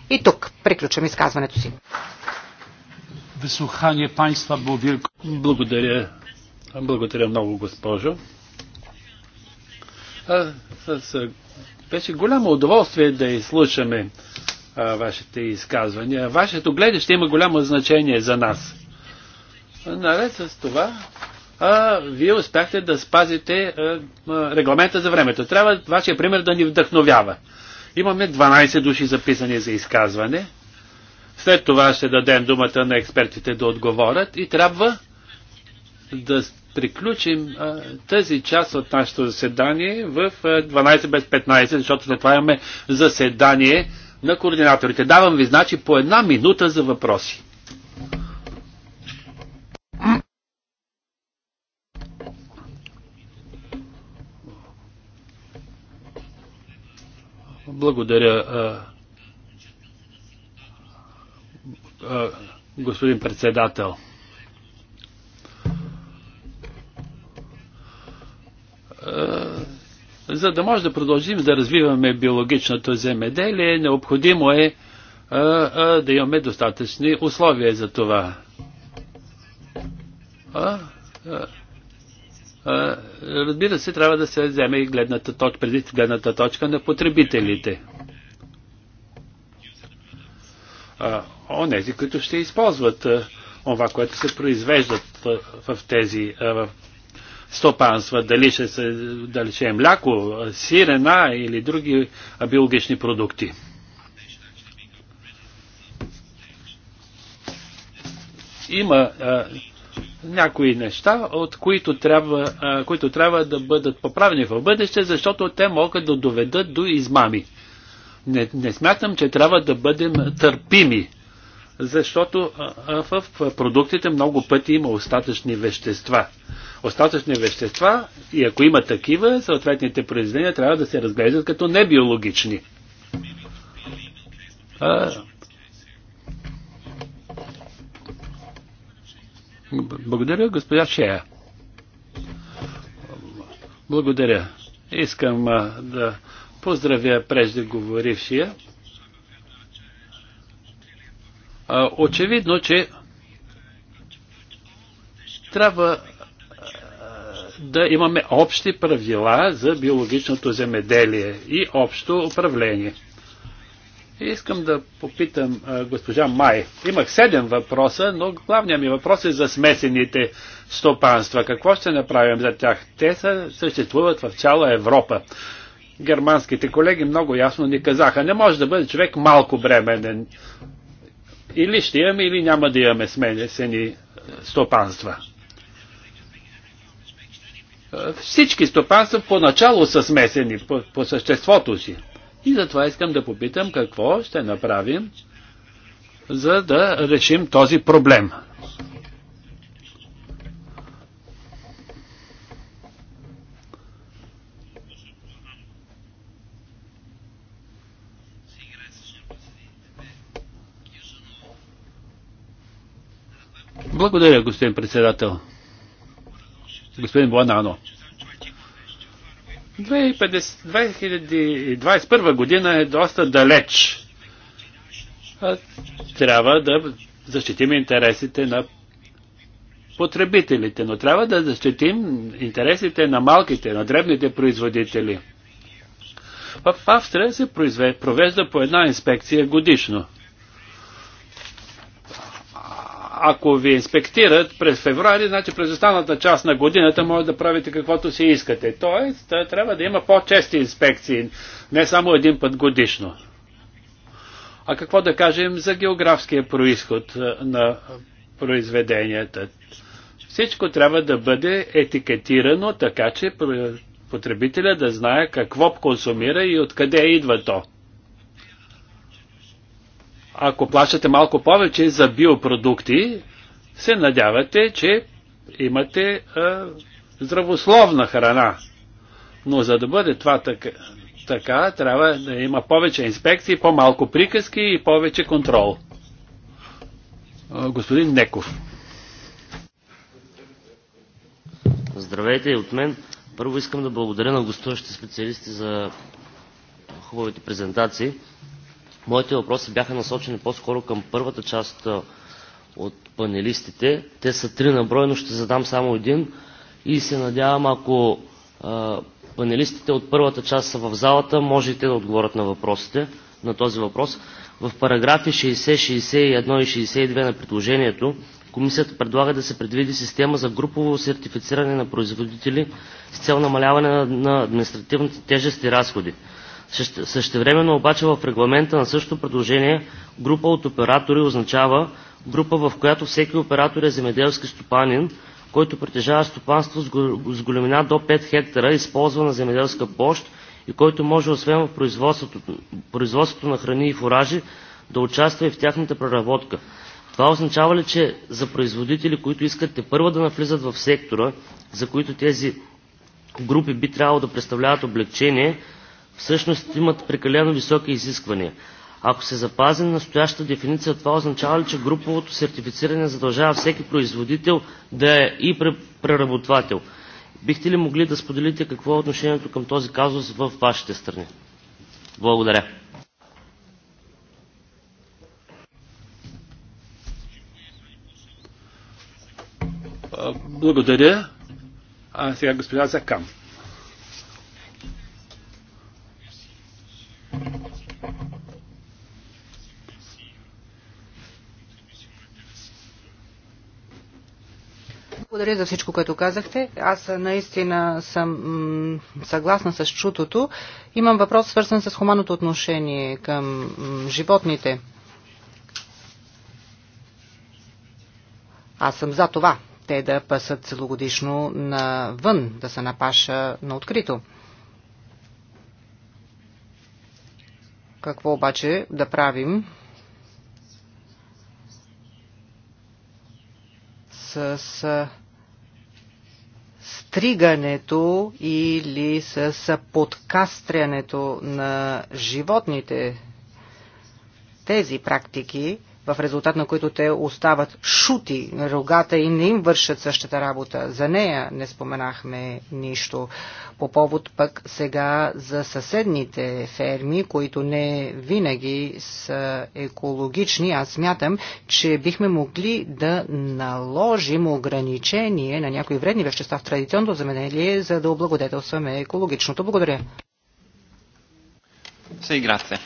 И тук приключвам изказването си. Висухание Благодаря. Благодаря много, госпожо с, беше голямо удоволствие да изслушаме а, вашите изказвания. Вашето гледаще има голямо значение за нас. Наред с това, а, вие успяхте да спазите а, а, регламента за времето. Трябва вашия пример да ни вдъхновява. Имаме 12 души записани за изказване. След това ще дадем думата на експертите да отговорят и трябва да приключим а, тази част от нашето заседание в 12 без 15, защото след това имаме заседание на координаторите. Давам ви, значи, по една минута за въпроси. Благодаря, а, а, господин председател. Е, за да може да продължим да развиваме биологичното земеделие, необходимо е, е, е да имаме достатъчни условия за това. А, а, а, разбира се, трябва да се вземе и гледната точка, преди гледната точка на потребителите. онези, които ще използват това, което се произвеждат в тези, в стопанства, дали ще, се, дали ще е мляко, сирена или други биологични продукти. Има а, някои неща, от които трябва, а, които трябва да бъдат поправени в бъдеще, защото те могат да доведат до измами. Не, не смятам, че трябва да бъдем търпими защото в продуктите много пъти има остатъчни вещества. Остатъчни вещества, и ако има такива, съответните произведения трябва да се разглеждат като небиологични. Благодаря, госпожа Шея. Благодаря. Искам да поздравя преждеговорившия очевидно, че трябва да имаме общи правила за биологичното земеделие и общо управление. Искам да попитам госпожа Май. Имах седем въпроса, но главният ми въпрос е за смесените стопанства. Какво ще направим за тях? Те са, съществуват в цяла Европа. Германските колеги много ясно ни казаха, не може да бъде човек малко бременен. Или ще имаме, или няма да имаме сменесени е, стопанства. Е, всички стопанства поначало са смесени по, по съществото си. И затова искам да попитам какво ще направим, за да решим този проблем. Благодаря, господин председател. Господин Буанано. 2021 година е доста далеч. Трябва да защитим интересите на потребителите, но трябва да защитим интересите на малките, на дребните производители. В Австрия се провежда по една инспекция годишно – ако ви инспектират през февруари, значи през останалата част на годината може да правите каквото си искате. Тоест, трябва да има по-чести инспекции, не само един път годишно. А какво да кажем за географския происход на произведенията? Всичко трябва да бъде етикетирано така, че потребителя да знае какво консумира и откъде идва то ако плащате малко повече за биопродукти, се надявате, че имате а, здравословна храна. Но за да бъде това така, така, трябва да има повече инспекции, по-малко приказки и повече контрол. А, господин Неков. Здравейте и от мен. Първо искам да благодаря на гостуващите специалисти за хубавите презентации. Моите въпроси бяха насочени по-скоро към първата част от панелистите. Те са три на брой, но ще задам само един. И се надявам, ако а, панелистите от първата част са в залата, може и те да отговорят на въпросите, на този въпрос. В параграфи 60, 61 и 62 на предложението Комисията предлага да се предвиди система за групово сертифициране на производители с цел намаляване на административните тежести разходи същевременно обаче в регламента на същото предложение група от оператори означава група, в която всеки оператор е земеделски стопанин, който притежава стопанство с големина до 5 хектара, използвана земеделска площ и който може освен в производството, производството на храни и фуражи да участва и в тяхната преработка. Това означава ли, че за производители, които искат те първа да навлизат в сектора, за които тези групи би трябвало да представляват облегчение, всъщност имат прекалено високи изисквания. Ако се запази настоящата дефиниция, това означава ли, че груповото сертифициране задължава всеки производител да е и преработвател? Бихте ли могли да споделите какво е отношението към този казус в вашите страни? Благодаря. Благодаря. А сега госпожа Закам. Благодаря за всичко, което казахте. Аз наистина съм съгласна с чутото. Имам въпрос свързан с хуманното отношение към животните. Аз съм за това те да пасат целогодишно навън, да се напаша на открито. Какво обаче да правим с стригането или с подкастрянето на животните. Тези практики в резултат на които те остават шути, рогата и не им вършат същата работа. За нея не споменахме нищо. По повод пък сега за съседните ферми, които не винаги са екологични, аз смятам, че бихме могли да наложим ограничение на някои вредни вещества в традиционното земеделие, за да облагодетелстваме екологичното. Благодаря. Sì, grazie.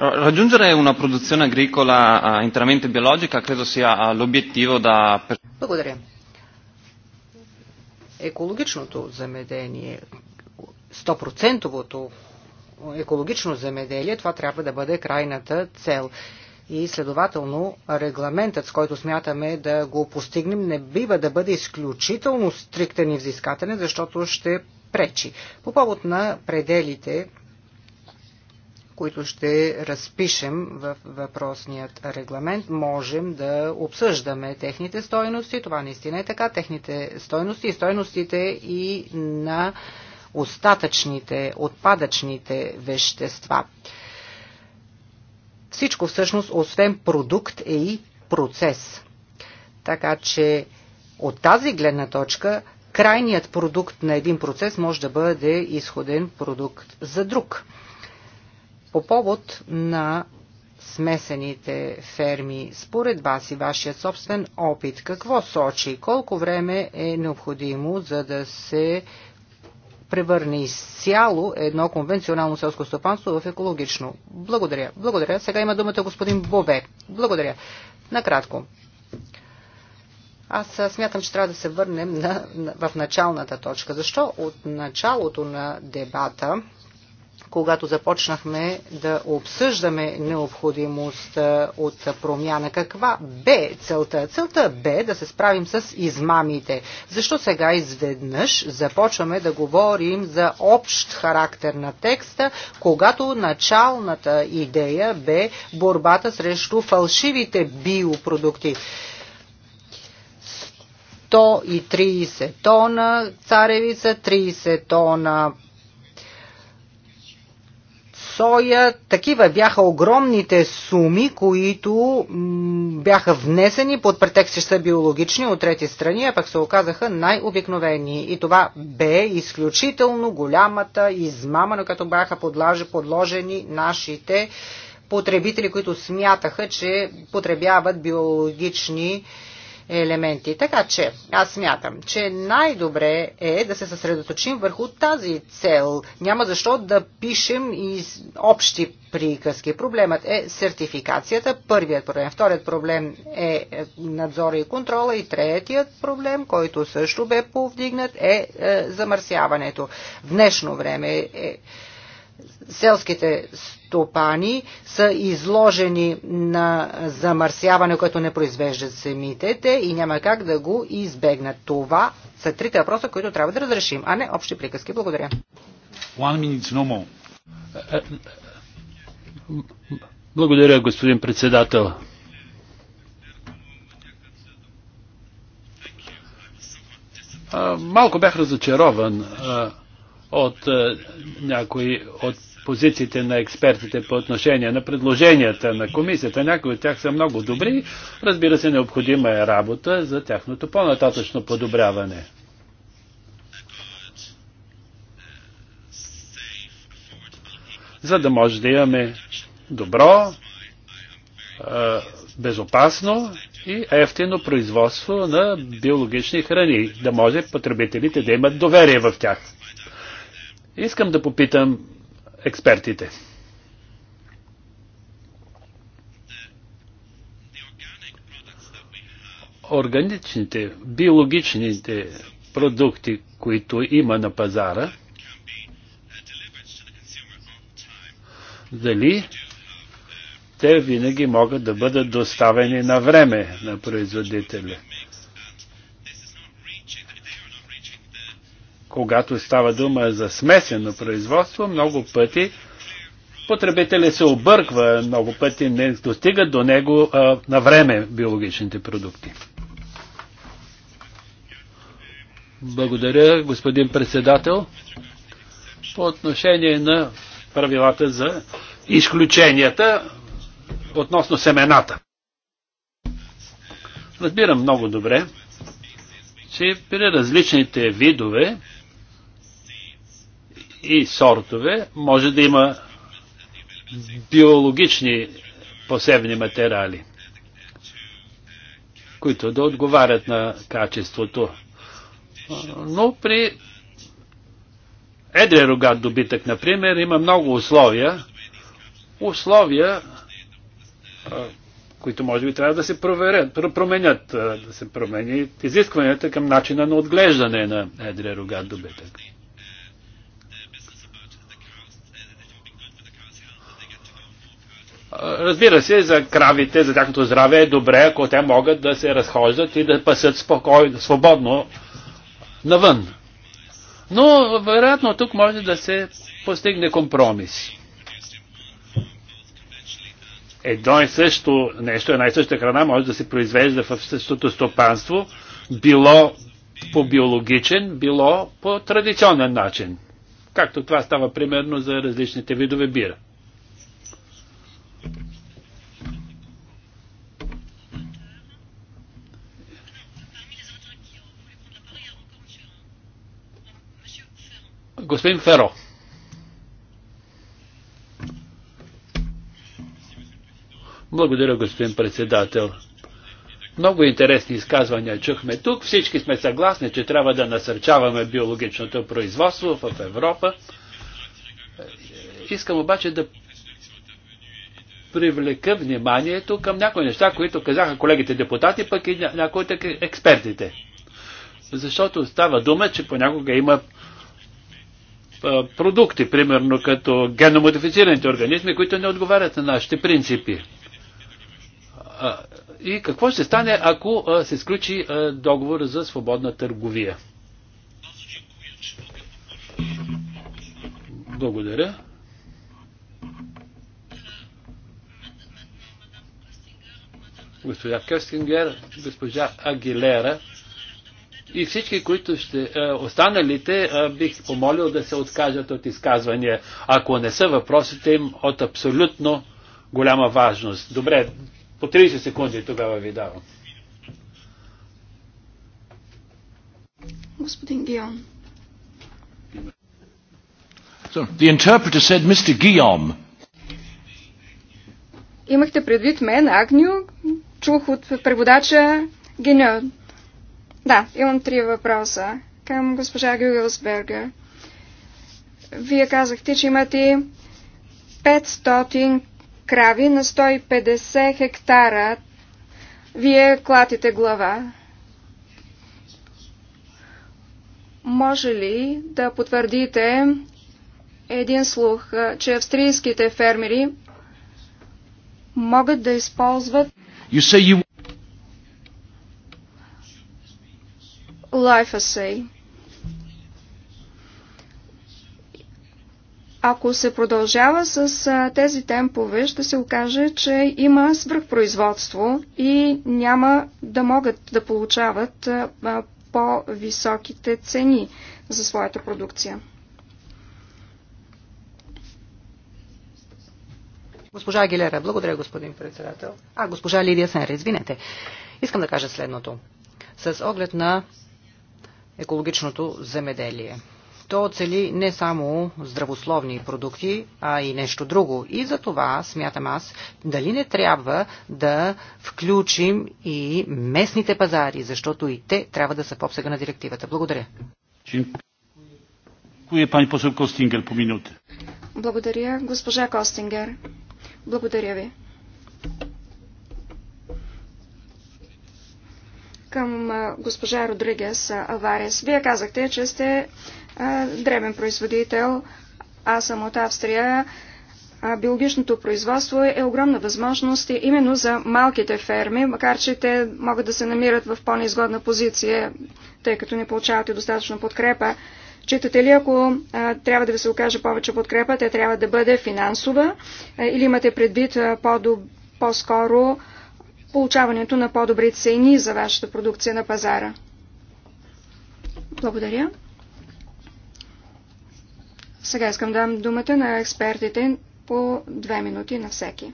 Raggiungere una produzione agricola eh, interamente biologica credo sia eh, l'obiettivo da... Благодаря. Екологичното земеделие, 100%-овото екологично земеделие, това трябва да бъде крайната цел. И следователно регламентът, с който смятаме да го постигнем, не бива да бъде изключително стриктен и взискателен, защото ще пречи. По повод на пределите които ще разпишем в въпросният регламент, можем да обсъждаме техните стойности. Това наистина е така. Техните стойности и стойностите и на остатъчните, отпадъчните вещества. Всичко всъщност, освен продукт, е и процес. Така че от тази гледна точка крайният продукт на един процес може да бъде изходен продукт за друг по повод на смесените ферми. Според вас и вашия собствен опит, какво сочи? Колко време е необходимо, за да се превърне изцяло едно конвенционално селско стопанство в екологично? Благодаря. Благодаря. Сега има думата господин Бове. Благодаря. Накратко. Аз смятам, че трябва да се върнем на, на, в началната точка. Защо от началото на дебата когато започнахме да обсъждаме необходимостта от промяна. Каква бе целта? Целта бе да се справим с измамите. Защо сега изведнъж започваме да говорим за общ характер на текста, когато началната идея бе борбата срещу фалшивите биопродукти? 130 тона царевица, 30 тона соя. Такива бяха огромните суми, които бяха внесени под претекст, че са биологични от трети страни, а пък се оказаха най-обикновени. И това бе изключително голямата измама, на като бяха подлажи, подложени нашите потребители, които смятаха, че потребяват биологични елементи. Така че аз смятам, че най-добре е да се съсредоточим върху тази цел. Няма защо да пишем и общи приказки. Проблемът е сертификацията, първият проблем. Вторият проблем е надзора и контрола и третият проблем, който също бе повдигнат, е, е замърсяването. В днешно време е, селските стопани са изложени на замърсяване, което не произвеждат самите те и няма как да го избегнат. Това са трите въпроса, които трябва да разрешим, а не общи приказки. Благодаря. Minute, no Благодаря, господин председател. малко бях разочарован от някои от позициите на експертите по отношение на предложенията на комисията. Някои от тях са много добри. Разбира се, необходима е работа за тяхното по-нататъчно подобряване. За да може да имаме добро, безопасно и ефтино производство на биологични храни, да може потребителите да имат доверие в тях. Искам да попитам експертите. Органичните, биологичните продукти, които има на пазара, дали те винаги могат да бъдат доставени на време на производителя. когато става дума за смесено производство, много пъти потребителят се обърква, много пъти не достигат до него а, на време биологичните продукти. Благодаря, господин председател. По отношение на правилата за изключенията относно семената. Разбирам много добре, че при различните видове и сортове, може да има биологични посебни материали, които да отговарят на качеството. Но при едрия рогат добитък, например, има много условия, условия, които може би трябва да се проверят, променят, да се променят изискванията към начина на отглеждане на едрия рогат добитък. Разбира се, за кравите, за тяхното здраве е добре, ако те могат да се разхождат и да пасат спокойно, свободно навън. Но, вероятно, тук може да се постигне компромис. Едно и също нещо, една и съща храна може да се произвежда в същото стопанство, било по биологичен, било по традиционен начин. Както това става примерно за различните видове бира. Господин Феро. Благодаря, господин председател. Много интересни изказвания чухме тук. Всички сме съгласни, че трябва да насърчаваме биологичното производство в Европа. Искам обаче да привлека вниманието към някои неща, които казаха колегите депутати, пък и някои от експертите. Защото става дума, че понякога има продукти, примерно като геномодифицираните организми, които не отговарят на нашите принципи. И какво ще стане, ако се сключи договор за свободна търговия? Благодаря. Госпожа Кърстингер, госпожа Агилера и всички, които ще, е, останалите, е, бих помолил да се откажат от изказвания, ако не са въпросите им от абсолютно голяма важност. Добре, по 30 секунди тогава ви давам. Господин Гион. So, the interpreter said, Mr. Guillaume. Имахте предвид мен, Агню, чух от преводача Гиньон. Да, имам три въпроса към госпожа Гюгелсбергер. Вие казахте, че имате 500 крави на 150 хектара. Вие клатите глава. Може ли да потвърдите един слух, че австрийските фермери могат да използват you say you... Essay. Ако се продължава с тези темпове, ще се окаже, че има свръхпроизводство и няма да могат да получават по-високите цени за своята продукция. Госпожа Агилера, благодаря, господин председател. А, госпожа Лидия Сенри, извинете. Искам да кажа следното. С оглед на екологичното земеделие. То цели не само здравословни продукти, а и нещо друго. И за това смятам аз, дали не трябва да включим и местните пазари, защото и те трябва да са в обсега на директивата. Благодаря. Благодаря, госпожа Костингер. Благодаря ви. към госпожа Родригес Аварес. Вие казахте, че сте дребен производител. Аз съм от Австрия. Биологичното производство е огромна възможност именно за малките ферми, макар че те могат да се намират в по-неизгодна позиция, тъй като не получават и достатъчно подкрепа. Читате ли, ако а, трябва да ви се окаже повече подкрепа, тя трябва да бъде финансова а, или имате предвид по-скоро по получаването на по-добри цени за вашата продукция на пазара. Благодаря. Сега искам да дам думата на експертите по две минути на всеки.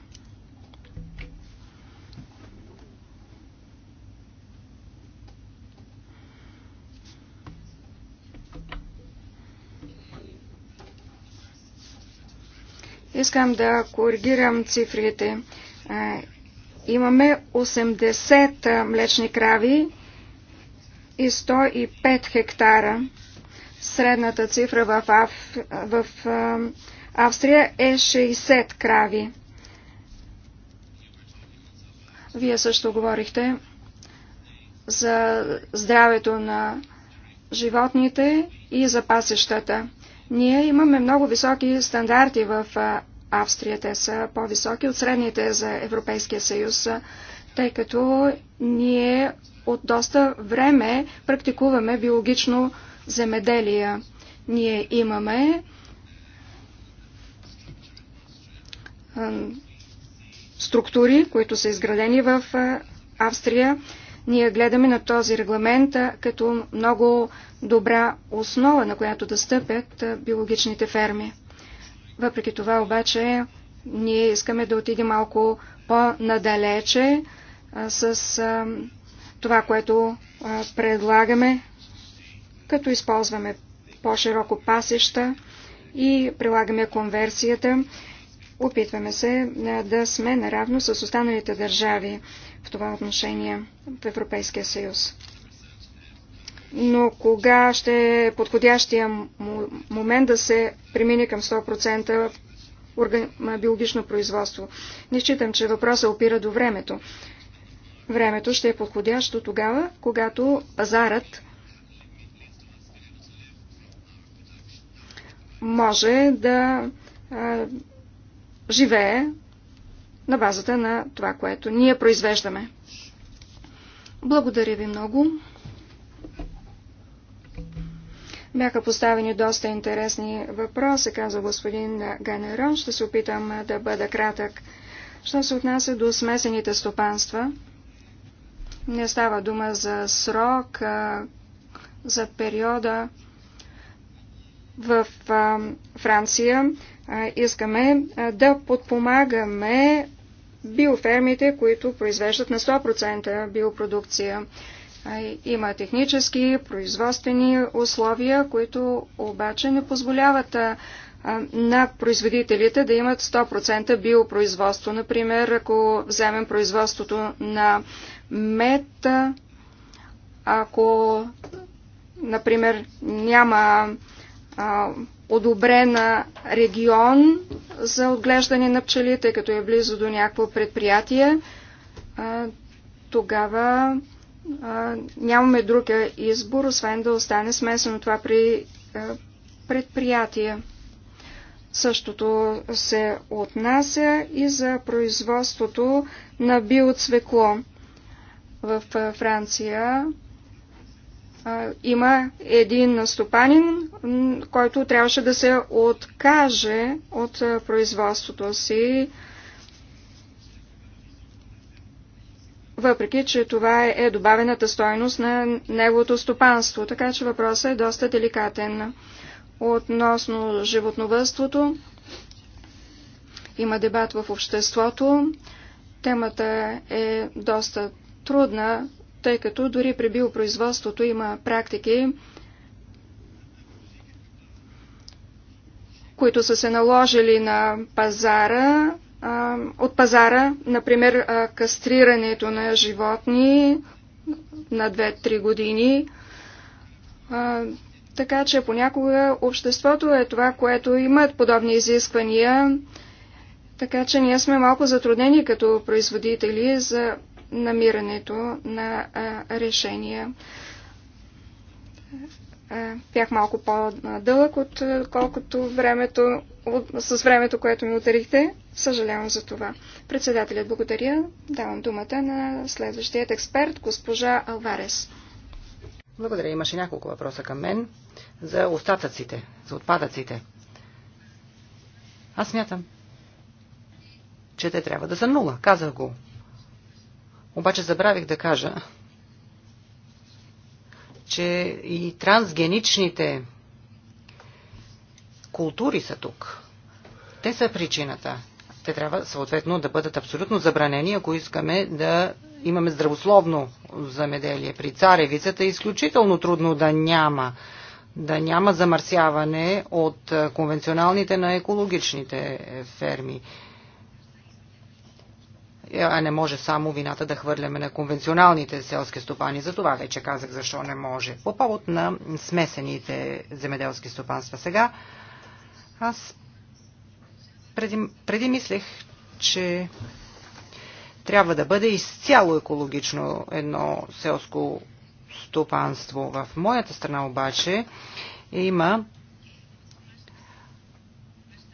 Искам да коригирам цифрите имаме 80 млечни крави и 105 хектара. Средната цифра в, Аф... в Австрия е 60 крави. Вие също говорихте за здравето на животните и за пасещата. Ние имаме много високи стандарти в Австрия. Те са по-високи от средните за Европейския съюз, тъй като ние от доста време практикуваме биологично земеделие. Ние имаме структури, които са изградени в Австрия. Ние гледаме на този регламент като много добра основа, на която да стъпят биологичните ферми. Въпреки това обаче ние искаме да отидем малко по-надалече с а, това, което а, предлагаме, като използваме по-широко пасеща и прилагаме конверсията. Опитваме се а, да сме наравно с останалите държави в това отношение в Европейския съюз но кога ще е подходящия момент да се премине към 100% биологично производство. Не считам, че въпросът опира до времето. Времето ще е подходящо тогава, когато пазарът може да а, живее на базата на това, което ние произвеждаме. Благодаря ви много. Бяха поставени доста интересни въпроси, каза господин Ганерон. Ще се опитам да бъда кратък. Що се отнася до смесените стопанства, не става дума за срок, за периода. В Франция искаме да подпомагаме биофермите, които произвеждат на 100% биопродукция. Има технически, производствени условия, които обаче не позволяват на производителите да имат 100% биопроизводство. Например, ако вземем производството на мед, ако, например, няма одобрена регион за отглеждане на пчелите, като е близо до някакво предприятие, тогава нямаме друг е, избор, освен да остане смесено това при е, предприятия. Същото се отнася и за производството на биоцвекло. В е, Франция има един наступанин, който трябваше да се откаже от производството си въпреки че това е, е добавената стойност на неговото стопанство, така че въпросът е доста деликатен. Относно животновътството, има дебат в обществото. Темата е доста трудна, тъй като дори при биопроизводството има практики, които са се наложили на пазара от пазара, например кастрирането на животни на 2-3 години. Така че понякога обществото е това, което имат подобни изисквания, така че ние сме малко затруднени като производители за намирането на решения. Бях малко по-дълъг, отколкото времето, с времето, което ми отарихте. Съжалявам за това. Председателят благодаря. Давам думата на следващият експерт, госпожа Алварес. Благодаря. Имаше няколко въпроса към мен за остатъците, за отпадъците. Аз мятам, че те трябва да са нула. Казах го. Обаче забравих да кажа, че и трансгеничните култури са тук. Те са причината. Те трябва съответно да бъдат абсолютно забранени, ако искаме да имаме здравословно замеделие. При царевицата е изключително трудно да няма да няма замърсяване от конвенционалните на екологичните е, ферми. А не може само вината да хвърляме на конвенционалните селски стопани. За това вече казах защо не може. По повод на смесените земеделски стопанства сега, аз преди, преди мислех, че трябва да бъде изцяло екологично едно селско стопанство. В моята страна обаче има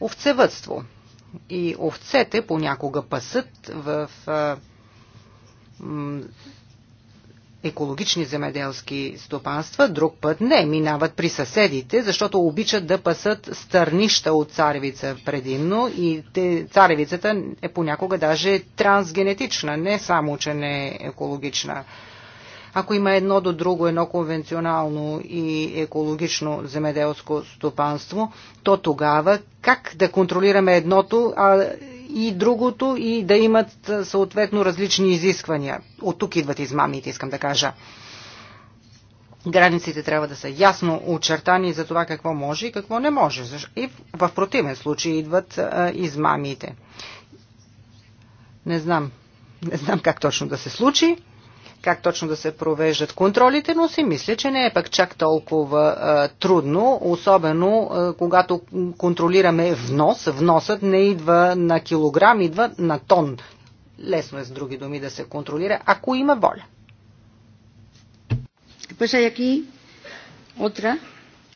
овцевътство. И овцете понякога пасат в екологични земеделски стопанства, друг път не, минават при съседите, защото обичат да пасат стърнища от царевица предимно и те, царевицата е понякога даже трансгенетична, не само, че не е екологична. Ако има едно до друго, едно конвенционално и екологично земеделско стопанство, то тогава как да контролираме едното, а и другото и да имат съответно различни изисквания. От тук идват измамите, искам да кажа. Границите трябва да са ясно очертани за това какво може и какво не може. И в противен случай идват а, измамите. Не знам. Не знам как точно да се случи как точно да се провеждат контролите, но си мисля, че не е пък чак толкова а, трудно, особено а, когато контролираме внос. Вносът не идва на килограм, идва на тон. Лесно е с други думи да се контролира, ако има воля. Pues hay aquí otra.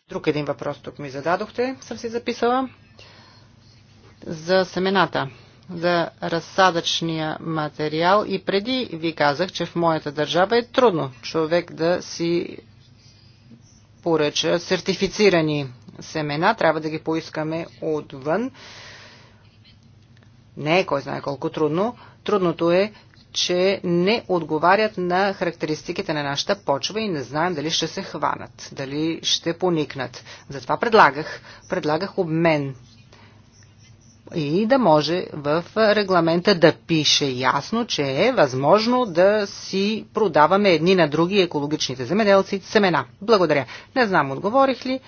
Друг един въпрос тук ми зададохте, съм си записала. За семената за разсадъчния материал и преди ви казах, че в моята държава е трудно човек да си поръча сертифицирани семена, трябва да ги поискаме отвън. Не е кой знае колко трудно. Трудното е, че не отговарят на характеристиките на нашата почва и не знаем дали ще се хванат, дали ще поникнат. Затова предлагах, предлагах обмен и да може в регламента да пише ясно, че е възможно да си продаваме едни на други екологичните земеделци семена. Благодаря. Не знам, отговорих ли.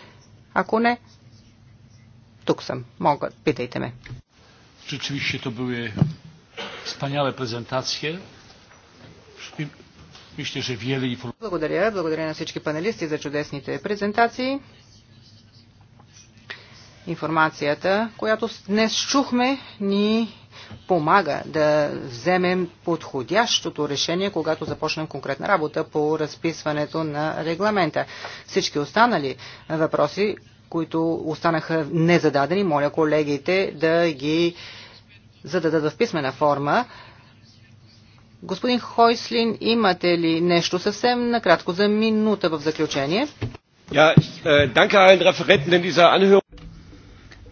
Ако не, тук съм. Мога, питайте ме. Rzeczywiście то бъде спаняла презентация. Мисля, че wiele Благодаря. Благодаря на всички панелисти за чудесните презентации. Информацията, която днес чухме, ни помага да вземем подходящото решение, когато започнем конкретна работа по разписването на регламента. Всички останали въпроси, които останаха незададени, моля колегите да ги зададат в писмена форма. Господин Хойслин, имате ли нещо съвсем накратко за минута в заключение? Ja, ich э, danke allen Referenten in dieser Anhörung.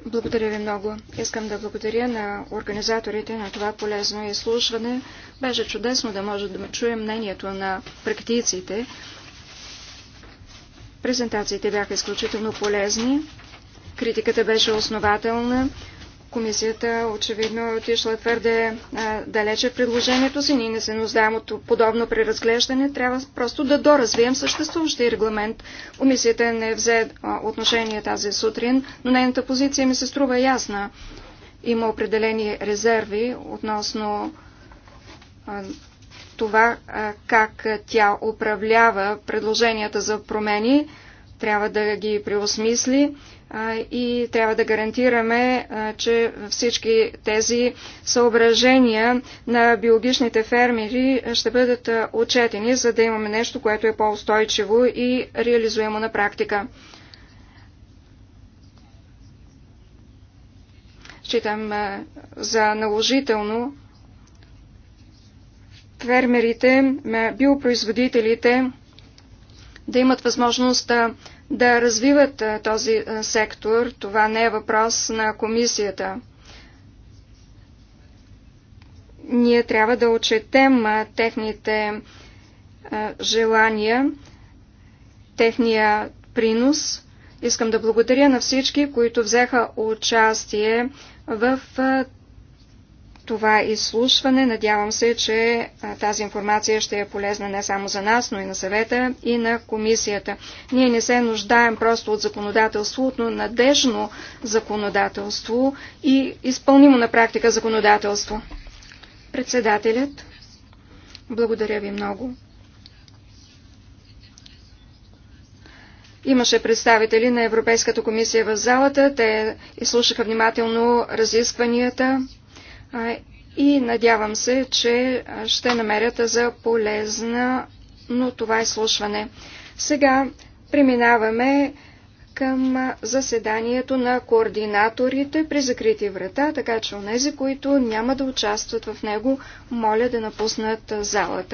Благодаря ви много. Искам да благодаря на организаторите на това полезно изслушване. Беше чудесно да може да чуем мнението на практиците. Презентациите бяха изключително полезни. Критиката беше основателна. Комисията очевидно е отишла твърде а, е, далече в предложението си. Ние не се нуждаем от подобно преразглеждане. Трябва просто да доразвием съществуващия регламент. Комисията не взе а, отношение тази сутрин, но нейната позиция ми се струва ясна. Има определени резерви относно а, това а, как тя управлява предложенията за промени. Трябва да ги преосмисли и трябва да гарантираме, че всички тези съображения на биологичните фермери ще бъдат отчетени, за да имаме нещо, което е по-устойчиво и реализуемо на практика. Считам за наложително фермерите, биопроизводителите да имат възможност да да развиват този сектор. Това не е въпрос на комисията. Ние трябва да отчетем техните желания, техния принос. Искам да благодаря на всички, които взеха участие в това изслушване. Надявам се, че тази информация ще е полезна не само за нас, но и на съвета и на комисията. Ние не се нуждаем просто от законодателство, но надежно законодателство и изпълнимо на практика законодателство. Председателят, благодаря ви много. Имаше представители на Европейската комисия в залата. Те изслушаха внимателно разискванията и надявам се, че ще намерят за полезна но това слушване. Сега преминаваме към заседанието на координаторите при закрити врата, така че онези, които няма да участват в него, моля да напуснат залата.